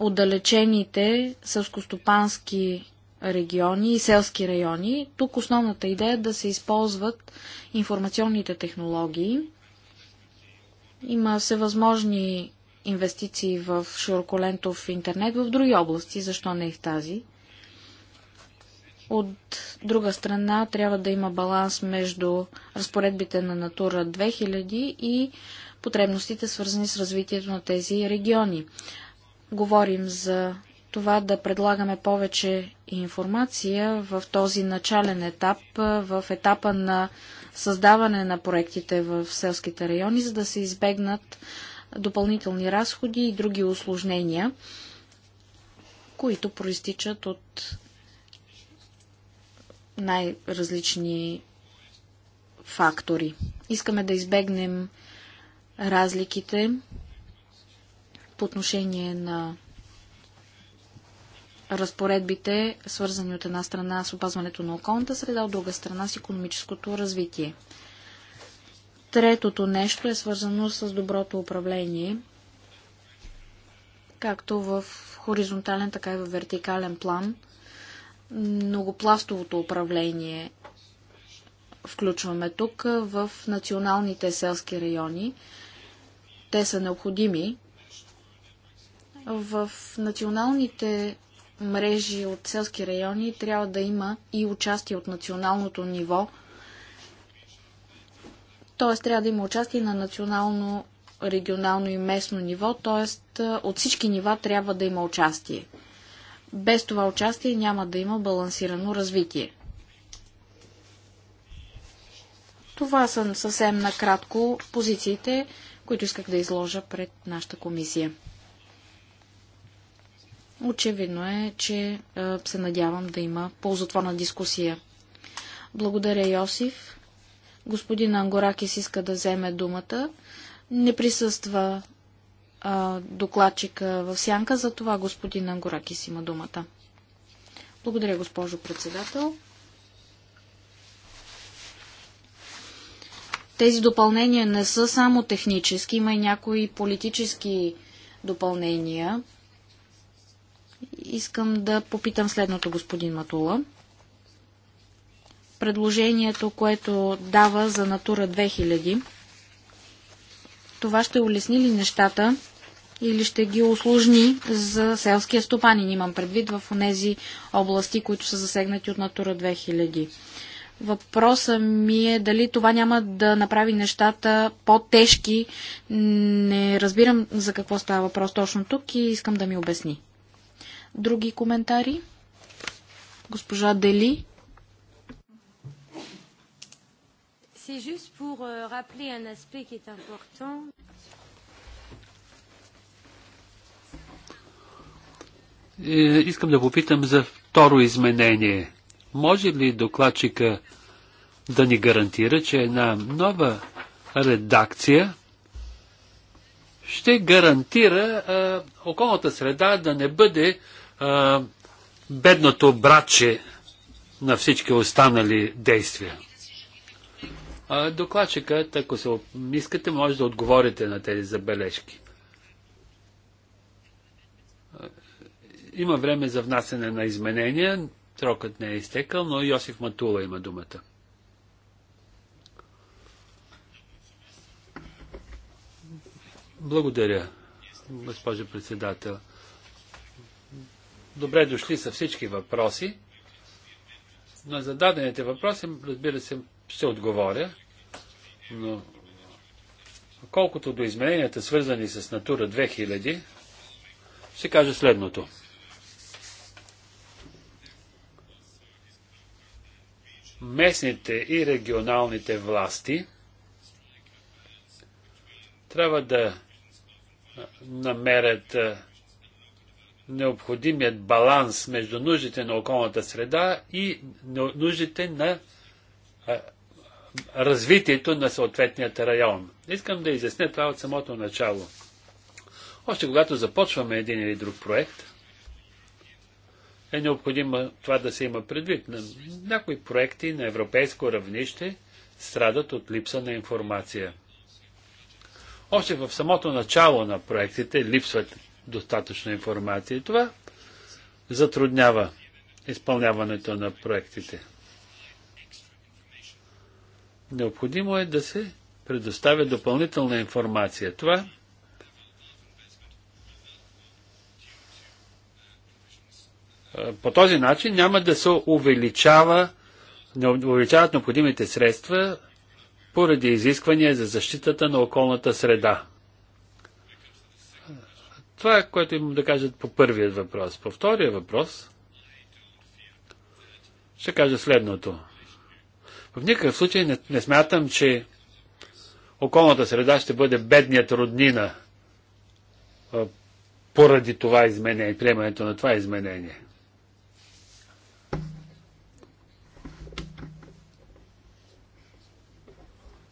отдалечените селскостопански региони и селски райони. Тук основната идея е да се използват информационните технологии. Има всевъзможни инвестиции в широколентов интернет в други области, защо не и в тази. От друга страна трябва да има баланс между разпоредбите на Натура 2000 и потребностите, свързани с развитието на тези региони говорим за това да предлагаме повече информация в този начален етап, в етапа на създаване на проектите в селските райони, за да се избегнат допълнителни разходи и други осложнения, които проистичат от най-различни фактори. Искаме да избегнем разликите по отношение на разпоредбите, свързани от една страна с опазването на околната среда, от друга страна с економическото развитие. Третото нещо е свързано с доброто управление, както в хоризонтален, така и в вертикален план. Многопластовото управление включваме тук в националните селски райони. Те са необходими, в националните мрежи от селски райони трябва да има и участие от националното ниво. Т.е. трябва да има участие на национално, регионално и местно ниво, т.е. от всички нива трябва да има участие. Без това участие няма да има балансирано развитие. Това са съвсем накратко позициите, които исках да изложа пред нашата комисия. Очевидно е, че се надявам да има ползотворна дискусия. Благодаря, Йосиф. Господин Ангоракис иска да вземе думата. Не присъства а, докладчика в сянка, затова господин Ангоракис има думата. Благодаря, госпожо председател. Тези допълнения не са само технически, има и някои политически допълнения искам да попитам следното, господин Матула. Предложението, което дава за Натура 2000, това ще улесни ли нещата или ще ги услужни за селския стопанин, имам предвид в тези области, които са засегнати от Натура 2000. Въпросът ми е дали това няма да направи нещата по-тежки. Не разбирам за какво става въпрос точно тук и искам да ми обясни. Други коментари? Госпожа Дели. Euh, е, искам да попитам за второ изменение. Може ли докладчика да ни гарантира, че една нова редакция ще гарантира а, околната среда да не бъде бедното братче на всички останали действия. А, докладчикът, ако се искате, може да отговорите на тези забележки. Има време за внасене на изменения. Срокът не е изтекал, но Йосиф Матула има думата. Благодаря, госпожо председател. Добре дошли са всички въпроси. На зададените въпроси, разбира се, ще отговоря, но колкото до измененията, свързани с Натура 2000, ще кажа следното. Местните и регионалните власти трябва да намерят необходимият баланс между нуждите на околната среда и нуждите на развитието на съответният район. Искам да изясня това от самото начало. Още когато започваме един или друг проект, е необходимо това да се има предвид. На някои проекти на европейско равнище страдат от липса на информация. Още в самото начало на проектите липсват достатъчна информация. И това затруднява изпълняването на проектите. Необходимо е да се предоставя допълнителна информация. Това по този начин няма да се увеличава, не увеличават необходимите средства поради изисквания за защитата на околната среда. Това е което имам да кажат по първият въпрос. По втория въпрос ще кажа следното. В никакъв случай не, не смятам, че околната среда ще бъде бедният роднина а, поради това изменение, приемането на това изменение.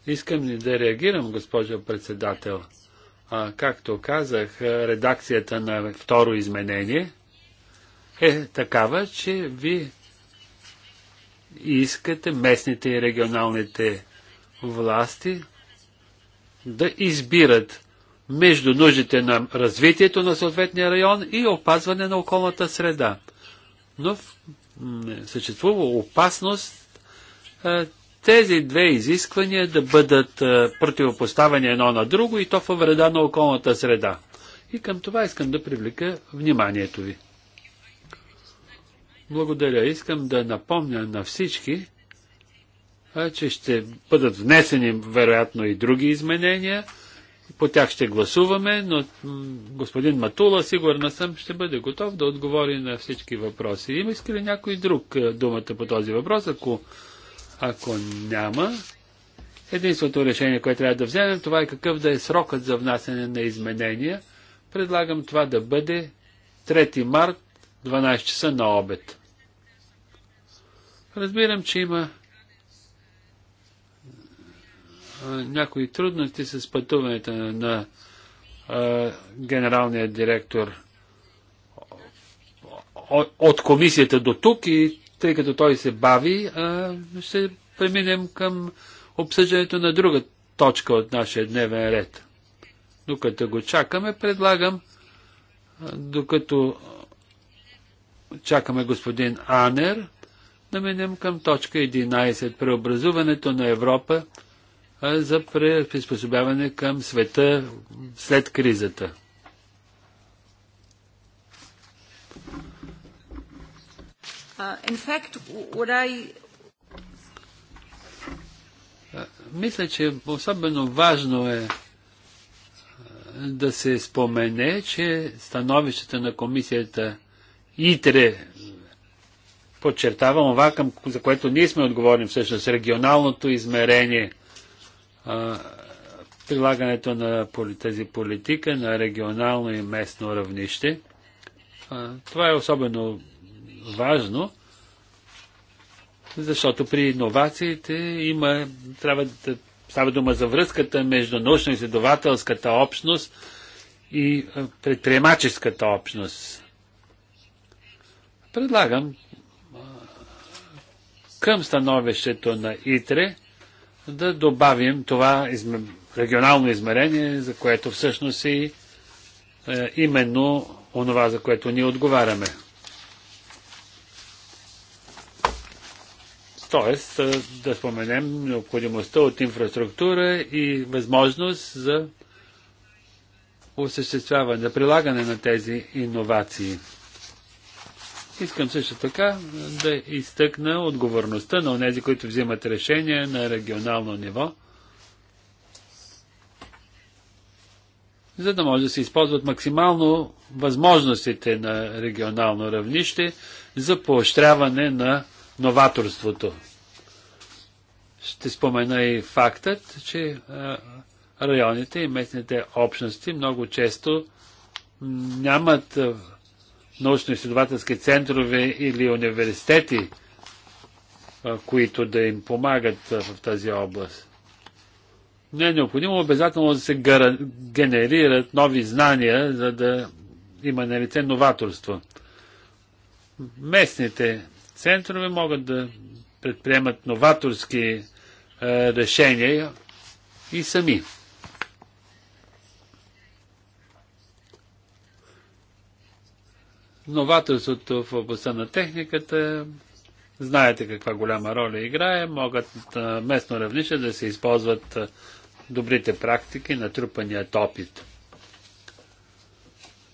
Искам ли да реагирам, госпожо председател? както казах, редакцията на второ изменение е такава, че ви искате местните и регионалните власти да избират между нуждите на развитието на съответния район и опазване на околната среда. Но съществува опасност тези две изисквания да бъдат е, противопоставени едно на друго и то във вреда на околната среда. И към това искам да привлека вниманието ви. Благодаря. Искам да напомня на всички, че ще бъдат внесени вероятно и други изменения. По тях ще гласуваме, но господин Матула, сигурна съм, ще бъде готов да отговори на всички въпроси. Има иска ли някой друг е, думата по този въпрос? Ако ако няма, единственото решение, което трябва да вземем, това е какъв да е срокът за внасяне на изменения. Предлагам това да бъде 3 март, 12 часа на обед. Разбирам, че има някои трудности с пътуването на, генералния директор от комисията до тук и тъй като той се бави, ще преминем към обсъждането на друга точка от нашия дневен ред. Докато го чакаме, предлагам, докато чакаме господин Анер, да минем към точка 11. Преобразуването на Европа за приспособяване към света след кризата. Uh, in fact, what I... Мисля, че особено важно е, е да се спомене, че становището на комисията ИТРЕ подчертава това, за което ние сме отговорни всъщност, регионалното измерение, е, прилагането на тази политика на регионално и местно равнище. Е, това е особено важно, защото при иновациите има, трябва да става дума за връзката между научно-изследователската общност и е, предприемаческата общност. Предлагам е, към становището на ИТРЕ да добавим това регионално измерение, за което всъщност и е, именно онова, за което ние отговаряме. Тоест да споменем необходимостта от инфраструктура и възможност за осъществяване, за прилагане на тези иновации. Искам също така да изтъкна отговорността на тези, които взимат решения на регионално ниво, за да може да се използват максимално възможностите на регионално равнище за поощряване на новаторството. Ще спомена и фактът, че районите и местните общности много често нямат научно-изследователски центрове или университети, които да им помагат в тази област. Не е необходимо обязателно да се генерират нови знания, за да има налице новаторство. Местните центрове могат да предприемат новаторски е, решения и сами. Новаторството в областта на техниката, знаете каква голяма роля играе, могат на е, местно равнище да се използват е, добрите практики, натрупаният опит.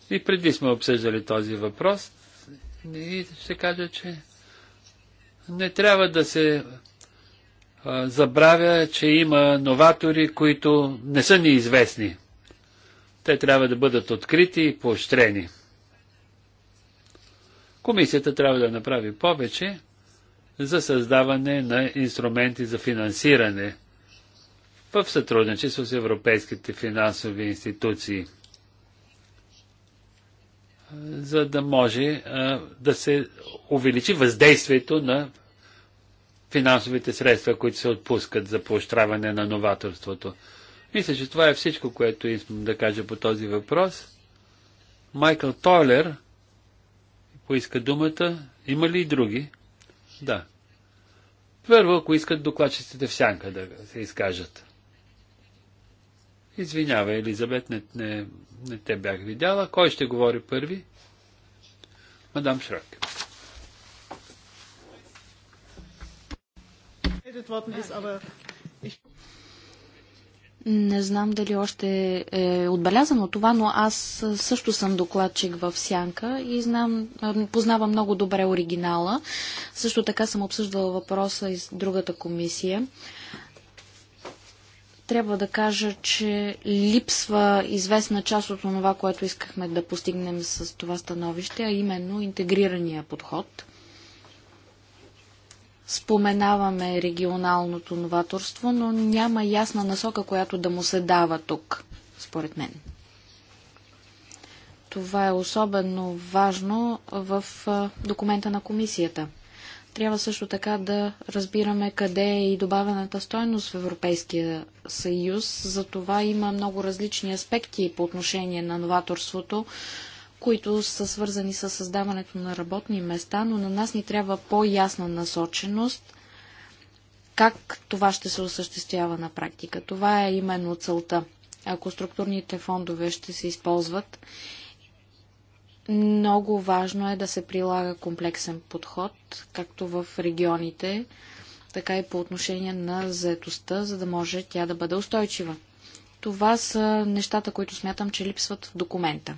И преди сме обсъждали този въпрос и ще кажа, че не трябва да се забравя, че има новатори, които не са неизвестни. Те трябва да бъдат открити и поощрени. Комисията трябва да направи повече за създаване на инструменти за финансиране в сътрудничество с европейските финансови институции за да може да се увеличи въздействието на финансовите средства, които се отпускат за поощряване на новаторството. Мисля, че това е всичко, което искам да кажа по този въпрос. Майкъл Тойлер поиска думата. Има ли и други? Да. Първо, ако искат докладчиците в сянка да се изкажат. Извинява, Елизабет, не, не, не те бях видяла. Кой ще говори първи? Мадам Шрак. Не знам дали още е отбелязано това, но аз също съм докладчик в Сянка и знам, познавам много добре оригинала. Също така съм обсъждала въпроса и с другата комисия трябва да кажа, че липсва известна част от това, което искахме да постигнем с това становище, а именно интегрирания подход. Споменаваме регионалното новаторство, но няма ясна насока, която да му се дава тук, според мен. Това е особено важно в документа на комисията – трябва също така да разбираме къде е и добавената стойност в Европейския съюз. За това има много различни аспекти по отношение на новаторството, които са свързани с създаването на работни места, но на нас ни трябва по-ясна насоченост как това ще се осъществява на практика. Това е именно целта. Ако структурните фондове ще се използват много важно е да се прилага комплексен подход, както в регионите, така и по отношение на заетостта, за да може тя да бъде устойчива. Това са нещата, които смятам, че липсват в документа.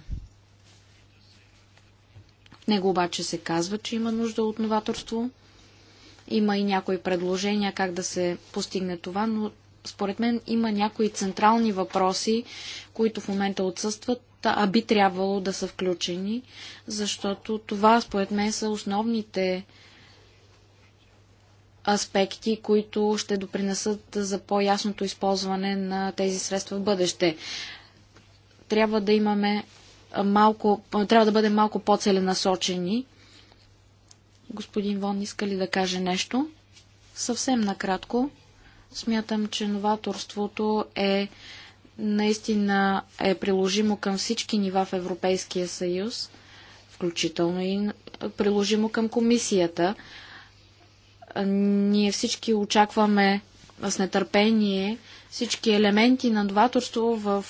В него обаче се казва, че има нужда от новаторство. Има и някои предложения как да се постигне това, но според мен има някои централни въпроси, които в момента отсъстват, а би трябвало да са включени, защото това според мен са основните аспекти, които ще допринесат за по-ясното използване на тези средства в бъдеще. Трябва да имаме малко, трябва да бъдем малко по-целенасочени. Господин Вон иска ли да каже нещо? Съвсем накратко. Смятам, че новаторството е наистина е приложимо към всички нива в Европейския съюз, включително и приложимо към комисията. Ние всички очакваме с нетърпение всички елементи на новаторство в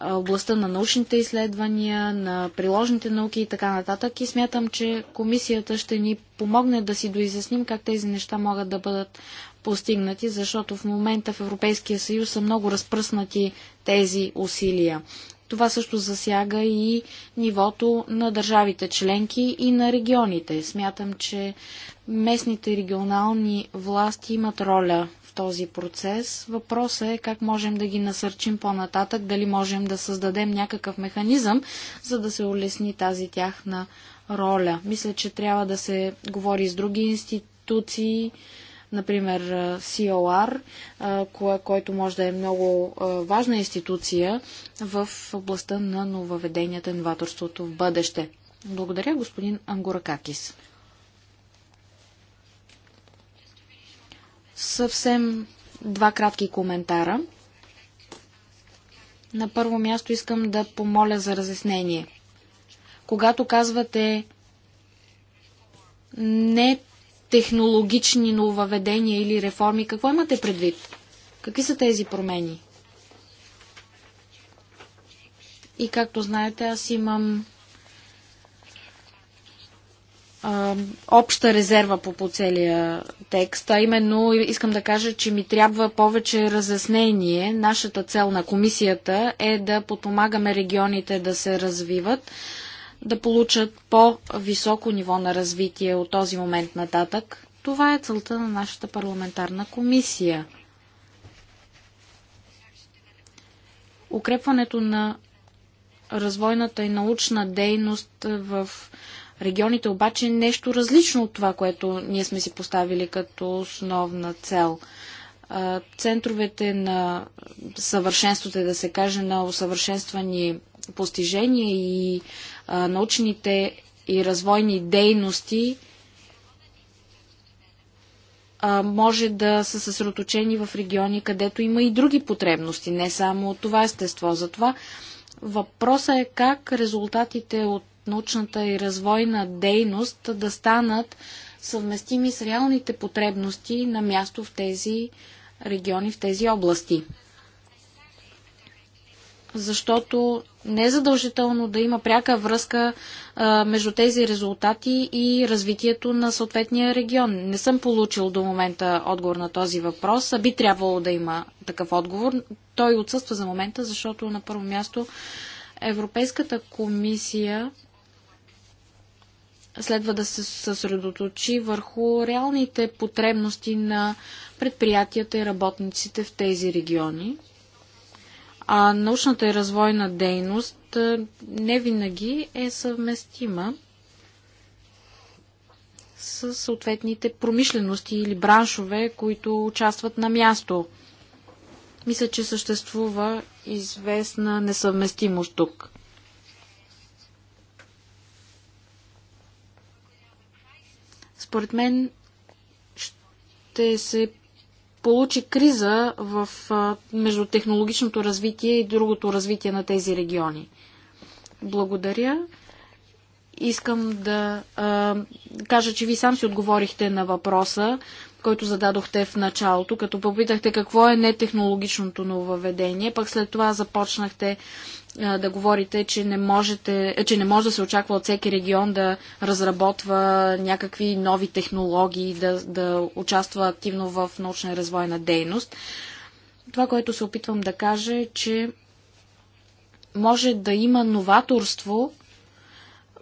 областта на научните изследвания, на приложните науки и така нататък. И смятам, че комисията ще ни помогне да си доизясним как тези неща могат да бъдат постигнати, защото в момента в Европейския съюз са много разпръснати тези усилия. Това също засяга и нивото на държавите членки и на регионите. Смятам, че местните регионални власти имат роля в този процес. Въпросът е как можем да ги насърчим по-нататък, дали можем да създадем някакъв механизъм, за да се улесни тази тяхна роля. Мисля, че трябва да се говори с други институции, например COR, който може да е много важна институция в областта на нововведенията и новаторството в бъдеще. Благодаря, господин Ангуракакис. Съвсем два кратки коментара. На първо място искам да помоля за разяснение. Когато казвате не технологични нововведения или реформи. Какво имате предвид? Какви са тези промени? И както знаете, аз имам а, обща резерва по, по целия текст, а именно искам да кажа, че ми трябва повече разяснение. Нашата цел на комисията е да подпомагаме регионите да се развиват да получат по-високо ниво на развитие от този момент нататък. Това е целта на нашата парламентарна комисия. Укрепването на развойната и научна дейност в регионите обаче е нещо различно от това, което ние сме си поставили като основна цел – центровете на съвършенството, е да се каже, на усъвършенствани постижения и научните и развойни дейности може да са съсредоточени в региони, където има и други потребности, не само от това естество. Затова въпросът е как резултатите от научната и развойна дейност да станат съвместими с реалните потребности на място в тези региони в тези области. Защото не е задължително да има пряка връзка а, между тези резултати и развитието на съответния регион. Не съм получил до момента отговор на този въпрос, а би трябвало да има такъв отговор. Той отсъства за момента, защото на първо място Европейската комисия следва да се съсредоточи върху реалните потребности на предприятията и работниците в тези региони. А научната и развойна дейност не винаги е съвместима с съответните промишлености или браншове, които участват на място. Мисля, че съществува известна несъвместимост тук. Според мен ще се получи криза в, между технологичното развитие и другото развитие на тези региони. Благодаря. Искам да а, кажа, че ви сам си отговорихте на въпроса, който зададохте в началото, като попитахте какво е нетехнологичното нововведение, пък след това започнахте да говорите, че не, можете, че не може да се очаква от всеки регион да разработва някакви нови технологии, да, да участва активно в научна и развойна дейност. Това, което се опитвам да кажа е, че може да има новаторство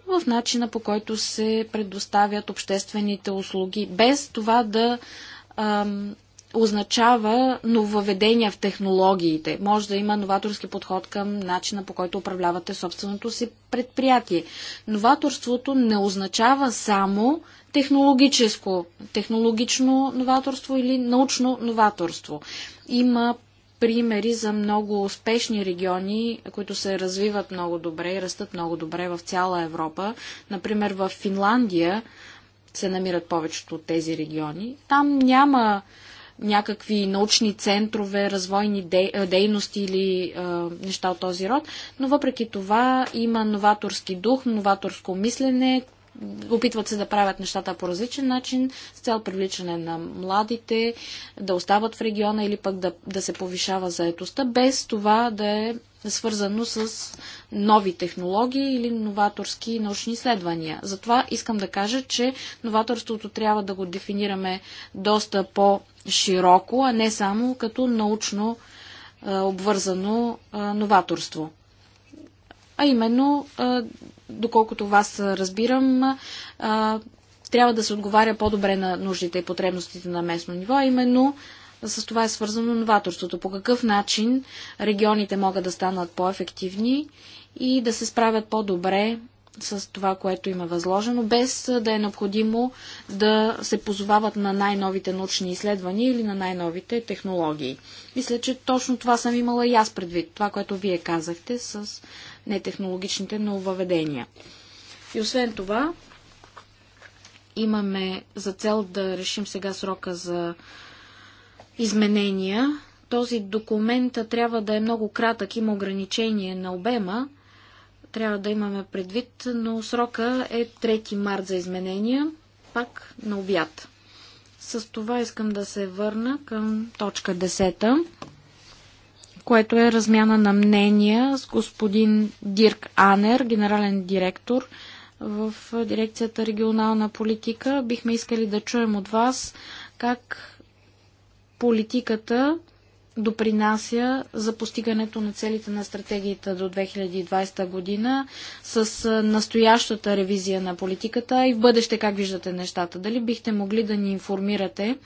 в начина по който се предоставят обществените услуги, без това да ам, означава нововведения в технологиите. Може да има новаторски подход към начина по който управлявате собственото си предприятие. Новаторството не означава само технологическо, технологично новаторство или научно новаторство. Има примери за много успешни региони, които се развиват много добре и растат много добре в цяла Европа. Например, в Финландия се намират повечето от тези региони. Там няма някакви научни центрове, развойни дейности или а, неща от този род, но въпреки това има новаторски дух, новаторско мислене, опитват се да правят нещата по различен начин, с цел привличане на младите, да остават в региона или пък да, да се повишава заетостта, без това да е свързано с нови технологии или новаторски научни изследвания. Затова искам да кажа, че новаторството трябва да го дефинираме доста по- широко, а не само като научно а, обвързано а, новаторство. А именно, а, доколкото вас разбирам, а, трябва да се отговаря по-добре на нуждите и потребностите на местно ниво, а именно с това е свързано новаторството. По какъв начин регионите могат да станат по-ефективни и да се справят по-добре с това, което им е възложено, без да е необходимо да се позовават на най-новите научни изследвания или на най-новите технологии. Мисля, че точно това съм имала и аз предвид, това, което вие казахте с нетехнологичните нововъведения. И освен това, имаме за цел да решим сега срока за изменения. Този документ трябва да е много кратък, има ограничение на обема, трябва да имаме предвид, но срока е 3 март за изменения, пак на обяд. С това искам да се върна към точка 10, което е размяна на мнения с господин Дирк Анер, генерален директор в дирекцията регионална политика. Бихме искали да чуем от вас как политиката допринася за постигането на целите на стратегията до 2020 година с настоящата ревизия на политиката и в бъдеще как виждате нещата? Дали бихте могли да ни информирате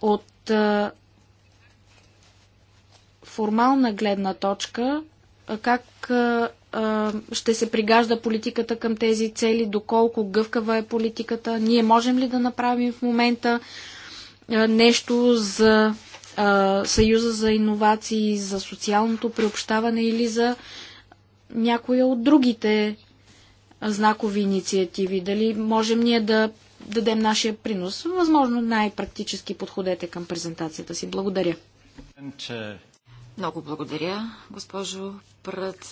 от формална гледна точка как ще се пригажда политиката към тези цели, доколко гъвкава е политиката, ние можем ли да направим в момента нещо за Съюза за иновации, за социалното приобщаване или за някоя от другите знакови инициативи. Дали можем ние да дадем нашия принос? Възможно най-практически подходете към презентацията си. Благодаря. Много благодаря, госпожо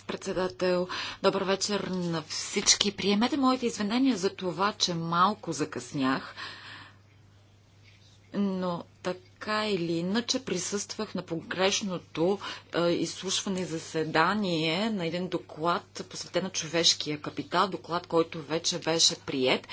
председател. Добър вечер на всички. Приемете моите извинения за това, че малко закъснях но така или иначе присъствах на погрешното е, изслушване и заседание на един доклад, посветен на човешкия капитал, доклад, който вече беше прият.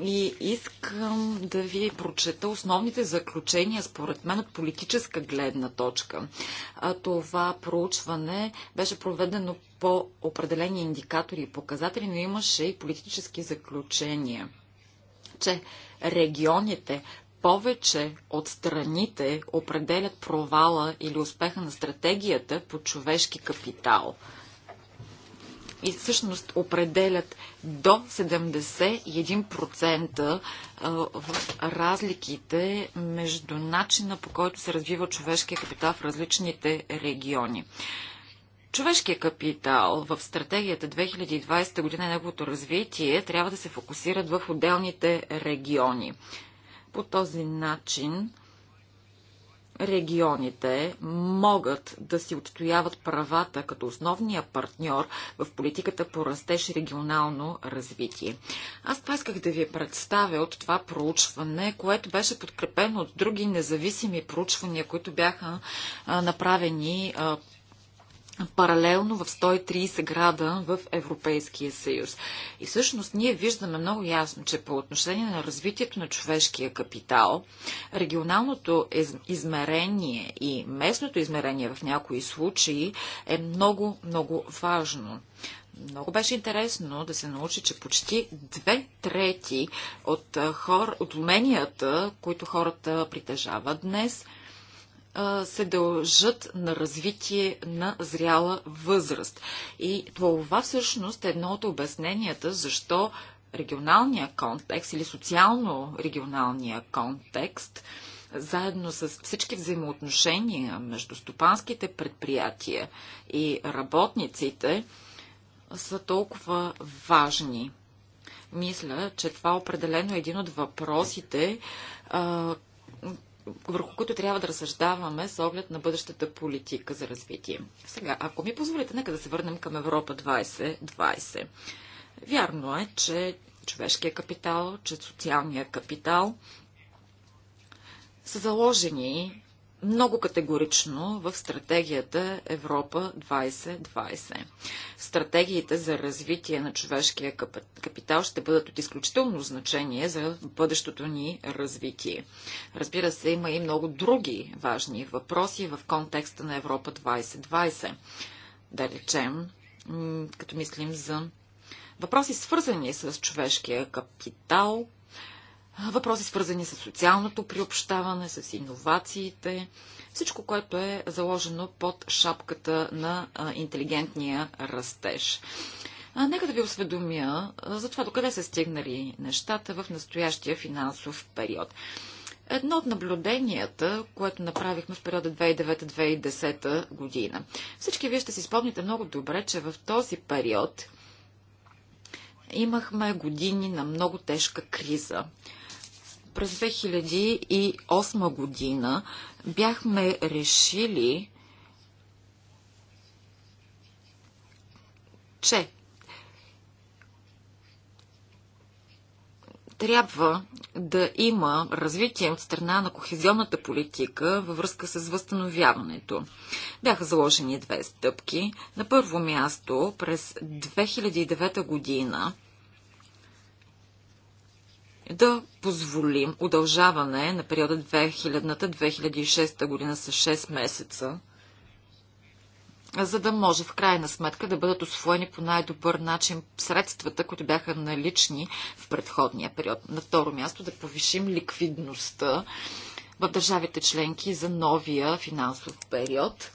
И искам да ви прочета основните заключения, според мен, от политическа гледна точка. А това проучване беше проведено по определени индикатори и показатели, но имаше и политически заключения че регионите, повече от страните определят провала или успеха на стратегията по човешки капитал. И всъщност определят до 71% в разликите между начина по който се развива човешкия капитал в различните региони. Човешкият капитал в стратегията 2020 година и неговото развитие трябва да се фокусират в отделните региони. По този начин регионите могат да си отстояват правата като основния партньор в политиката по растеж регионално развитие. Аз това исках да ви представя от това проучване, което беше подкрепено от други независими проучвания, които бяха направени паралелно в 130 града в Европейския съюз. И всъщност ние виждаме много ясно, че по отношение на развитието на човешкия капитал, регионалното измерение и местното измерение в някои случаи е много, много важно. Много беше интересно да се научи, че почти две трети от, хор, от уменията, които хората притежават днес – се дължат на развитие на зряла възраст. И това всъщност е едно от обясненията защо регионалния контекст или социално-регионалния контекст заедно с всички взаимоотношения между стопанските предприятия и работниците са толкова важни. Мисля, че това определено е един от въпросите, върху които трябва да разсъждаваме с оглед на бъдещата политика за развитие. Сега, ако ми позволите, нека да се върнем към Европа 2020. Вярно е, че човешкия капитал, че социалният капитал са заложени много категорично в стратегията Европа 2020. Стратегиите за развитие на човешкия капитал ще бъдат от изключително значение за бъдещото ни развитие. Разбира се, има и много други важни въпроси в контекста на Европа 2020. Да речем, като мислим за въпроси свързани с човешкия капитал, въпроси свързани с социалното приобщаване, с иновациите, всичко, което е заложено под шапката на интелигентния растеж. А, нека да ви осведомя за това докъде са стигнали нещата в настоящия финансов период. Едно от наблюденията, което направихме в периода 2009-2010 година. Всички вие ще си спомните много добре, че в този период имахме години на много тежка криза. През 2008 година бяхме решили, че трябва да има развитие от страна на кохезионната политика във връзка с възстановяването. Бяха заложени две стъпки. На първо място през 2009 година да позволим удължаване на периода 2000-2006 година с 6 месеца, за да може в крайна сметка да бъдат освоени по най-добър начин средствата, които бяха налични в предходния период. На второ място да повишим ликвидността в държавите членки за новия финансов период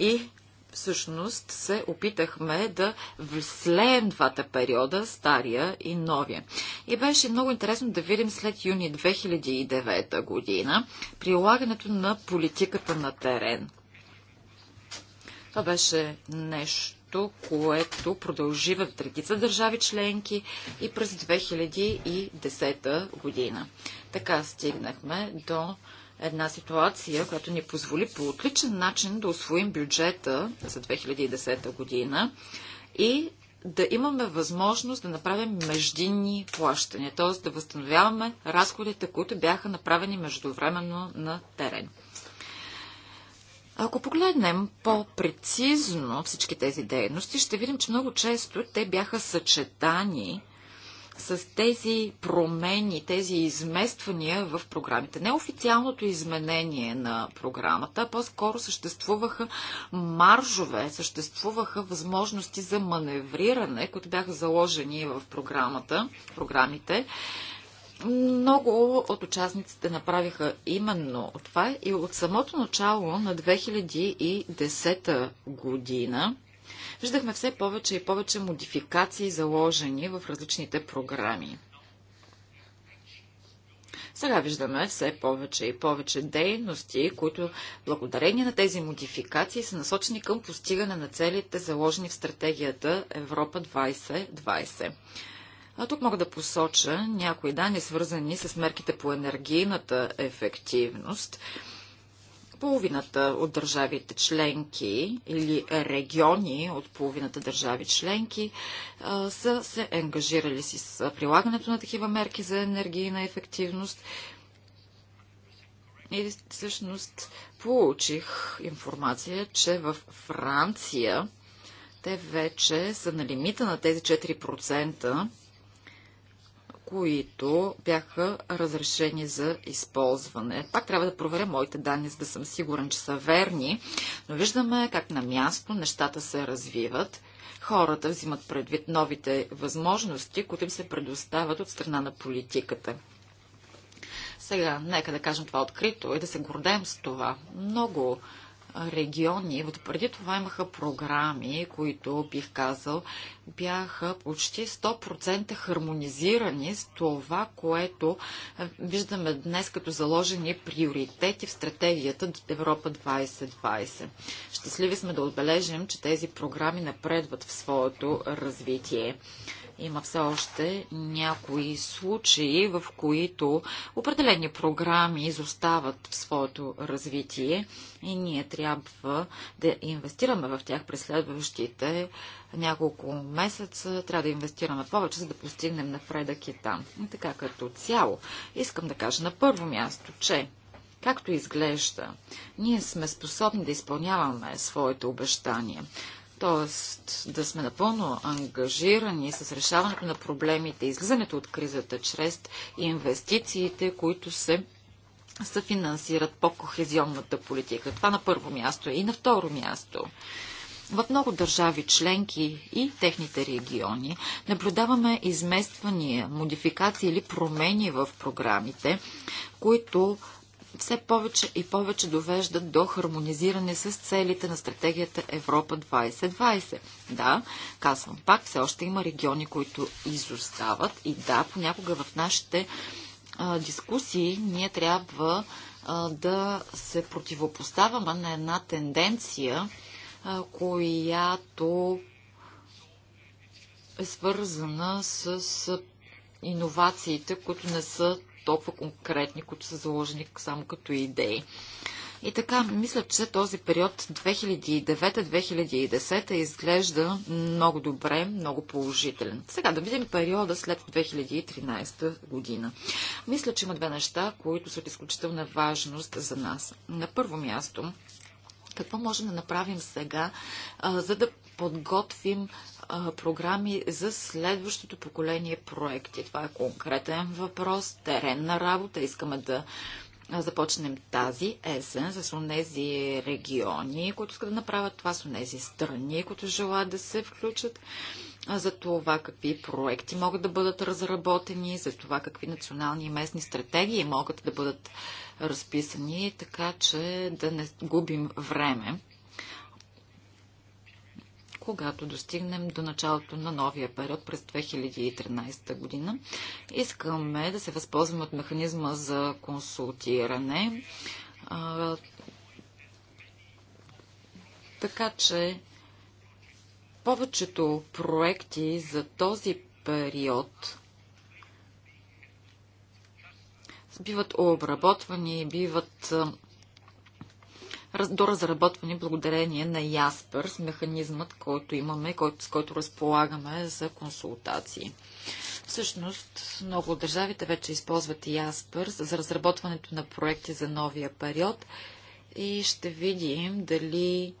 и всъщност се опитахме да вслеем двата периода, стария и новия. И беше много интересно да видим след юни 2009 година прилагането на политиката на терен. Това беше нещо, което продължи в третица държави членки и през 2010 година. Така стигнахме до една ситуация, която ни позволи по отличен начин да освоим бюджета за 2010 година и да имаме възможност да направим междинни плащания, т.е. да възстановяваме разходите, които бяха направени междувременно на терен. Ако погледнем по-прецизно всички тези дейности, ще видим, че много често те бяха съчетани с тези промени, тези измествания в програмите. Неофициалното изменение на програмата, по-скоро съществуваха маржове, съществуваха възможности за маневриране, които бяха заложени в програмата, програмите. Много от участниците направиха именно това и от самото начало на 2010 година виждахме все повече и повече модификации заложени в различните програми. Сега виждаме все повече и повече дейности, които благодарение на тези модификации са насочени към постигане на целите, заложени в стратегията Европа 2020. А тук мога да посоча някои данни, свързани с мерките по енергийната ефективност половината от държавите членки или региони от половината държави членки са се ангажирали си с прилагането на такива мерки за енергийна ефективност. И всъщност получих информация, че в Франция те вече са на лимита на тези 4% които бяха разрешени за използване. Пак трябва да проверя моите данни, за да съм сигурен, че са верни, но виждаме как на място нещата се развиват. Хората взимат предвид новите възможности, които им се предоставят от страна на политиката. Сега, нека да кажем това открито и да се гордеем с това. Много региони. Преди това имаха програми, които, бих казал, бяха почти 100% хармонизирани с това, което е, виждаме днес като заложени приоритети в стратегията Европа 2020. Щастливи сме да отбележим, че тези програми напредват в своето развитие. Има все още някои случаи, в които определени програми изостават в своето развитие и ние трябва да инвестираме в тях през следващите няколко месеца. Трябва да инвестираме повече, за да постигнем напредък и там. И така като цяло, искам да кажа на първо място, че Както изглежда, ние сме способни да изпълняваме своите обещания. Т.е. да сме напълно ангажирани с решаването на проблемите, излизането от кризата чрез инвестициите, които се съфинансират по кохезионната политика. Това на първо място е и на второ място. В много държави членки и техните региони наблюдаваме измествания, модификации или промени в програмите, които все повече и повече довеждат до хармонизиране с целите на стратегията Европа 2020. Да, казвам пак, все още има региони, които изостават и да, понякога в нашите а, дискусии ние трябва а, да се противопоставяме на една тенденция, а, която е свързана с иновациите, които не са толкова конкретни, които са заложени само като идеи. И така, мисля, че този период 2009-2010 изглежда много добре, много положителен. Сега да видим периода след 2013 година. Мисля, че има две неща, които са от изключителна важност за нас. На първо място, какво можем да направим сега, а, за да подготвим а, програми за следващото поколение проекти. Това е конкретен въпрос, теренна работа. Искаме да започнем тази есен с онези региони, които искат да направят това, с онези страни, които желаят да се включат, за това какви проекти могат да бъдат разработени, за това какви национални и местни стратегии могат да бъдат разписани, така че да не губим време когато достигнем до началото на новия период през 2013 година. Искаме да се възползваме от механизма за консултиране, а, така че повечето проекти за този период биват обработвани, биват до разработване благодарение на Яспърс, механизмът, който имаме, който, с който разполагаме за консултации. Всъщност, много от държавите вече използват Яспърс за разработването на проекти за новия период и ще видим дали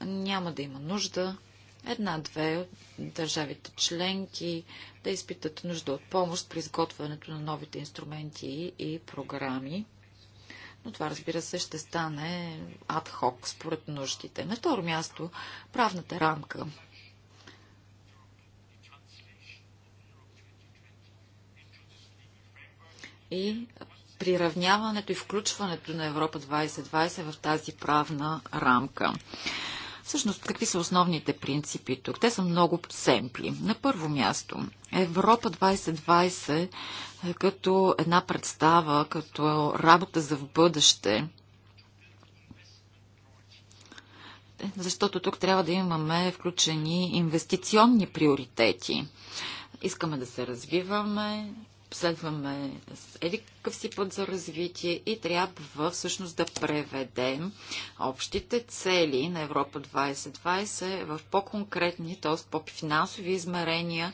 няма да има нужда една-две от държавите членки да изпитат нужда от помощ при изготвянето на новите инструменти и програми но това разбира се ще стане адхок според нуждите. На второ място правната рамка. И приравняването и включването на Европа 2020 в тази правна рамка. Всъщност, какви са основните принципи тук? Те са много семпли. На първо място, Европа 2020 е, като една представа, като работа за в бъдеще, е, защото тук трябва да имаме включени инвестиционни приоритети. Искаме да се развиваме, следваме еди какъв си път за развитие и трябва всъщност да преведем общите цели на Европа 2020 в по-конкретни, т.е. по-финансови измерения,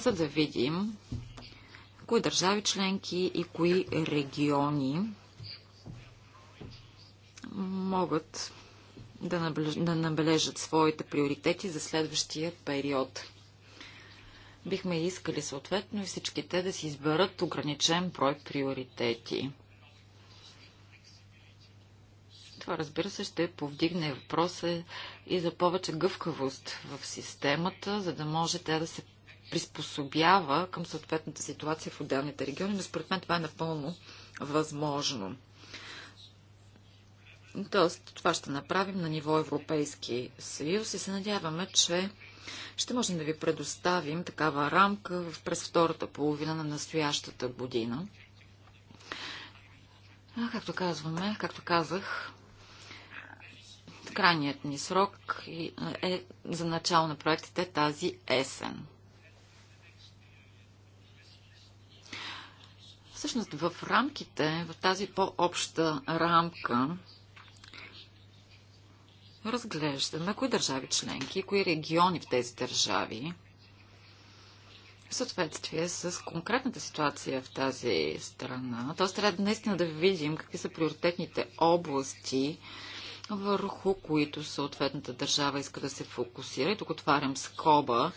за да видим кои държави членки и кои региони могат да набележат своите приоритети за следващия период. Бихме искали съответно и всички те да си изберат ограничен брой приоритети. Това, разбира се, ще повдигне въпроса и за повече гъвкавост в системата, за да може тя да се приспособява към съответната ситуация в отделните региони, но според мен това е напълно възможно. Тоест, това ще направим на ниво Европейски съюз и се надяваме, че ще можем да ви предоставим такава рамка през втората половина на настоящата година. А, както казваме, както казах, крайният ни срок е, е за начало на проектите тази есен. Всъщност в рамките, в тази по-обща рамка разглеждаме кои държави членки, кои региони в тези държави в съответствие с конкретната ситуация в тази страна. Тоест трябва наистина да видим какви са приоритетните области, върху които съответната държава иска да се фокусира. И тук отварям скоба.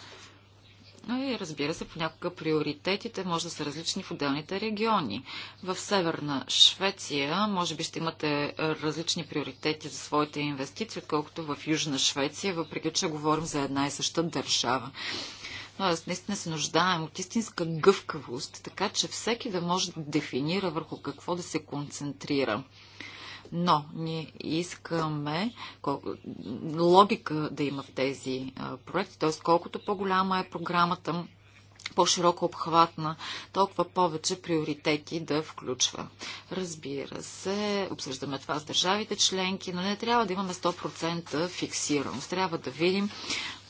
И разбира се, понякога приоритетите може да са различни в отделните региони. В Северна Швеция, може би ще имате различни приоритети за своите инвестиции, отколкото в Южна Швеция, въпреки че говорим за една и съща държава. аз наистина се нуждаем от истинска гъвкавост, така че всеки да може да дефинира върху какво да се концентрира. Но ние искаме логика да има в тези проекти, т.е. колкото по-голяма е програмата, по-широко обхватна, толкова повече приоритети да включва. Разбира се, обсъждаме това с държавите членки, но не трябва да имаме 100% фиксираност. Трябва да видим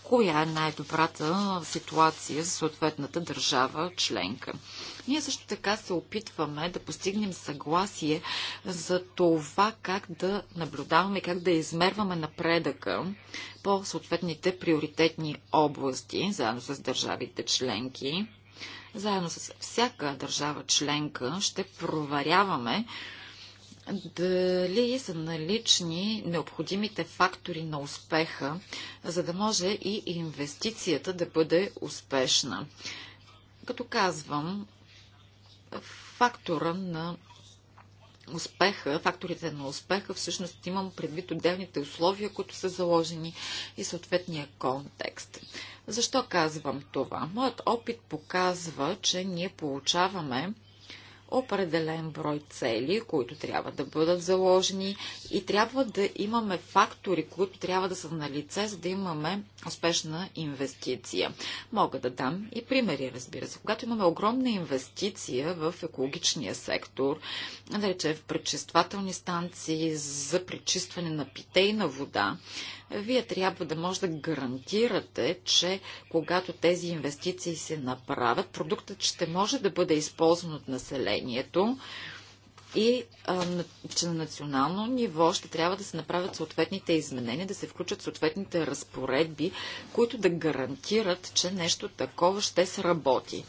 коя е най-добрата ситуация за съответната държава членка. Ние също така се опитваме да постигнем съгласие за това как да наблюдаваме, как да измерваме напредъка по съответните приоритетни области, заедно с държавите членки. Заедно с всяка държава членка ще проваряваме дали са налични необходимите фактори на успеха, за да може и инвестицията да бъде успешна. Като казвам, фактора на успеха, факторите на успеха, всъщност имам предвид отделните условия, които са заложени и съответния контекст. Защо казвам това? Моят опит показва, че ние получаваме определен брой цели, които трябва да бъдат заложени и трябва да имаме фактори, които трябва да са на лице, за да имаме успешна инвестиция. Мога да дам и примери, разбира се. Когато имаме огромна инвестиция в екологичния сектор, да рече в пречиствателни станции за пречистване на питейна вода, вие трябва да може да гарантирате, че когато тези инвестиции се направят, продуктът ще може да бъде използван от населението и а, че на национално ниво ще трябва да се направят съответните изменения, да се включат съответните разпоредби, които да гарантират, че нещо такова ще се работи.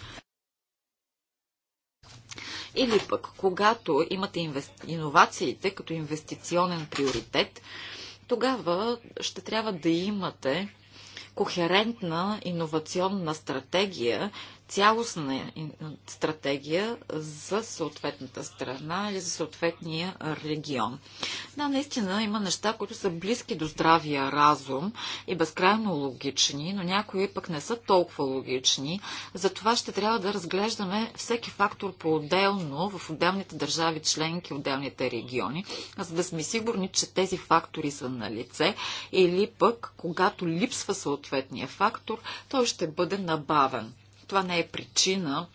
Или пък, когато имате иновациите като инвестиционен приоритет, тогава ще трябва да имате кохерентна иновационна стратегия, цялостна стратегия за съответната страна или за съответния регион. Да, наистина има неща, които са близки до здравия разум и безкрайно логични, но някои пък не са толкова логични. Затова ще трябва да разглеждаме всеки фактор по-отделно в отделните държави членки, отделните региони, за да сме сигурни, че тези фактори са на лице или пък, когато липсва съответния фактор, той ще бъде набавен. Това не е причина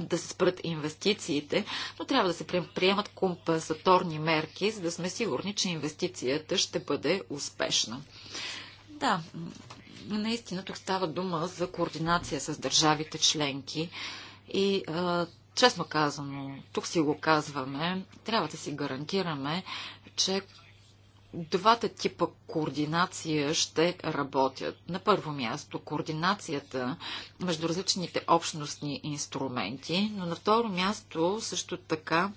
да се спрат инвестициите, но трябва да се приемат компенсаторни мерки, за да сме сигурни, че инвестицията ще бъде успешна. Да, наистина тук става дума за координация с държавите членки и честно казано, тук си го казваме, трябва да си гарантираме, че двата типа координация ще работят. На първо място координацията между различните общностни инструменти, но на второ място също така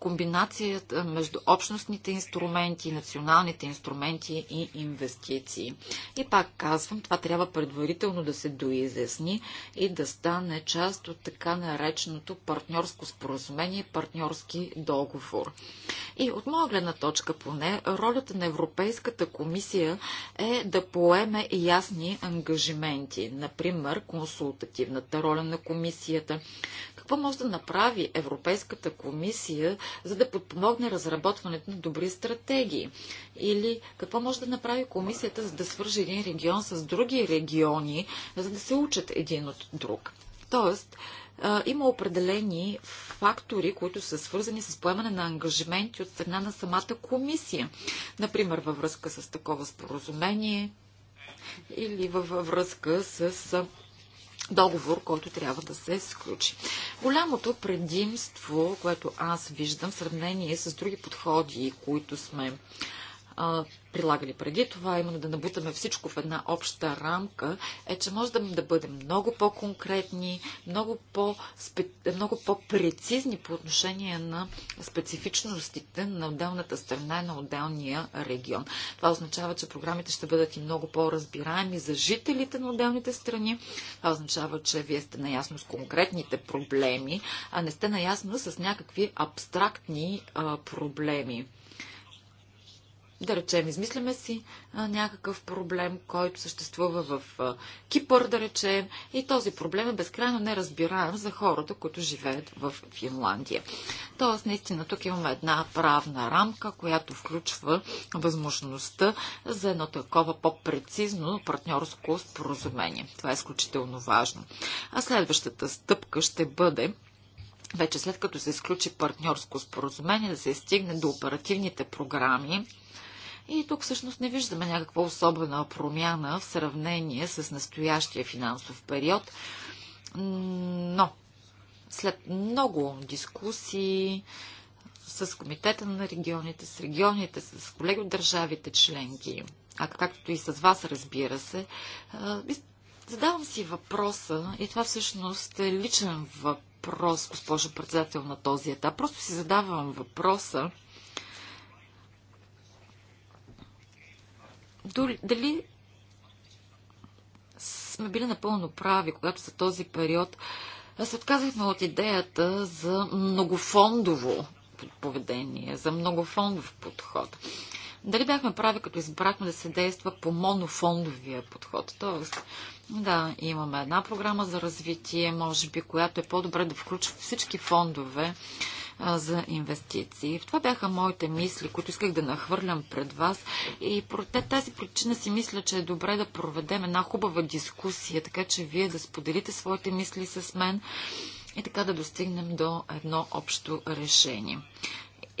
комбинацията между общностните инструменти, националните инструменти и инвестиции. И пак казвам, това трябва предварително да се доизясни и да стане част от така нареченото партньорско споразумение, партньорски договор. И от моя гледна точка поне, ролята на Европейската комисия е да поеме ясни ангажименти. Например, консултативната роля на комисията, какво може да направи Европейската комисия, за да подпомогне разработването на добри стратегии? Или какво може да направи комисията, за да свържи един регион с други региони, за да се учат един от друг? Тоест, има определени фактори, които са свързани с поемане на ангажименти от страна на самата комисия. Например, във връзка с такова споразумение или във връзка с договор, който трябва да се сключи. Голямото предимство, което аз виждам в сравнение с други подходи, които сме а, прилагали преди това, именно да набутаме всичко в една обща рамка, е, че можем да бъдем много по-конкретни, много, по много по-прецизни по отношение на специфичностите на отделната страна и на отделния регион. Това означава, че програмите ще бъдат и много по-разбираеми за жителите на отделните страни. Това означава, че вие сте наясно с конкретните проблеми, а не сте наясно с някакви абстрактни а, проблеми да речем, измисляме си а, някакъв проблем, който съществува в а, Кипър, да речем, и този проблем е безкрайно неразбираем за хората, които живеят в Финландия. Тоест, наистина, тук имаме една правна рамка, която включва възможността за едно такова по-прецизно партньорско споразумение. Това е изключително важно. А следващата стъпка ще бъде вече след като се изключи партньорско споразумение, да се стигне до оперативните програми, и тук всъщност не виждаме някаква особена промяна в сравнение с настоящия финансов период. Но след много дискусии с Комитета на регионите, с регионите, с колеги от държавите членки, а както и с вас, разбира се, задавам си въпроса, и това всъщност е личен въпрос, госпожо председател на този етап. Просто си задавам въпроса, дали сме били напълно прави, когато за този период се отказахме от идеята за многофондово поведение, за многофондов подход. Дали бяхме прави, като избрахме да се действа по монофондовия подход? Тоест, да, имаме една програма за развитие, може би, която е по-добре да включва всички фондове, а, за инвестиции. Това бяха моите мисли, които исках да нахвърлям пред вас и по тази причина си мисля, че е добре да проведем една хубава дискусия, така че вие да споделите своите мисли с мен и така да достигнем до едно общо решение.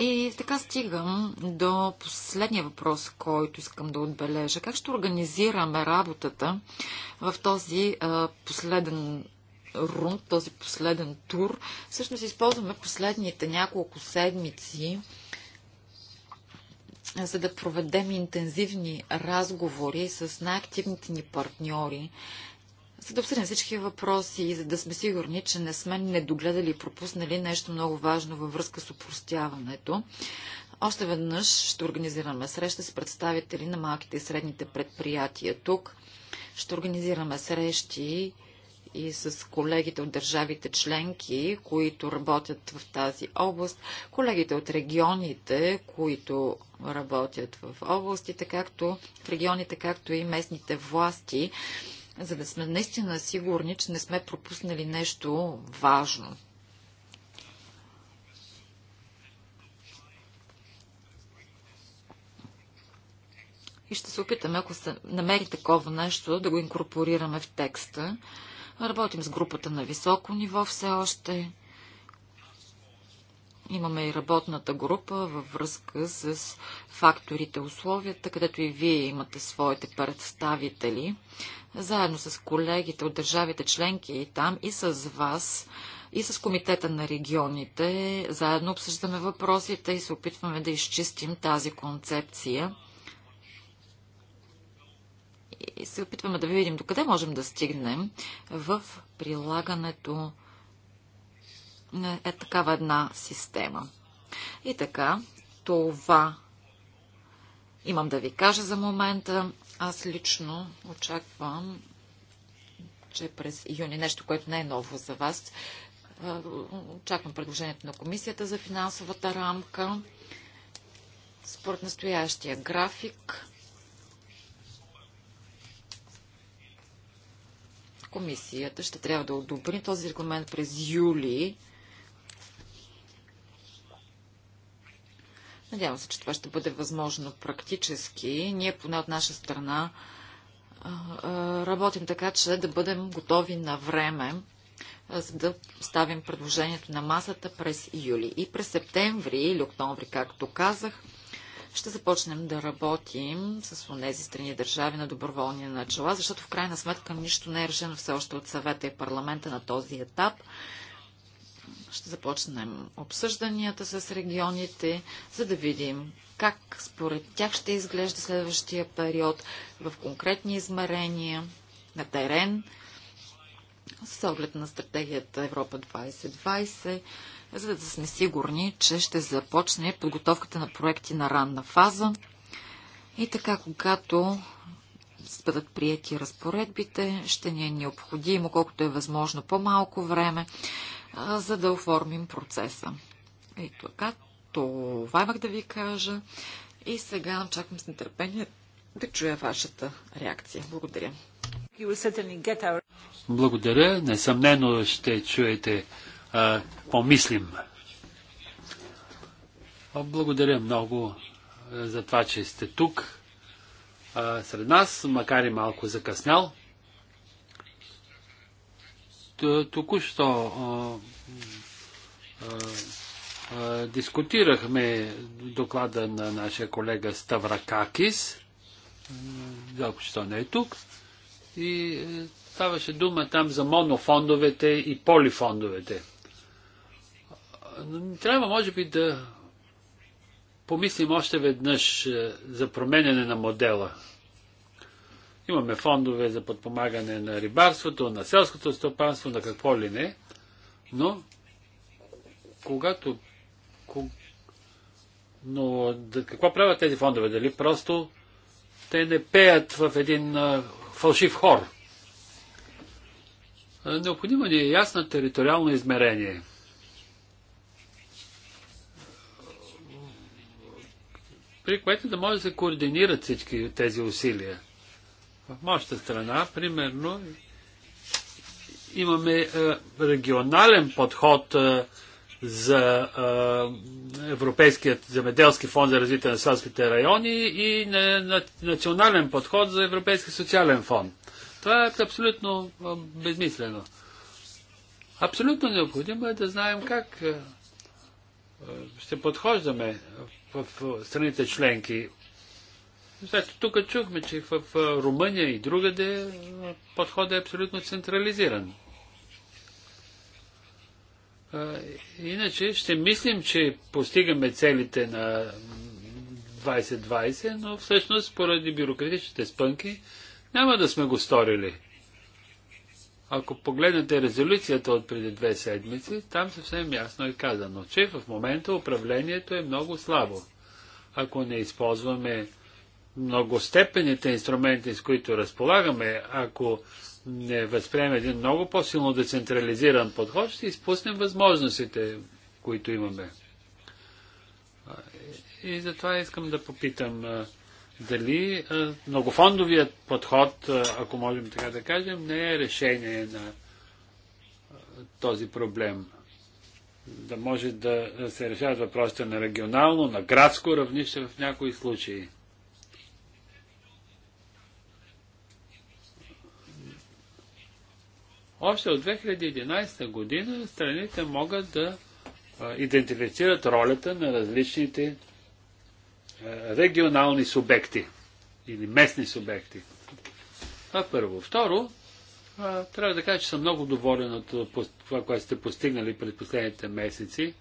И така стигам до последния въпрос, който искам да отбележа. Как ще организираме работата в този а, последен рунд, този последен тур, всъщност използваме последните няколко седмици, за да проведем интензивни разговори с най-активните ни партньори, за да обсъдим всички въпроси и за да сме сигурни, че не сме недогледали и пропуснали нещо много важно във връзка с упростяването. Още веднъж ще организираме среща с представители на малките и средните предприятия тук. Ще организираме срещи и с колегите от държавите членки, които работят в тази област, колегите от регионите, които работят в областите, както в регионите, както и местните власти, за да сме наистина сигурни, че не сме пропуснали нещо важно. И ще се опитаме, ако се намери такова нещо, да го инкорпорираме в текста. Работим с групата на високо ниво все още. Имаме и работната група във връзка с факторите, условията, където и вие имате своите представители. Заедно с колегите от държавите членки и там, и с вас, и с Комитета на регионите, заедно обсъждаме въпросите и се опитваме да изчистим тази концепция и се опитваме да видим докъде можем да стигнем в прилагането на е такава една система. И така, това имам да ви кажа за момента. Аз лично очаквам, че през юни, нещо, което не е ново за вас, очаквам предложението на Комисията за финансовата рамка. Според настоящия график, Комисията ще трябва да одобри този регламент през юли. Надявам се, че това ще бъде възможно практически. Ние поне от наша страна работим така, че да бъдем готови на време, за да ставим предложението на масата през юли. И през септември или октомври, както казах, ще започнем да работим с тези страни държави на доброволни начала, защото в крайна сметка нищо не е решено все още от съвета и парламента на този етап. Ще започнем обсъжданията с регионите, за да видим как според тях ще изглежда следващия период в конкретни измерения на терен с оглед на стратегията Европа 2020 за да сме сигурни, че ще започне подготовката на проекти на ранна фаза. И така, когато бъдат прияти разпоредбите, ще ни е необходимо, колкото е възможно, по-малко време, за да оформим процеса. И така, това имах да ви кажа. И сега чакам с нетърпение да чуя вашата реакция. Благодаря. Благодаря. Несъмнено ще чуете помислим. Благодаря много за това, че сте тук сред нас, макар и малко закъснял. Току-що дискутирахме доклада на нашия колега Ставракакис, защо не е тук, и е, ставаше дума там за монофондовете и полифондовете. Трябва, може би, да помислим още веднъж е, за променене на модела. Имаме фондове за подпомагане на рибарството, на селското стопанство, на какво ли не, но когато. Но да, какво правят тези фондове? Дали просто те не пеят в един а, е, фалшив хор? Е, необходимо ни е ясно териториално измерение – при което да може да се координират всички тези усилия. В моята страна, примерно, имаме е, регионален подход е, за е, Европейският земеделски фонд за развитие на селските райони и на, на, национален подход за Европейски социален фонд. Това е абсолютно е, безмислено. Абсолютно необходимо е да знаем как е, е, ще подхождаме в страните членки. Зато тук чухме, че в Румъния и другаде подходът е абсолютно централизиран. Иначе ще мислим, че постигаме целите на 2020, но всъщност поради бюрократичните спънки няма да сме го сторили. Ако погледнете резолюцията от преди две седмици, там съвсем ясно е казано, че в момента управлението е много слабо. Ако не използваме многостепените инструменти, с които разполагаме, ако не възприемем един много по-силно децентрализиран подход, ще изпуснем възможностите, които имаме. И затова искам да попитам дали многофондовият подход, ако можем така да кажем, не е решение на този проблем. Да може да се решават въпросите на регионално, на градско равнище в някои случаи. Още от 2011 година страните могат да идентифицират ролята на различните регионални субекти или местни субекти. Това е първо. Второ, трябва да кажа, че съм много доволен от това, което сте постигнали през последните месеци.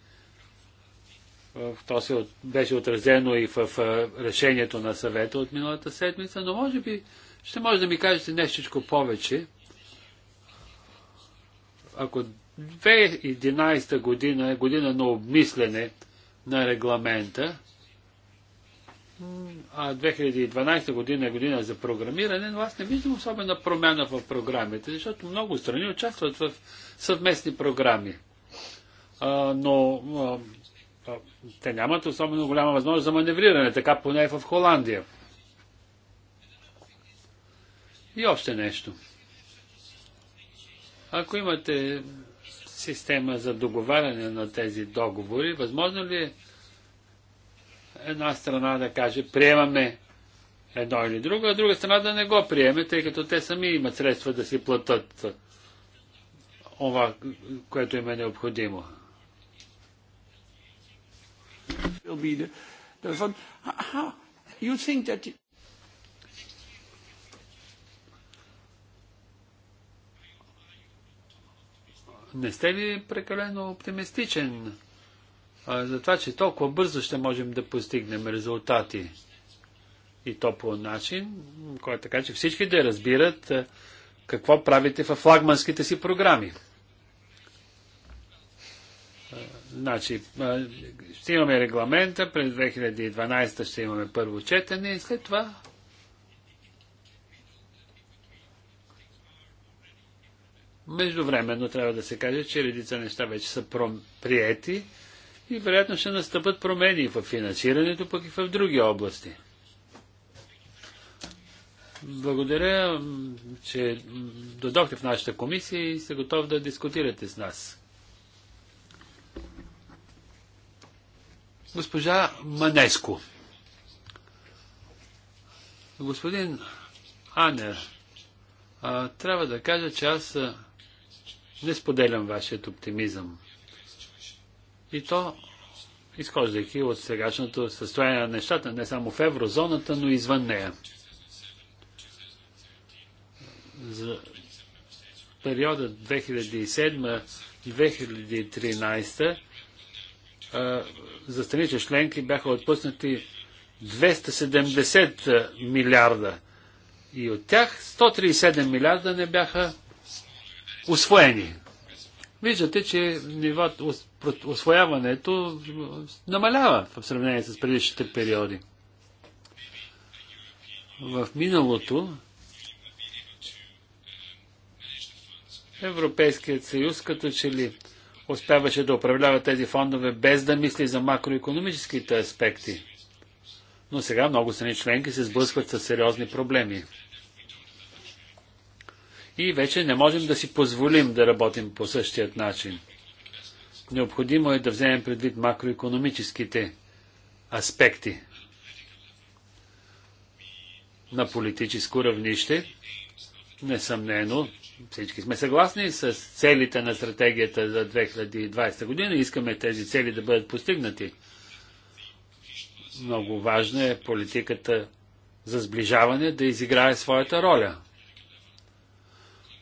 То се беше отразено и в решението на съвета от миналата седмица, но може би ще може да ми кажете нещичко повече. Ако 2011 година е година на обмислене на регламента, а 2012 година е година за програмиране, но аз не виждам особена промяна в програмите, защото много страни участват в съвместни програми. А, но а, те нямат особено голяма възможност за маневриране, така поне е в Холандия. И още нещо. Ако имате система за договаряне на тези договори, възможно ли е една страна да каже приемаме едно или друго, а друга страна да не го приеме, тъй като те сами имат средства да си платят това, което им е необходимо. Не сте ли прекалено оптимистичен? за това, че толкова бързо ще можем да постигнем резултати. И то по начин, който е така, че всички да разбират какво правите в флагманските си програми. Значи, ще имаме регламента, през 2012 ще имаме първо четене и след това Междувременно трябва да се каже, че редица неща вече са приети и вероятно ще настъпат промени в финансирането, пък и в други области. Благодаря, че додохте в нашата комисия и сте готов да дискутирате с нас. Госпожа Манеско. Господин Анер, трябва да кажа, че аз не споделям вашият оптимизъм. И то, изхождайки от сегашното състояние на нещата, не само в еврозоната, но и извън нея. За периода 2007-2013 за страните членки бяха отпуснати 270 милиарда. И от тях 137 милиарда не бяха освоени виждате, че нивото, освояването намалява в сравнение с предишните периоди. В миналото Европейският съюз като че ли успяваше да управлява тези фондове без да мисли за макроекономическите аспекти. Но сега много страни членки се сблъскват с сериозни проблеми и вече не можем да си позволим да работим по същият начин. Необходимо е да вземем предвид макроекономическите аспекти на политическо равнище. Несъмнено, всички сме съгласни с целите на стратегията за 2020 година. Искаме тези цели да бъдат постигнати. Много важно е политиката за сближаване да изиграе своята роля.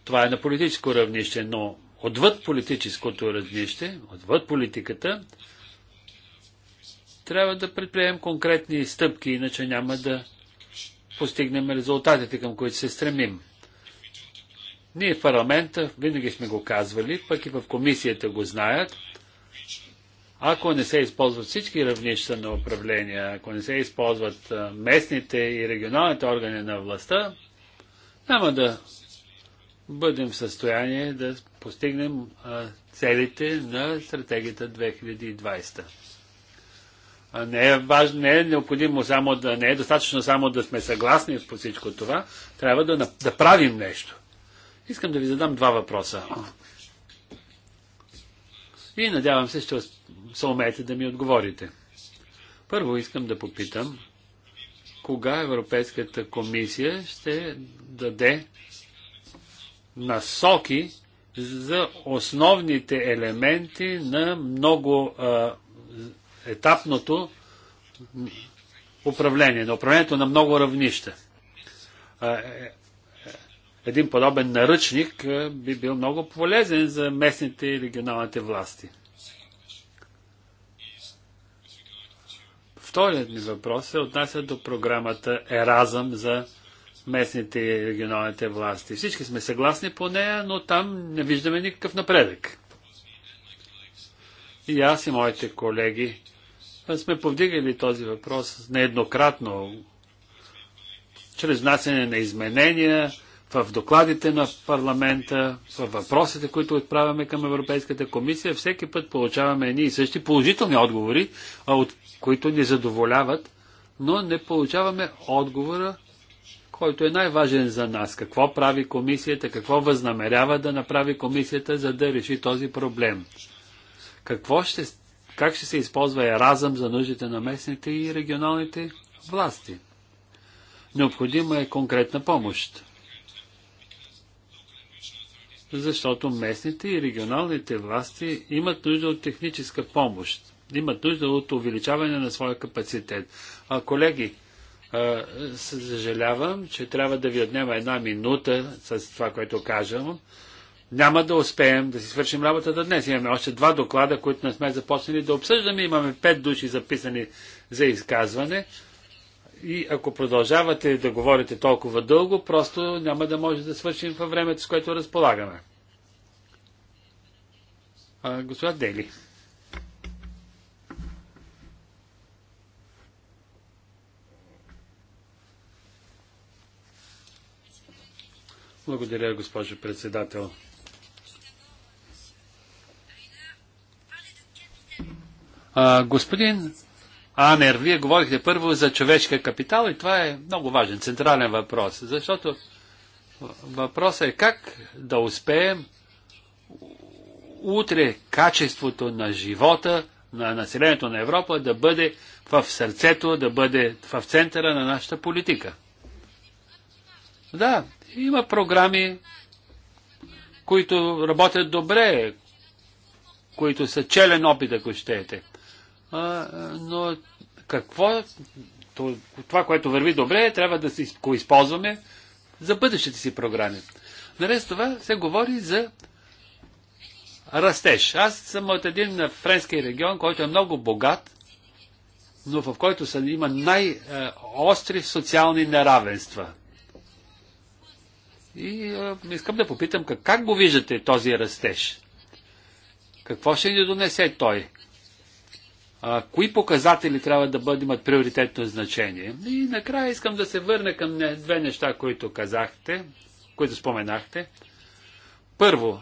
Това е на политическо равнище, но отвъд политическото равнище, отвъд политиката, трябва да предприемем конкретни стъпки, иначе няма да постигнем резултатите, към които се стремим. Ние в парламента винаги сме го казвали, пък и в комисията го знаят. Ако не се използват всички равнища на управление, ако не се използват местните и регионалните органи на властта, няма да бъдем в състояние да постигнем целите на стратегията 2020. А не е важно, не е необходимо само да, не е достатъчно само да сме съгласни по всичко това, трябва да, да правим нещо. Искам да ви задам два въпроса. И надявам се, ще се умеете да ми отговорите. Първо искам да попитам, кога Европейската комисия ще даде насоки за основните елементи на много а, етапното управление, на управлението на много равнища. Е, е, един подобен наръчник би бил много полезен за местните и регионалните власти. Вторият ми въпрос се отнася до програмата Еразъм за местните и регионалните власти. Всички сме съгласни по нея, но там не виждаме никакъв напредък. И аз и моите колеги сме повдигали този въпрос нееднократно, чрез внасяне на изменения в докладите на парламента, в въпросите, които отправяме към Европейската комисия. Всеки път получаваме едни и същи положителни отговори, от които ни задоволяват, но не получаваме отговора, който е най-важен за нас. Какво прави комисията, какво възнамерява да направи комисията, за да реши този проблем? Какво ще, как ще се използва разъм за нуждите на местните и регионалните власти? Необходима е конкретна помощ. Защото местните и регионалните власти имат нужда от техническа помощ. Имат нужда от увеличаване на своя капацитет. А, колеги, съжалявам, че трябва да ви отнема една минута с това, което кажам. Няма да успеем да си свършим работата днес. Имаме още два доклада, които не сме започнали да обсъждаме. Имаме пет души записани за изказване. И ако продължавате да говорите толкова дълго, просто няма да може да свършим във времето, с което разполагаме. господа Дели. Благодаря, госпожо председател. А, господин Анер, вие говорихте първо за човешкия капитал и това е много важен, централен въпрос, защото въпросът е как да успеем утре качеството на живота на населението на Европа да бъде в сърцето, да бъде в центъра на нашата политика. Да, има програми, които работят добре, които са челен опит, ако щете. А, но какво, това, което върви добре, трябва да го използваме за бъдещите си програми. Наред с това се говори за растеж. Аз съм от един френски регион, който е много богат, но в който са, има най-остри социални неравенства – и а, искам да попитам как, как го виждате този растеж? Какво ще ни донесе той? А, кои показатели трябва да бъдат имат приоритетно значение? И накрая искам да се върна към не, две неща, които казахте, които споменахте. Първо,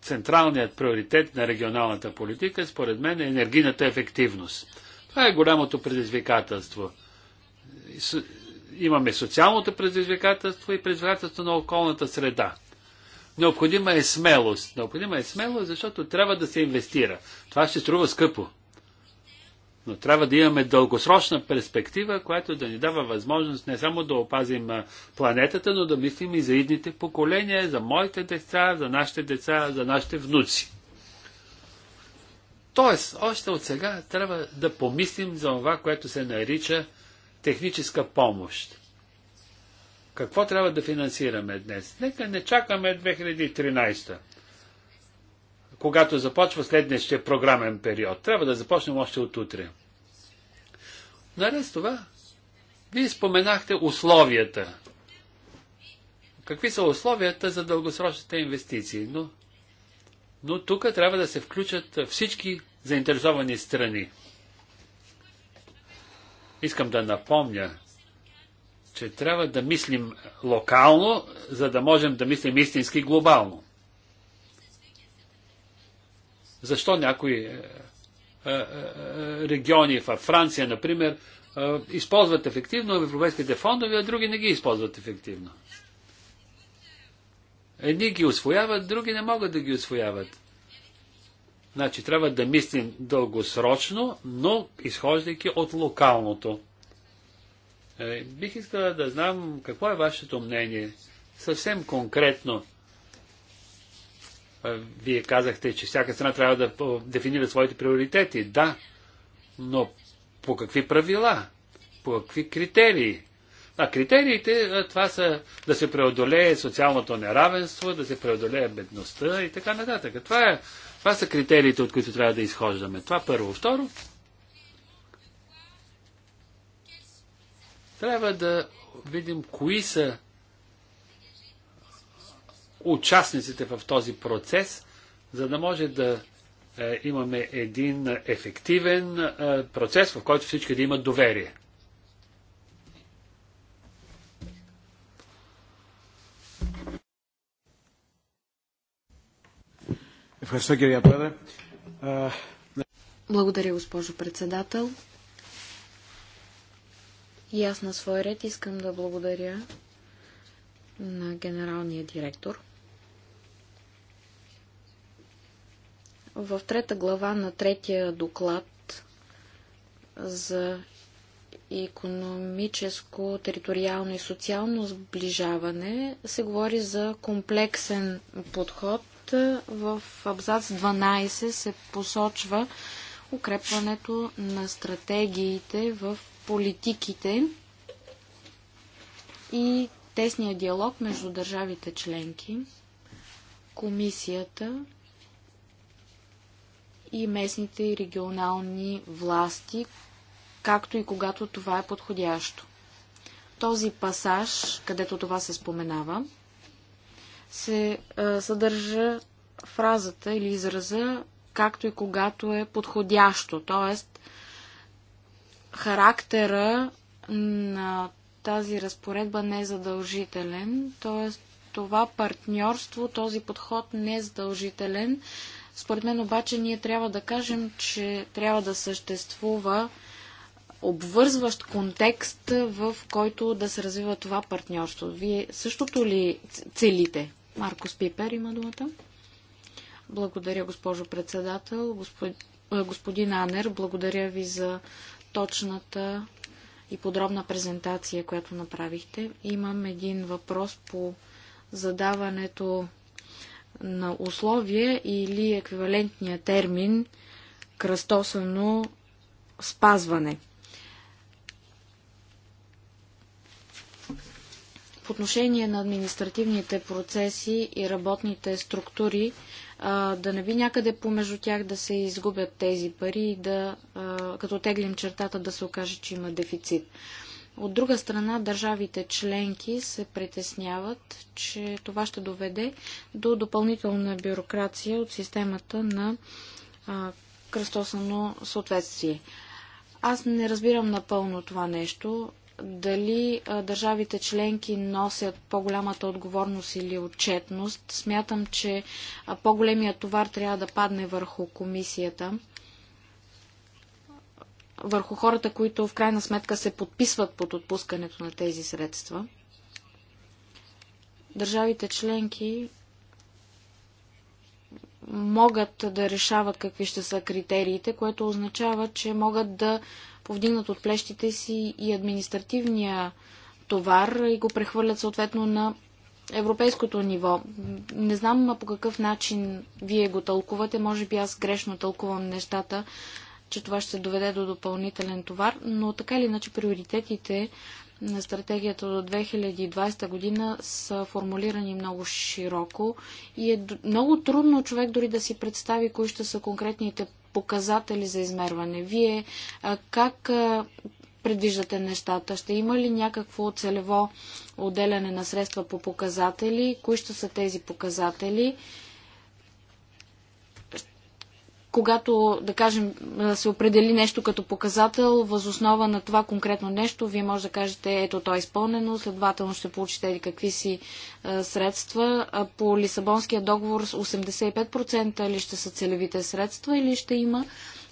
централният приоритет на регионалната политика, според мен, е енергийната ефективност. Това е голямото предизвикателство имаме социалното предизвикателство и предизвикателство на околната среда. Необходима е смелост. Необходима е смелост, защото трябва да се инвестира. Това ще струва скъпо. Но трябва да имаме дългосрочна перспектива, която да ни дава възможност не само да опазим планетата, но да мислим и за идните поколения, за моите деца, за нашите деца, за нашите внуци. Тоест, още от сега трябва да помислим за това, което се нарича техническа помощ. Какво трябва да финансираме днес? Нека не чакаме 2013 когато започва следващия програмен период. Трябва да започнем още от утре. Наред с това, вие споменахте условията. Какви са условията за дългосрочните инвестиции? Но, но тук трябва да се включат всички заинтересовани страни. Искам да напомня, че трябва да мислим локално, за да можем да мислим истински глобално. Защо някои е, е, е, региони в Франция, например, използват ефективно европейските фондове, а други не ги използват ефективно? Едни ги освояват, други не могат да ги освояват. Значи трябва да мислим дългосрочно, но изхождайки от локалното. Е, бих искала да знам какво е вашето мнение. Съвсем конкретно. Е, вие казахте, че всяка страна трябва да дефинира своите приоритети. Да, но по какви правила? По какви критерии? А критериите е, това са да се преодолее социалното неравенство, да се преодолее бедността и така нататък. Това е това са критериите, от които трябва да изхождаме. Това първо. Второ, трябва да видим кои са участниците в този процес, за да може да е, имаме един ефективен е, процес, в който всички да имат доверие. Благодаря, госпожо председател. И аз на свой ред искам да благодаря на генералния директор. В трета глава на третия доклад за економическо, териториално и социално сближаване се говори за комплексен подход доклада в абзац 12 се посочва укрепването на стратегиите в политиките и тесния диалог между държавите членки, комисията и местните и регионални власти, както и когато това е подходящо. Този пасаж, където това се споменава, се а, съдържа фразата или израза, както и когато е подходящо. Тоест, характера на тази разпоредба не е задължителен, т.е. това партньорство, този подход не е задължителен. Според мен обаче ние трябва да кажем, че трябва да съществува обвързващ контекст, в който да се развива това партньорство. Вие същото ли целите? Маркос Пипер има думата. Благодаря, госпожо председател. Господин, е, господин Анер, благодаря ви за точната и подробна презентация, която направихте. Имам един въпрос по задаването на условие или еквивалентния термин кръстосано спазване – по отношение на административните процеси и работните структури, а, да не би някъде помежду тях да се изгубят тези пари и да, а, като теглим чертата, да се окаже, че има дефицит. От друга страна, държавите членки се притесняват, че това ще доведе до допълнителна бюрокрация от системата на а, кръстосано съответствие. Аз не разбирам напълно това нещо дали държавите членки носят по-голямата отговорност или отчетност. Смятам, че по-големия товар трябва да падне върху комисията върху хората, които в крайна сметка се подписват под отпускането на тези средства. Държавите членки могат да решават какви ще са критериите, което означава, че могат да повдигнат от плещите си и административния товар и го прехвърлят съответно на европейското ниво. Не знам по какъв начин вие го тълкувате. Може би аз грешно тълкувам нещата, че това ще доведе до допълнителен товар, но така или иначе приоритетите на стратегията до 2020 година са формулирани много широко и е много трудно човек дори да си представи кои ще са конкретните показатели за измерване. Вие как предвиждате нещата? Ще има ли някакво целево отделяне на средства по показатели? Кои ще са тези показатели? когато, да кажем, се определи нещо като показател, възоснова на това конкретно нещо, вие може да кажете, ето то е изпълнено, следователно ще получите какви си средства. А по Лисабонския договор 85% ли ще са целевите средства или ще има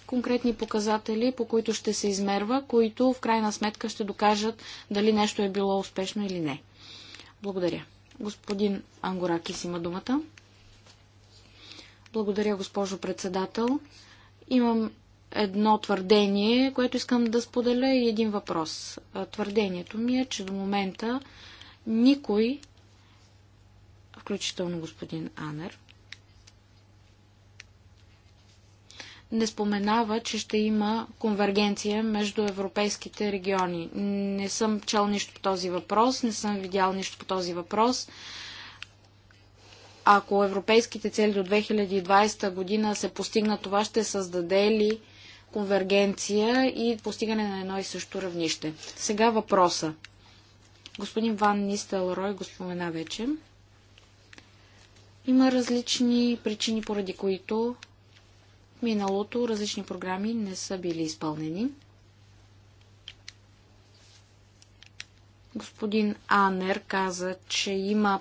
конкретни показатели, по които ще се измерва, които в крайна сметка ще докажат дали нещо е било успешно или не. Благодаря. Господин Ангоракис има думата. Благодаря, госпожо председател. Имам едно твърдение, което искам да споделя и един въпрос. Твърдението ми е, че до момента никой, включително господин Анер, не споменава, че ще има конвергенция между европейските региони. Не съм чел нищо по този въпрос, не съм видял нищо по този въпрос. Ако европейските цели до 2020 година се постигнат, това ще създаде ли конвергенция и постигане на едно и също равнище? Сега въпроса. Господин Ван Нистелрой го спомена вече. Има различни причини, поради които в миналото различни програми не са били изпълнени. Господин Анер каза, че има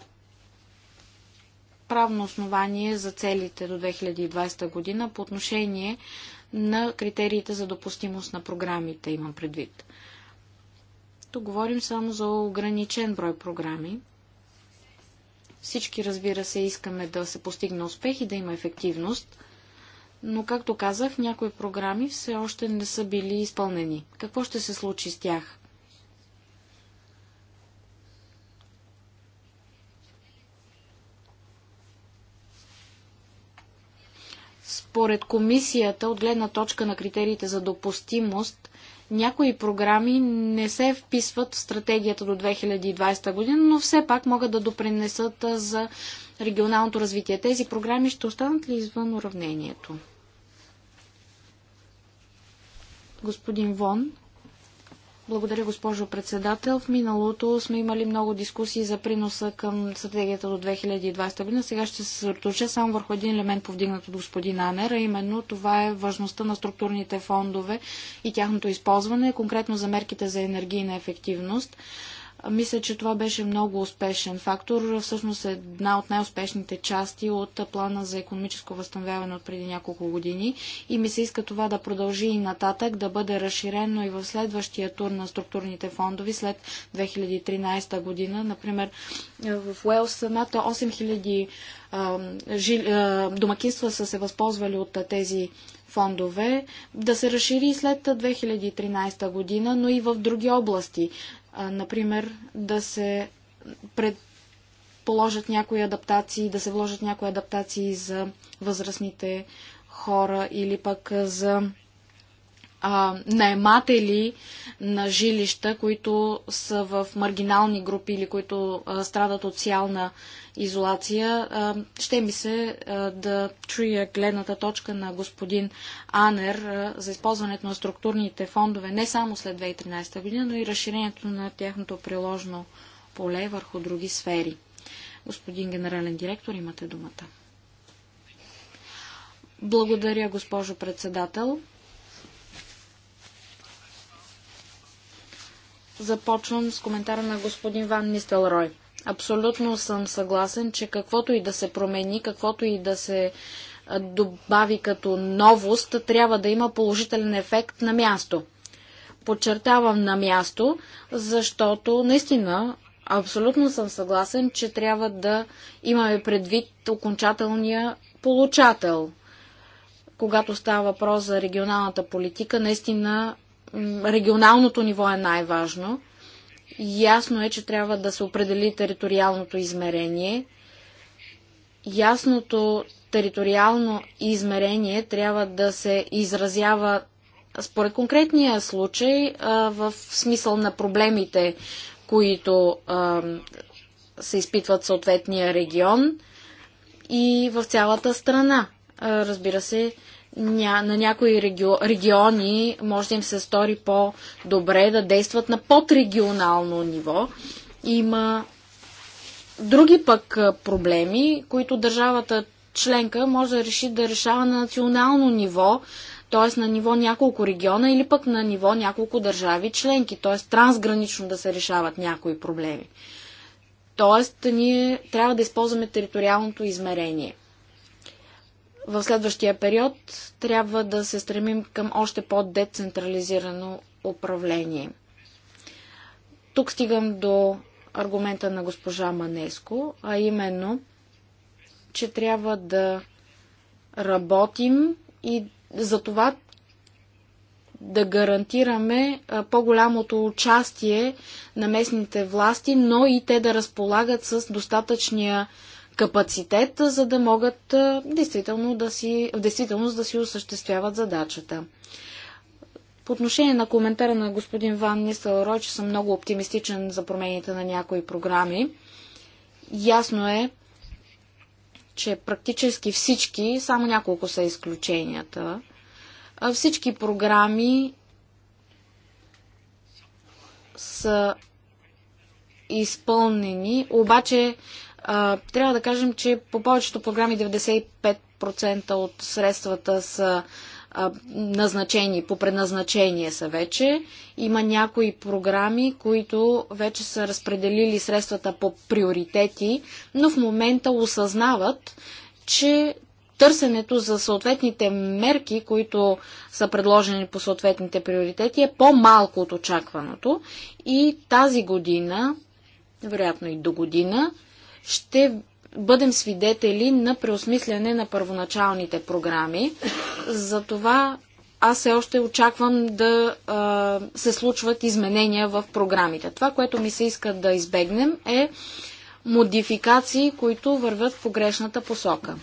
правно основание за целите до 2020 година по отношение на критериите за допустимост на програмите, имам предвид. Тук говорим само за ограничен брой програми. Всички, разбира се, искаме да се постигне успех и да има ефективност, но, както казах, някои програми все още не са били изпълнени. Какво ще се случи с тях? Според комисията, от гледна точка на критериите за допустимост, някои програми не се вписват в стратегията до 2020 година, но все пак могат да допринесат за регионалното развитие. Тези програми ще останат ли извън уравнението? Господин Вон. Благодаря, госпожо председател. В миналото сме имали много дискусии за приноса към стратегията до 2020 година. Сега ще се съсредоточа само върху един елемент, повдигнат от господин Анер, а именно това е важността на структурните фондове и тяхното използване, конкретно за мерките за енергийна ефективност. Мисля, че това беше много успешен фактор. Всъщност е една от най-успешните части от плана за економическо възстановяване от преди няколко години. И ми се иска това да продължи и нататък, да бъде разширено и в следващия тур на структурните фондови след 2013 година. Например, в Уелс над 8000 домакинства са се възползвали от тези фондове, да се разшири след 2013 година, но и в други области например, да се предположат някои адаптации, да се вложат някои адаптации за възрастните хора или пък за а, наематели на жилища, които са в маргинални групи или които а, страдат от социална изолация. А, ще ми се а, да чуя гледната точка на господин Анер а, за използването на структурните фондове не само след 2013 година, но и разширението на тяхното приложно поле върху други сфери. Господин генерален директор, имате думата. Благодаря, госпожо председател. Започвам с коментара на господин Ван Нистелрой. Абсолютно съм съгласен, че каквото и да се промени, каквото и да се добави като новост, трябва да има положителен ефект на място. Подчертавам на място, защото наистина абсолютно съм съгласен, че трябва да имаме предвид окончателния получател. Когато става въпрос за регионалната политика, наистина регионалното ниво е най-важно. Ясно е, че трябва да се определи териториалното измерение. Ясното териториално измерение трябва да се изразява според конкретния случай в смисъл на проблемите, които се изпитват съответния регион и в цялата страна. Разбира се, ня, на някои регио, региони може да им се стори по-добре да действат на подрегионално ниво. Има други пък проблеми, които държавата членка може да реши да решава на национално ниво, т.е. на ниво няколко региона или пък на ниво няколко държави членки, т.е. трансгранично да се решават някои проблеми. Т.е. ние трябва да използваме териториалното измерение – в следващия период трябва да се стремим към още по-децентрализирано управление. Тук стигам до аргумента на госпожа Манеско, а именно, че трябва да работим и за това да гарантираме по-голямото участие на местните власти, но и те да разполагат с достатъчния капацитет, за да могат действително да си, в действителност да си осъществяват задачата. По отношение на коментара на господин Ван Нисълрой, че съм много оптимистичен за промените на някои програми, ясно е, че практически всички, само няколко са изключенията, всички програми са изпълнени, обаче а, трябва да кажем, че по повечето програми 95% от средствата са а, назначени, по предназначение са вече. Има някои програми, които вече са разпределили средствата по приоритети, но в момента осъзнават, че търсенето за съответните мерки, които са предложени по съответните приоритети, е по-малко от очакваното. И тази година, вероятно и до година, ще бъдем свидетели на преосмисляне на първоначалните програми. Затова аз все още очаквам да а, се случват изменения в програмите. Това, което ми се иска да избегнем е модификации, които върват в погрешната посока.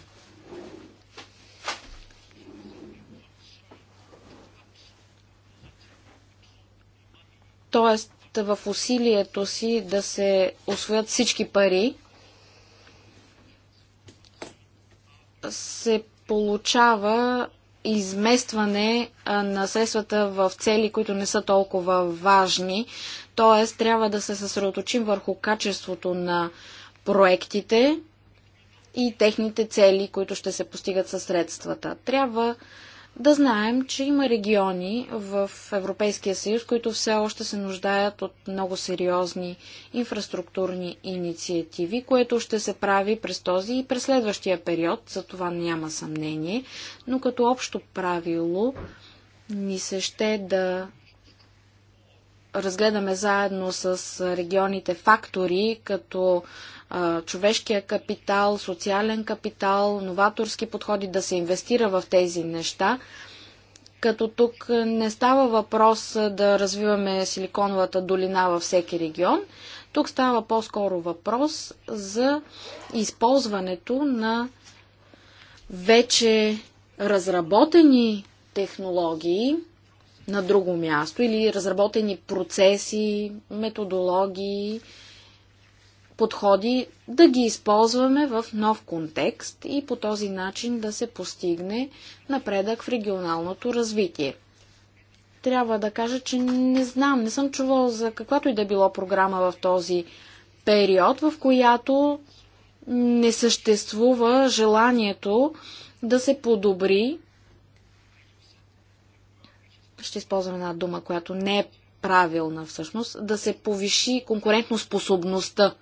Тоест, в усилието си да се освоят всички пари, се получава изместване на средствата в цели, които не са толкова важни. Тоест, трябва да се съсредоточим върху качеството на проектите и техните цели, които ще се постигат със средствата. Трябва да знаем, че има региони в Европейския съюз, които все още се нуждаят от много сериозни инфраструктурни инициативи, което ще се прави през този и през следващия период, за това няма съмнение, но като общо правило ни се ще да разгледаме заедно с регионите фактори, като човешкия капитал, социален капитал, новаторски подходи, да се инвестира в тези неща. Като тук не става въпрос да развиваме Силиконовата долина във всеки регион, тук става по-скоро въпрос за използването на вече разработени технологии на друго място или разработени процеси, методологии, подходи да ги използваме в нов контекст и по този начин да се постигне напредък в регионалното развитие. Трябва да кажа, че не знам, не съм чувал за каквато и да било програма в този период, в която не съществува желанието да се подобри. Ще използвам една дума, която не е правилна всъщност, да се повиши конкурентноспособността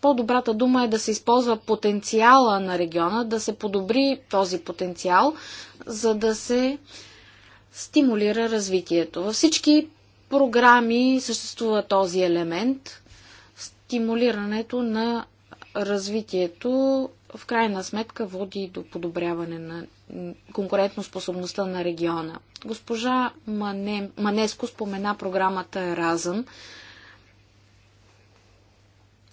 По-добрата дума е да се използва потенциала на региона, да се подобри този потенциал, за да се стимулира развитието. Във всички програми съществува този елемент стимулирането на развитието в крайна сметка води до подобряване на конкурентоспособността на региона. Госпожа Мане, Манеско спомена програмата Еразъм.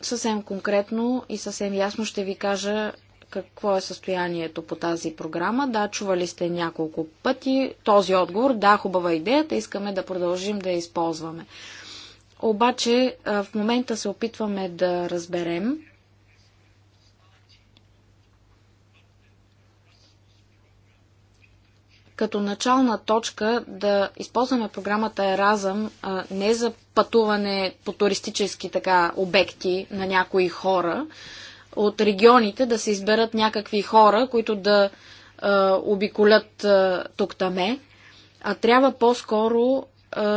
Съвсем конкретно и съвсем ясно ще ви кажа какво е състоянието по тази програма. Да, чували сте няколко пъти този отговор. Да, хубава идеята, искаме да продължим да я използваме. Обаче в момента се опитваме да разберем като начална точка да използваме програмата Еразъм не за пътуване по туристически така обекти на някои хора, от регионите да се изберат някакви хора, които да а, обиколят а, тук-таме, а трябва по-скоро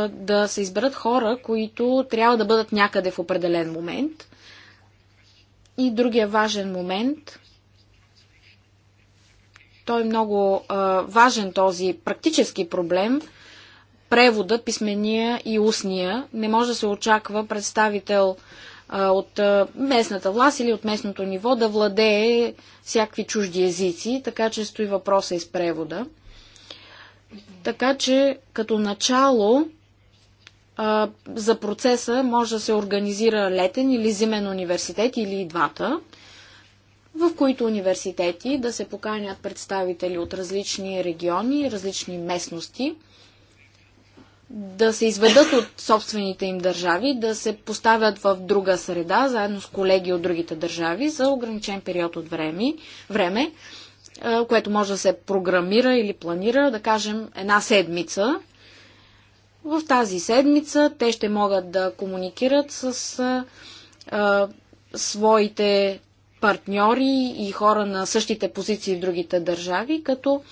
да се изберат хора, които трябва да бъдат някъде в определен момент. И другия важен момент – той е много а, важен този практически проблем. Превода, писмения и устния, не може да се очаква представител а, от а, местната власт или от местното ниво да владее всякакви чужди езици, така че стои въпроса и с превода. Така че като начало а, за процеса може да се организира летен или зимен университет или и двата в които университети да се поканят представители от различни региони, различни местности, да се изведат от собствените им държави, да се поставят в друга среда, заедно с колеги от другите държави, за ограничен период от време, време което може да се програмира или планира, да кажем, една седмица. В тази седмица те ще могат да комуникират с а, своите партньори и хора на същите позиции в другите държави, като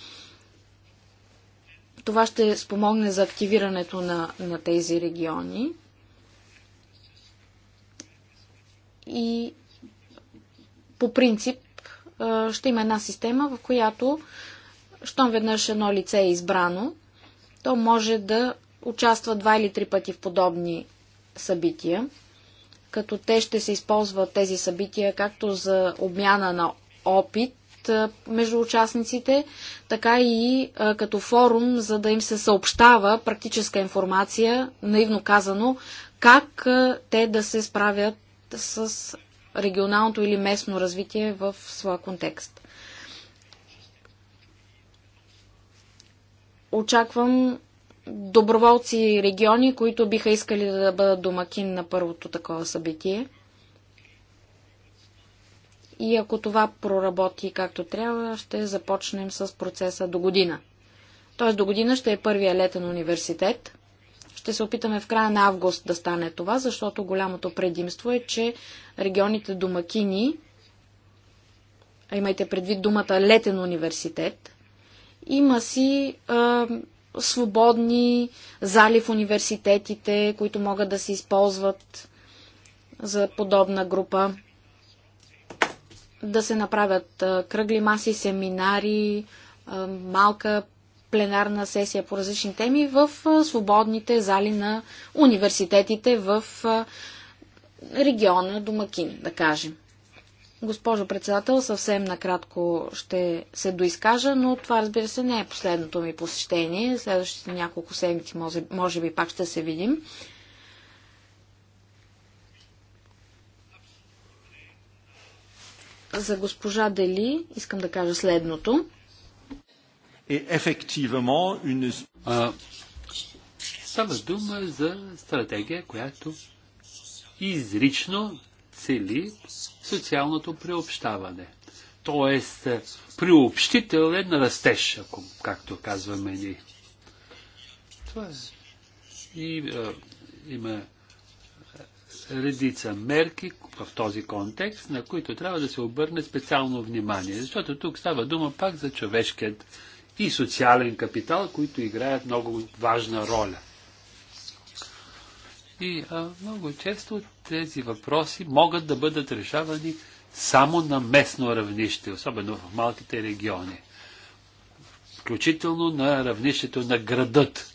това ще спомогне за активирането на, на тези региони. И по принцип ще има една система, в която, щом веднъж едно лице е избрано, то може да участва два или три пъти в подобни събития като те ще се използват тези събития както за обмяна на опит между участниците, така и а, като форум, за да им се съобщава практическа информация, наивно казано, как а, те да се справят с регионалното или местно развитие в своя контекст. Очаквам доброволци и региони, които биха искали да бъдат домакин на първото такова събитие. И ако това проработи както трябва, ще започнем с процеса до година. Тоест до година ще е първия летен университет. Ще се опитаме в края на август да стане това, защото голямото предимство е, че регионите домакини, а имайте предвид думата летен университет, има си а, свободни зали в университетите, които могат да се използват за подобна група. Да се направят кръгли маси, семинари, малка пленарна сесия по различни теми в свободните зали на университетите в региона Домакин, да кажем. Госпожо председател, съвсем накратко ще се доизкажа, но това разбира се не е последното ми посещение. Следващите няколко седмици може, може би пак ще се видим. За госпожа Дели искам да кажа следното. става дума за стратегия, която изрично цели социалното приобщаване. Тоест, е, приобщителен растеж, ако, както казваме ние. Това е. И а, е, има е, редица мерки в този контекст, на които трябва да се обърне специално внимание. Защото тук става дума пак за човешкият и социален капитал, които играят много важна роля. И а, много често тези въпроси могат да бъдат решавани само на местно равнище, особено в малките региони. Включително на равнището на градът.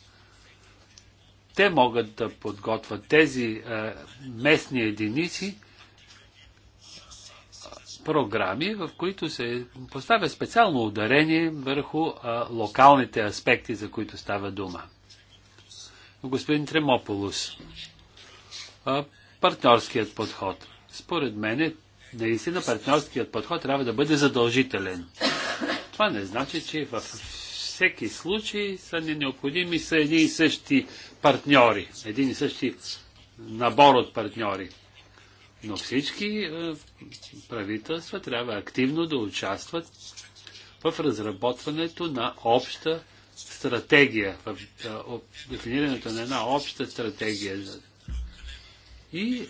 Те могат да подготвят тези а, местни единици програми, в които се поставя специално ударение върху а, локалните аспекти, за които става дума господин Тремополус. Партньорският подход. Според мен, наистина партньорският подход трябва да бъде задължителен. Това не значи, че във всеки случай са ни необходими са едни и същи партньори, един и същи набор от партньори. Но всички е, правителства трябва активно да участват в разработването на обща стратегия, в дефинирането на една обща стратегия. И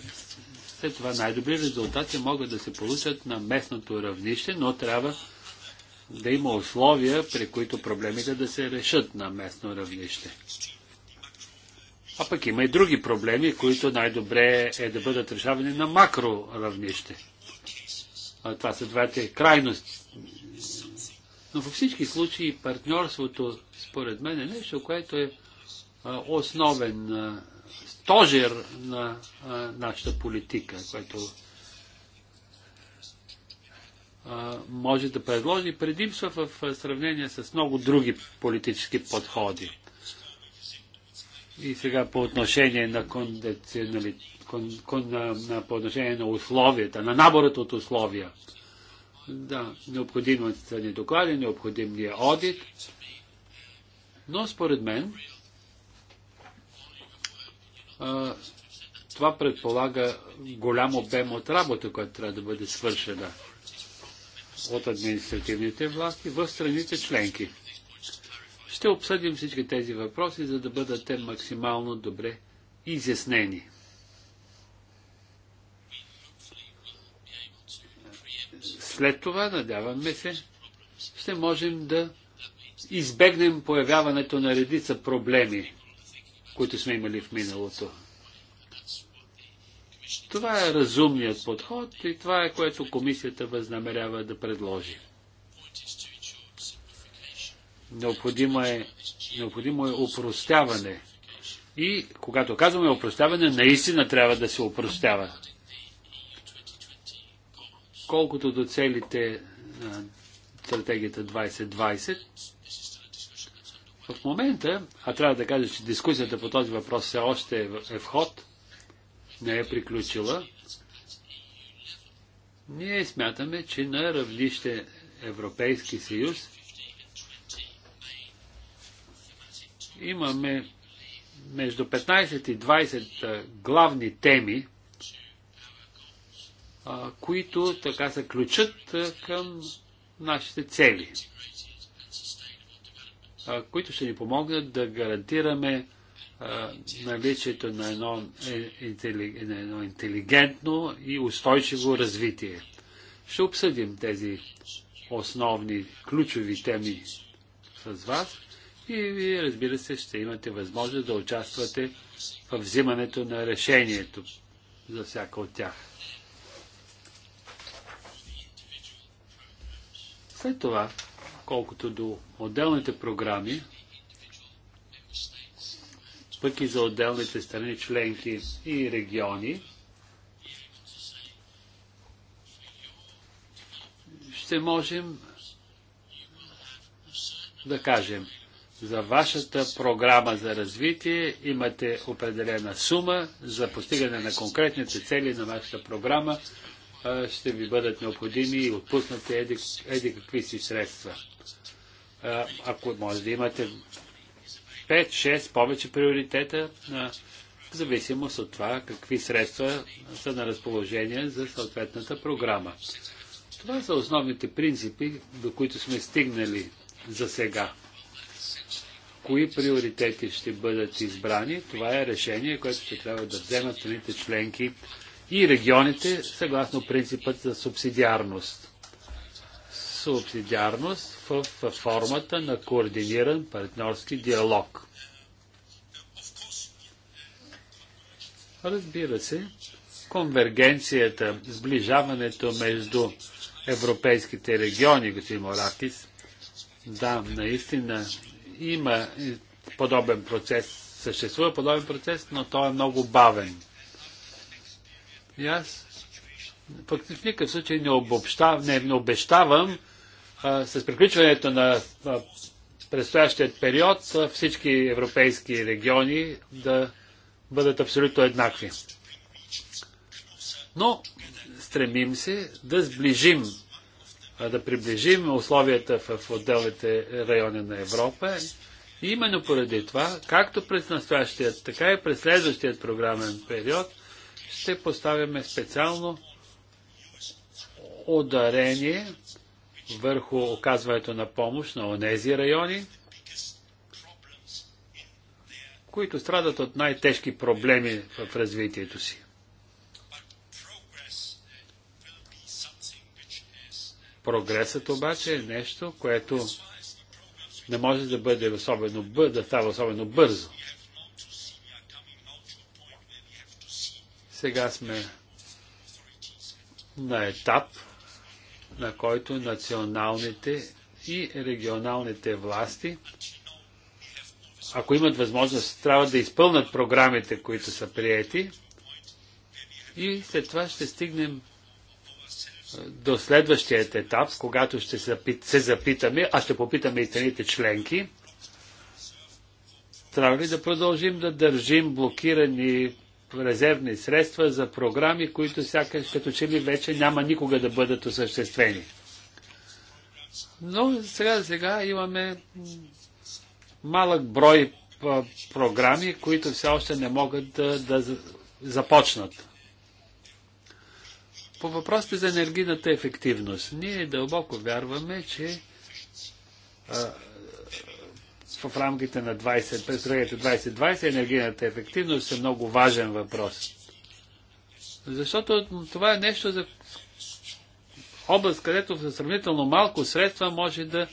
след това най-добри резултати могат да се получат на местното равнище, но трябва да има условия, при които проблемите да се решат на местно равнище. А пък има и други проблеми, които най-добре е да бъдат решавани на макро равнище. А това са двете крайности. Но във всички случаи партньорството според мен е нещо, което е основен стожер на нашата политика, което може да предложи предимства в сравнение с много други политически подходи. И сега по отношение на, кондиционали... кон... Кон... на... по отношение на условията, на наборът от условия. Да, необходимо са ни доклади, необходим ни е одит. Но според мен а, това предполага голям обем от работа, която трябва да бъде свършена от административните власти в страните членки. Ще обсъдим всички тези въпроси, за да бъдат те максимално добре изяснени. След това, надяваме се, ще можем да избегнем появяването на редица проблеми, които сме имали в миналото. Това е разумният подход и това е което комисията възнамерява да предложи. Необходимо е, необходимо е упростяване. И когато казваме упростяване, наистина трябва да се упростява. Колкото до целите на стратегията 2020, в момента, а трябва да кажа, че дискусията по този въпрос все още е в е ход, не е приключила, ние смятаме, че на равнище Европейски съюз имаме между 15 и 20 главни теми, които така се ключат към нашите цели които ще ни помогнат да гарантираме наличието на едно, е, на едно интелигентно и устойчиво развитие. Ще обсъдим тези основни, ключови теми с вас и вие, разбира се, ще имате възможност да участвате в взимането на решението за всяка от тях. След това Колкото до отделните програми, пък и за отделните страни, членки и региони, ще можем да кажем, за вашата програма за развитие имате определена сума за постигане на конкретните цели на вашата програма ще ви бъдат необходими и отпуснати еди, еди какви си средства. Ако може да имате 5-6 повече приоритета, в зависимост от това какви средства са на разположение за съответната програма. Това са основните принципи, до които сме стигнали за сега. Кои приоритети ще бъдат избрани, това е решение, което ще трябва да вземат страните членки и регионите съгласно принципът за субсидиарност. Субсидиарност в, в формата на координиран партньорски диалог. Разбира се, конвергенцията, сближаването между европейските региони, господин Моракис, да, наистина има подобен процес, съществува подобен процес, но той е много бавен. И аз фактически в никакъв случай не, обобщав, не, не обещавам а, с приключването на а, предстоящият период а, всички европейски региони да бъдат абсолютно еднакви. Но стремим се да сближим, а, да приближим условията в, в отделните райони на Европа. И именно поради това, както през настоящият, така и през следващият програмен период, ще поставяме специално ударение върху оказването на помощ на онези райони, които страдат от най-тежки проблеми в развитието си. Прогресът обаче е нещо, което не може да бъде особено бързо, да става особено бързо. Сега сме на етап, на който националните и регионалните власти, ако имат възможност, трябва да изпълнат програмите, които са приети и след това ще стигнем до следващият етап, когато ще се запитаме, а ще попитаме и страните членки, трябва ли да продължим да държим блокирани резервни средства за програми, които сякаш като че ли вече няма никога да бъдат осъществени. Но сега, сега имаме малък брой програми, които все още не могат да, да започнат. По въпросите за енергийната ефективност, ние дълбоко вярваме, че в рамките на 20, през 2020 енергийната ефективност е много важен въпрос. Защото това е нещо за област, където в сравнително малко средства може да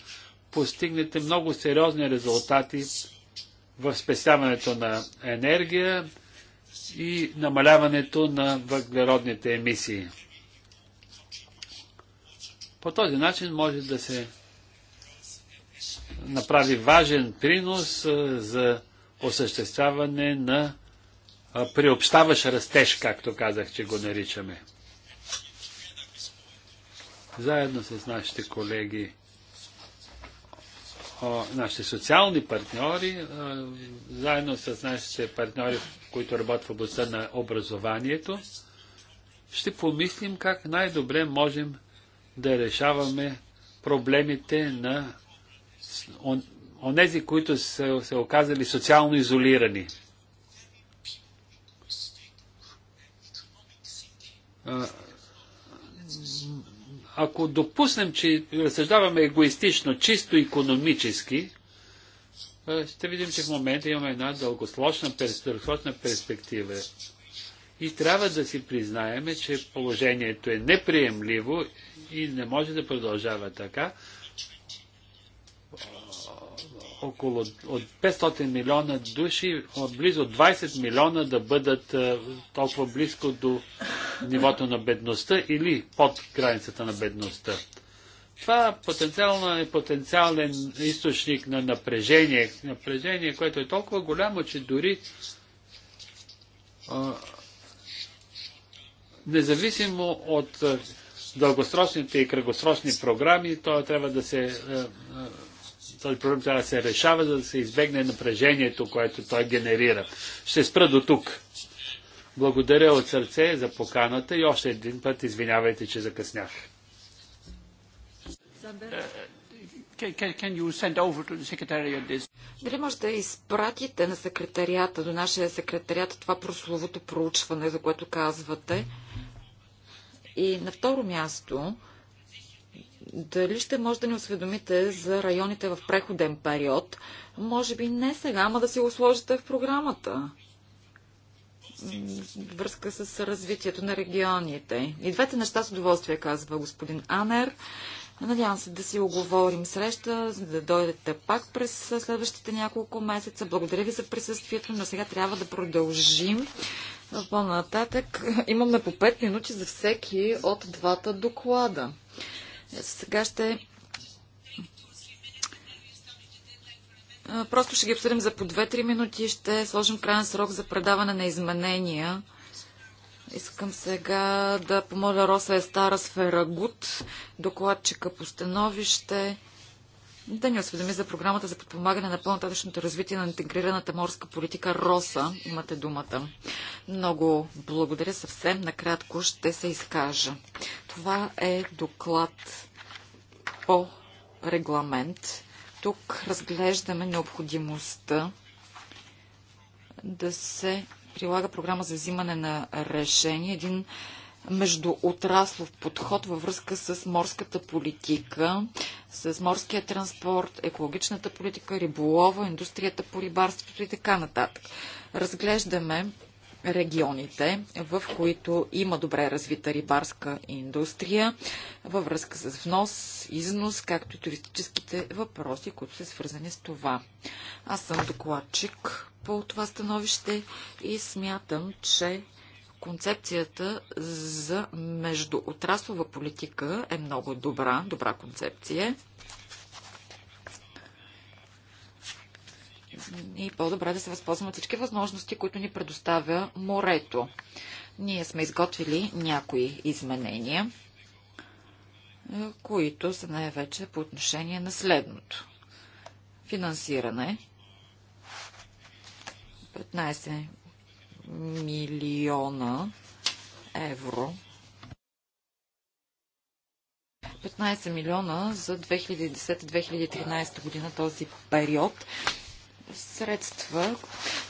постигнете много сериозни резултати в спестяването на енергия и намаляването на въглеродните емисии. По този начин може да се направи важен принос за осъществяване на приобщаващ растеж, както казах, че го наричаме. Заедно с нашите колеги, нашите социални партньори, заедно с нашите партньори, които работят в областта на образованието, ще помислим как най-добре можем да решаваме проблемите на онези, които са се оказали социално изолирани. Ако допуснем, че разсъждаваме егоистично, чисто економически, ще видим, че в момента имаме една дългосрочна, перспектива. И трябва да си признаеме, че положението е неприемливо и не може да продължава така, около от 500 милиона души, близо 20 милиона да бъдат е, толкова близко до нивото на бедността или под границата на бедността. Това потенциално е потенциален източник на напрежение, напрежение, което е толкова голямо, че дори а, е, независимо от е, дългосрочните и кръгосрочни програми, то трябва да се а, а, този проблем трябва да се решава, за да се избегне напрежението, което той генерира. Ще спра до тук. Благодаря от сърце за поканата и още един път извинявайте, че закъснях. Дали може да изпратите на секретарията, до нашия секретарият, това прословото проучване, за което казвате? И на второ място, дали ще може да ни осведомите за районите в преходен период? Може би не сега, ама да си го сложите в програмата. Връзка с развитието на регионите. И двете неща с удоволствие, казва господин Анер. Надявам се да си оговорим среща, за да дойдете пак през следващите няколко месеца. Благодаря ви за присъствието, но сега трябва да продължим по-нататък. Имаме по 5 минути за всеки от двата доклада. Сега ще Просто ще ги обсъдим за по 2-3 минути. и Ще сложим крайен срок за предаване на изменения. Искам сега да помоля Роса Естара Сферагут, докладчика по становище, да ни осведоми за програмата за подпомагане на по-нататъчното развитие на интегрираната морска политика РОСА. Имате думата. Много благодаря. Съвсем накратко ще се изкажа. Това е доклад по регламент. Тук разглеждаме необходимостта да се прилага програма за взимане на решение, един междуотраслов подход във връзка с морската политика, с морския транспорт, екологичната политика, риболова, индустрията по рибарството и така нататък. Разглеждаме регионите, в които има добре развита рибарска индустрия във връзка с внос, износ, както и туристическите въпроси, които са свързани с това. Аз съм докладчик по това становище и смятам, че концепцията за междуотраслова политика е много добра, добра концепция. и по-добре да се възползваме от всички възможности, които ни предоставя морето. Ние сме изготвили някои изменения, е, които са най-вече по отношение на следното. Финансиране 15 милиона евро 15 милиона за 2010-2013 година този период средства.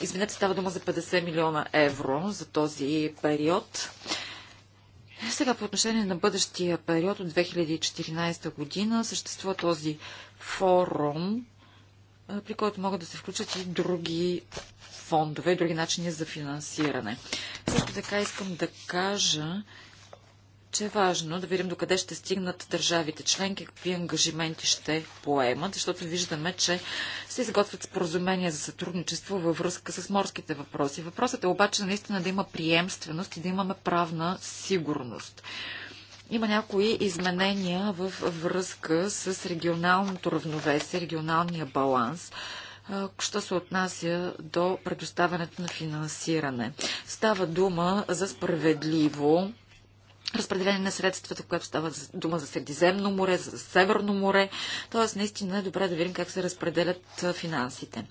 Извинете, става дума за 50 милиона евро за този период. Сега по отношение на бъдещия период от 2014 година съществува този форум, при който могат да се включат и други фондове, други начини за финансиране. Също така искам да кажа, че е важно да видим докъде ще стигнат държавите членки, какви ангажименти ще поемат, защото виждаме, че се изготвят споразумения за сътрудничество във връзка с морските въпроси. Въпросът е обаче наистина да има приемственост и да имаме правна сигурност. Има някои изменения в връзка с регионалното равновесие, регионалния баланс, що се отнася до предоставянето на финансиране. Става дума за справедливо разпределение на средствата, което става дума за Средиземно море, за Северно море. Тоест, наистина е добре да видим как се разпределят финансите.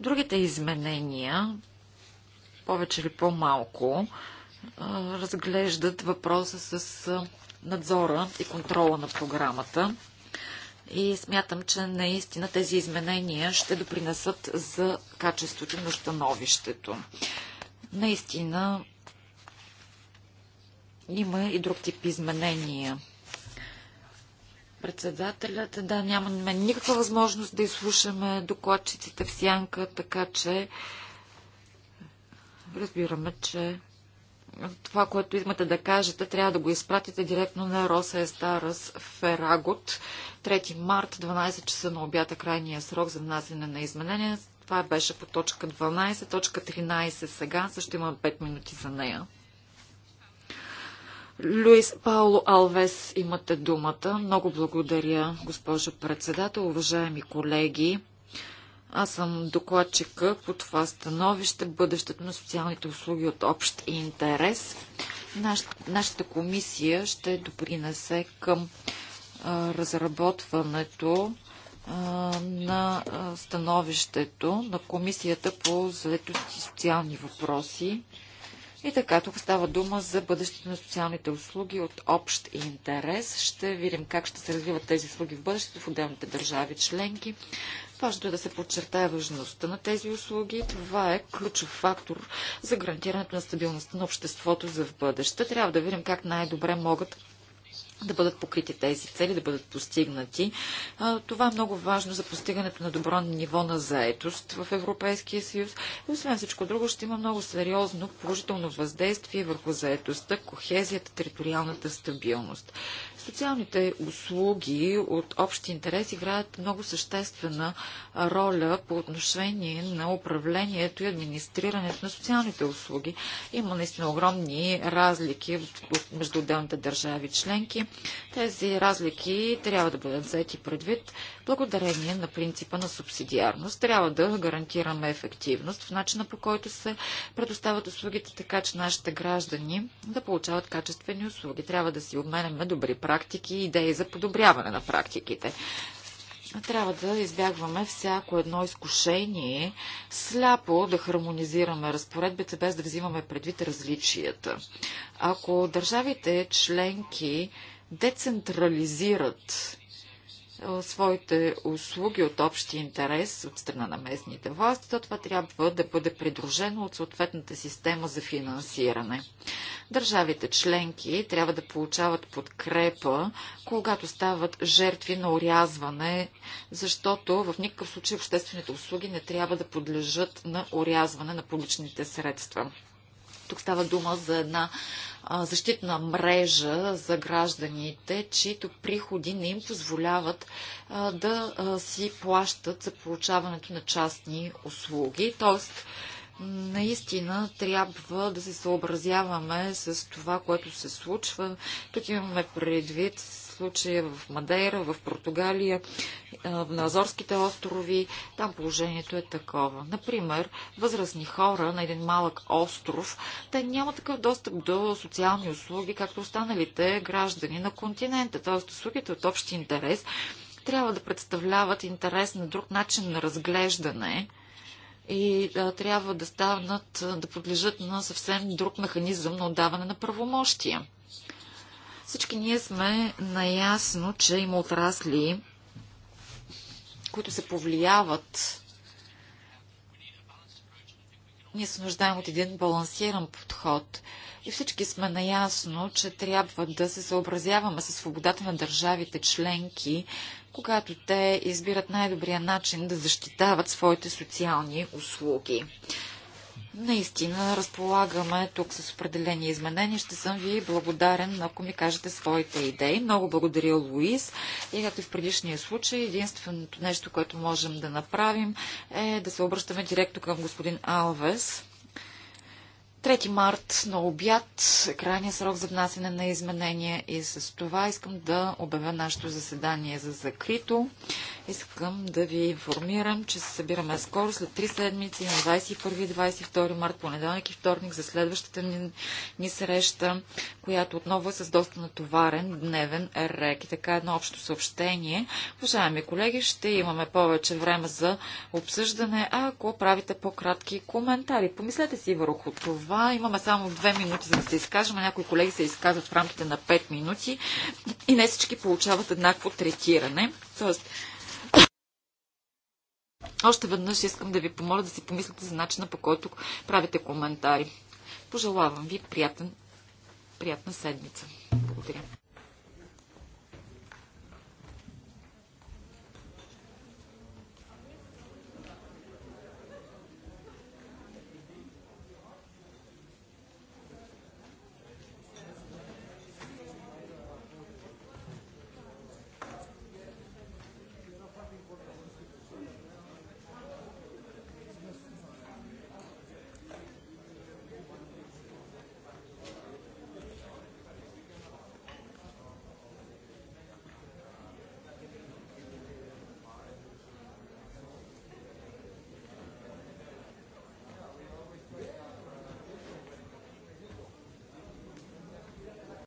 Другите изменения, повече или по-малко, разглеждат въпроса с надзора и контрола на програмата. И смятам, че наистина тези изменения ще допринесат за качеството на становището. Наистина има и друг тип изменения. Председателят, да, нямаме никаква възможност да изслушаме докладчиците в сянка, така че разбираме, че това, което имате да кажете, трябва да го изпратите директно на Роса Естарас Ферагот. 3 март, 12 часа на обята, е крайния срок за внасяне на изменения. Това беше по точка 12. Точка 13 сега. Също има 5 минути за нея. Луис Пауло Алвес, имате думата. Много благодаря, госпожо председател, уважаеми колеги. Аз съм докладчика по това становище бъдещето на социалните услуги от общ интерес. Наш, нашата комисия ще допринесе към а, разработването а, на а, становището на Комисията по заетост и социални въпроси и така, тук става дума за бъдещето на социалните услуги от общ интерес. Ще видим как ще се развиват тези услуги в бъдещето в отделните държави членки. Важно е да се подчертая важността на тези услуги. Това е ключов фактор за гарантирането на стабилността на обществото за в бъдеще. Трябва да видим как най-добре могат да бъдат покрити тези цели, да бъдат постигнати. Това е много важно за постигането на добро ниво на заетост в Европейския съюз. И освен всичко друго, ще има много сериозно положително въздействие върху заетостта, кохезията, териториалната стабилност. Специалните услуги от общ интерес играят много съществена роля по отношение на управлението и администрирането на социалните услуги. Има наистина огромни разлики между отделните държави членки. Тези разлики трябва да бъдат взети предвид благодарение на принципа на субсидиарност. Трябва да гарантираме ефективност в начина по който се предоставят услугите, така че нашите граждани да получават качествени услуги. Трябва да си обменяме добри практики и идеи за подобряване на практиките трябва да избягваме всяко едно изкушение, сляпо да хармонизираме разпоредбите, без да взимаме предвид различията. Ако държавите членки децентрализират своите услуги от общи интерес от страна на местните власти, то това трябва да бъде придружено от съответната система за финансиране. Държавите членки трябва да получават подкрепа, когато стават жертви на орязване, защото в никакъв случай обществените услуги не трябва да подлежат на орязване на публичните средства. Тук става дума за една защитна мрежа за гражданите, чието приходи не им позволяват да си плащат за получаването на частни услуги. Тоест, наистина трябва да се съобразяваме с това, което се случва. Тук имаме предвид случая в Мадейра, в Португалия, на Азорските острови. Там положението е такова. Например, възрастни хора на един малък остров, те нямат такъв достъп до социални услуги, както останалите граждани на континента. Т.е. услугите от общ интерес трябва да представляват интерес на друг начин на разглеждане и а, трябва да станат, да подлежат на съвсем друг механизъм на отдаване на правомощия. Всички ние сме наясно, че има отрасли, които се повлияват. Ние се нуждаем от един балансиран подход. И всички сме наясно, че трябва да се съобразяваме с свободата на държавите членки, когато те избират най-добрия начин да защитават своите социални услуги. Наистина разполагаме тук с определени изменения. Ще съм ви благодарен, ако ми кажете своите идеи. Много благодаря, Луис. И както в предишния случай, единственото нещо, което можем да направим е да се обръщаме директно към господин Алвес. 3 март на обяд е крайния срок за внасяне на изменения и с това искам да обявя нашето заседание за закрито. Искам да ви информирам, че се събираме скоро след 3 седмици на 21 22 март, понеделник и вторник за следващата ни, ни среща, която отново е с доста натоварен дневен рек. И така едно общо съобщение. Уважаеми колеги, ще имаме повече време за обсъждане, ако правите по-кратки коментари. Помислете си върху това. Имаме само 2 минути за да се изкажем. Някои колеги се изказват в рамките на 5 минути и не всички получават еднакво третиране. Тоест, още веднъж искам да ви помоля да си помислите за начина по който правите коментари. Пожелавам ви приятен, приятна седмица. Благодаря.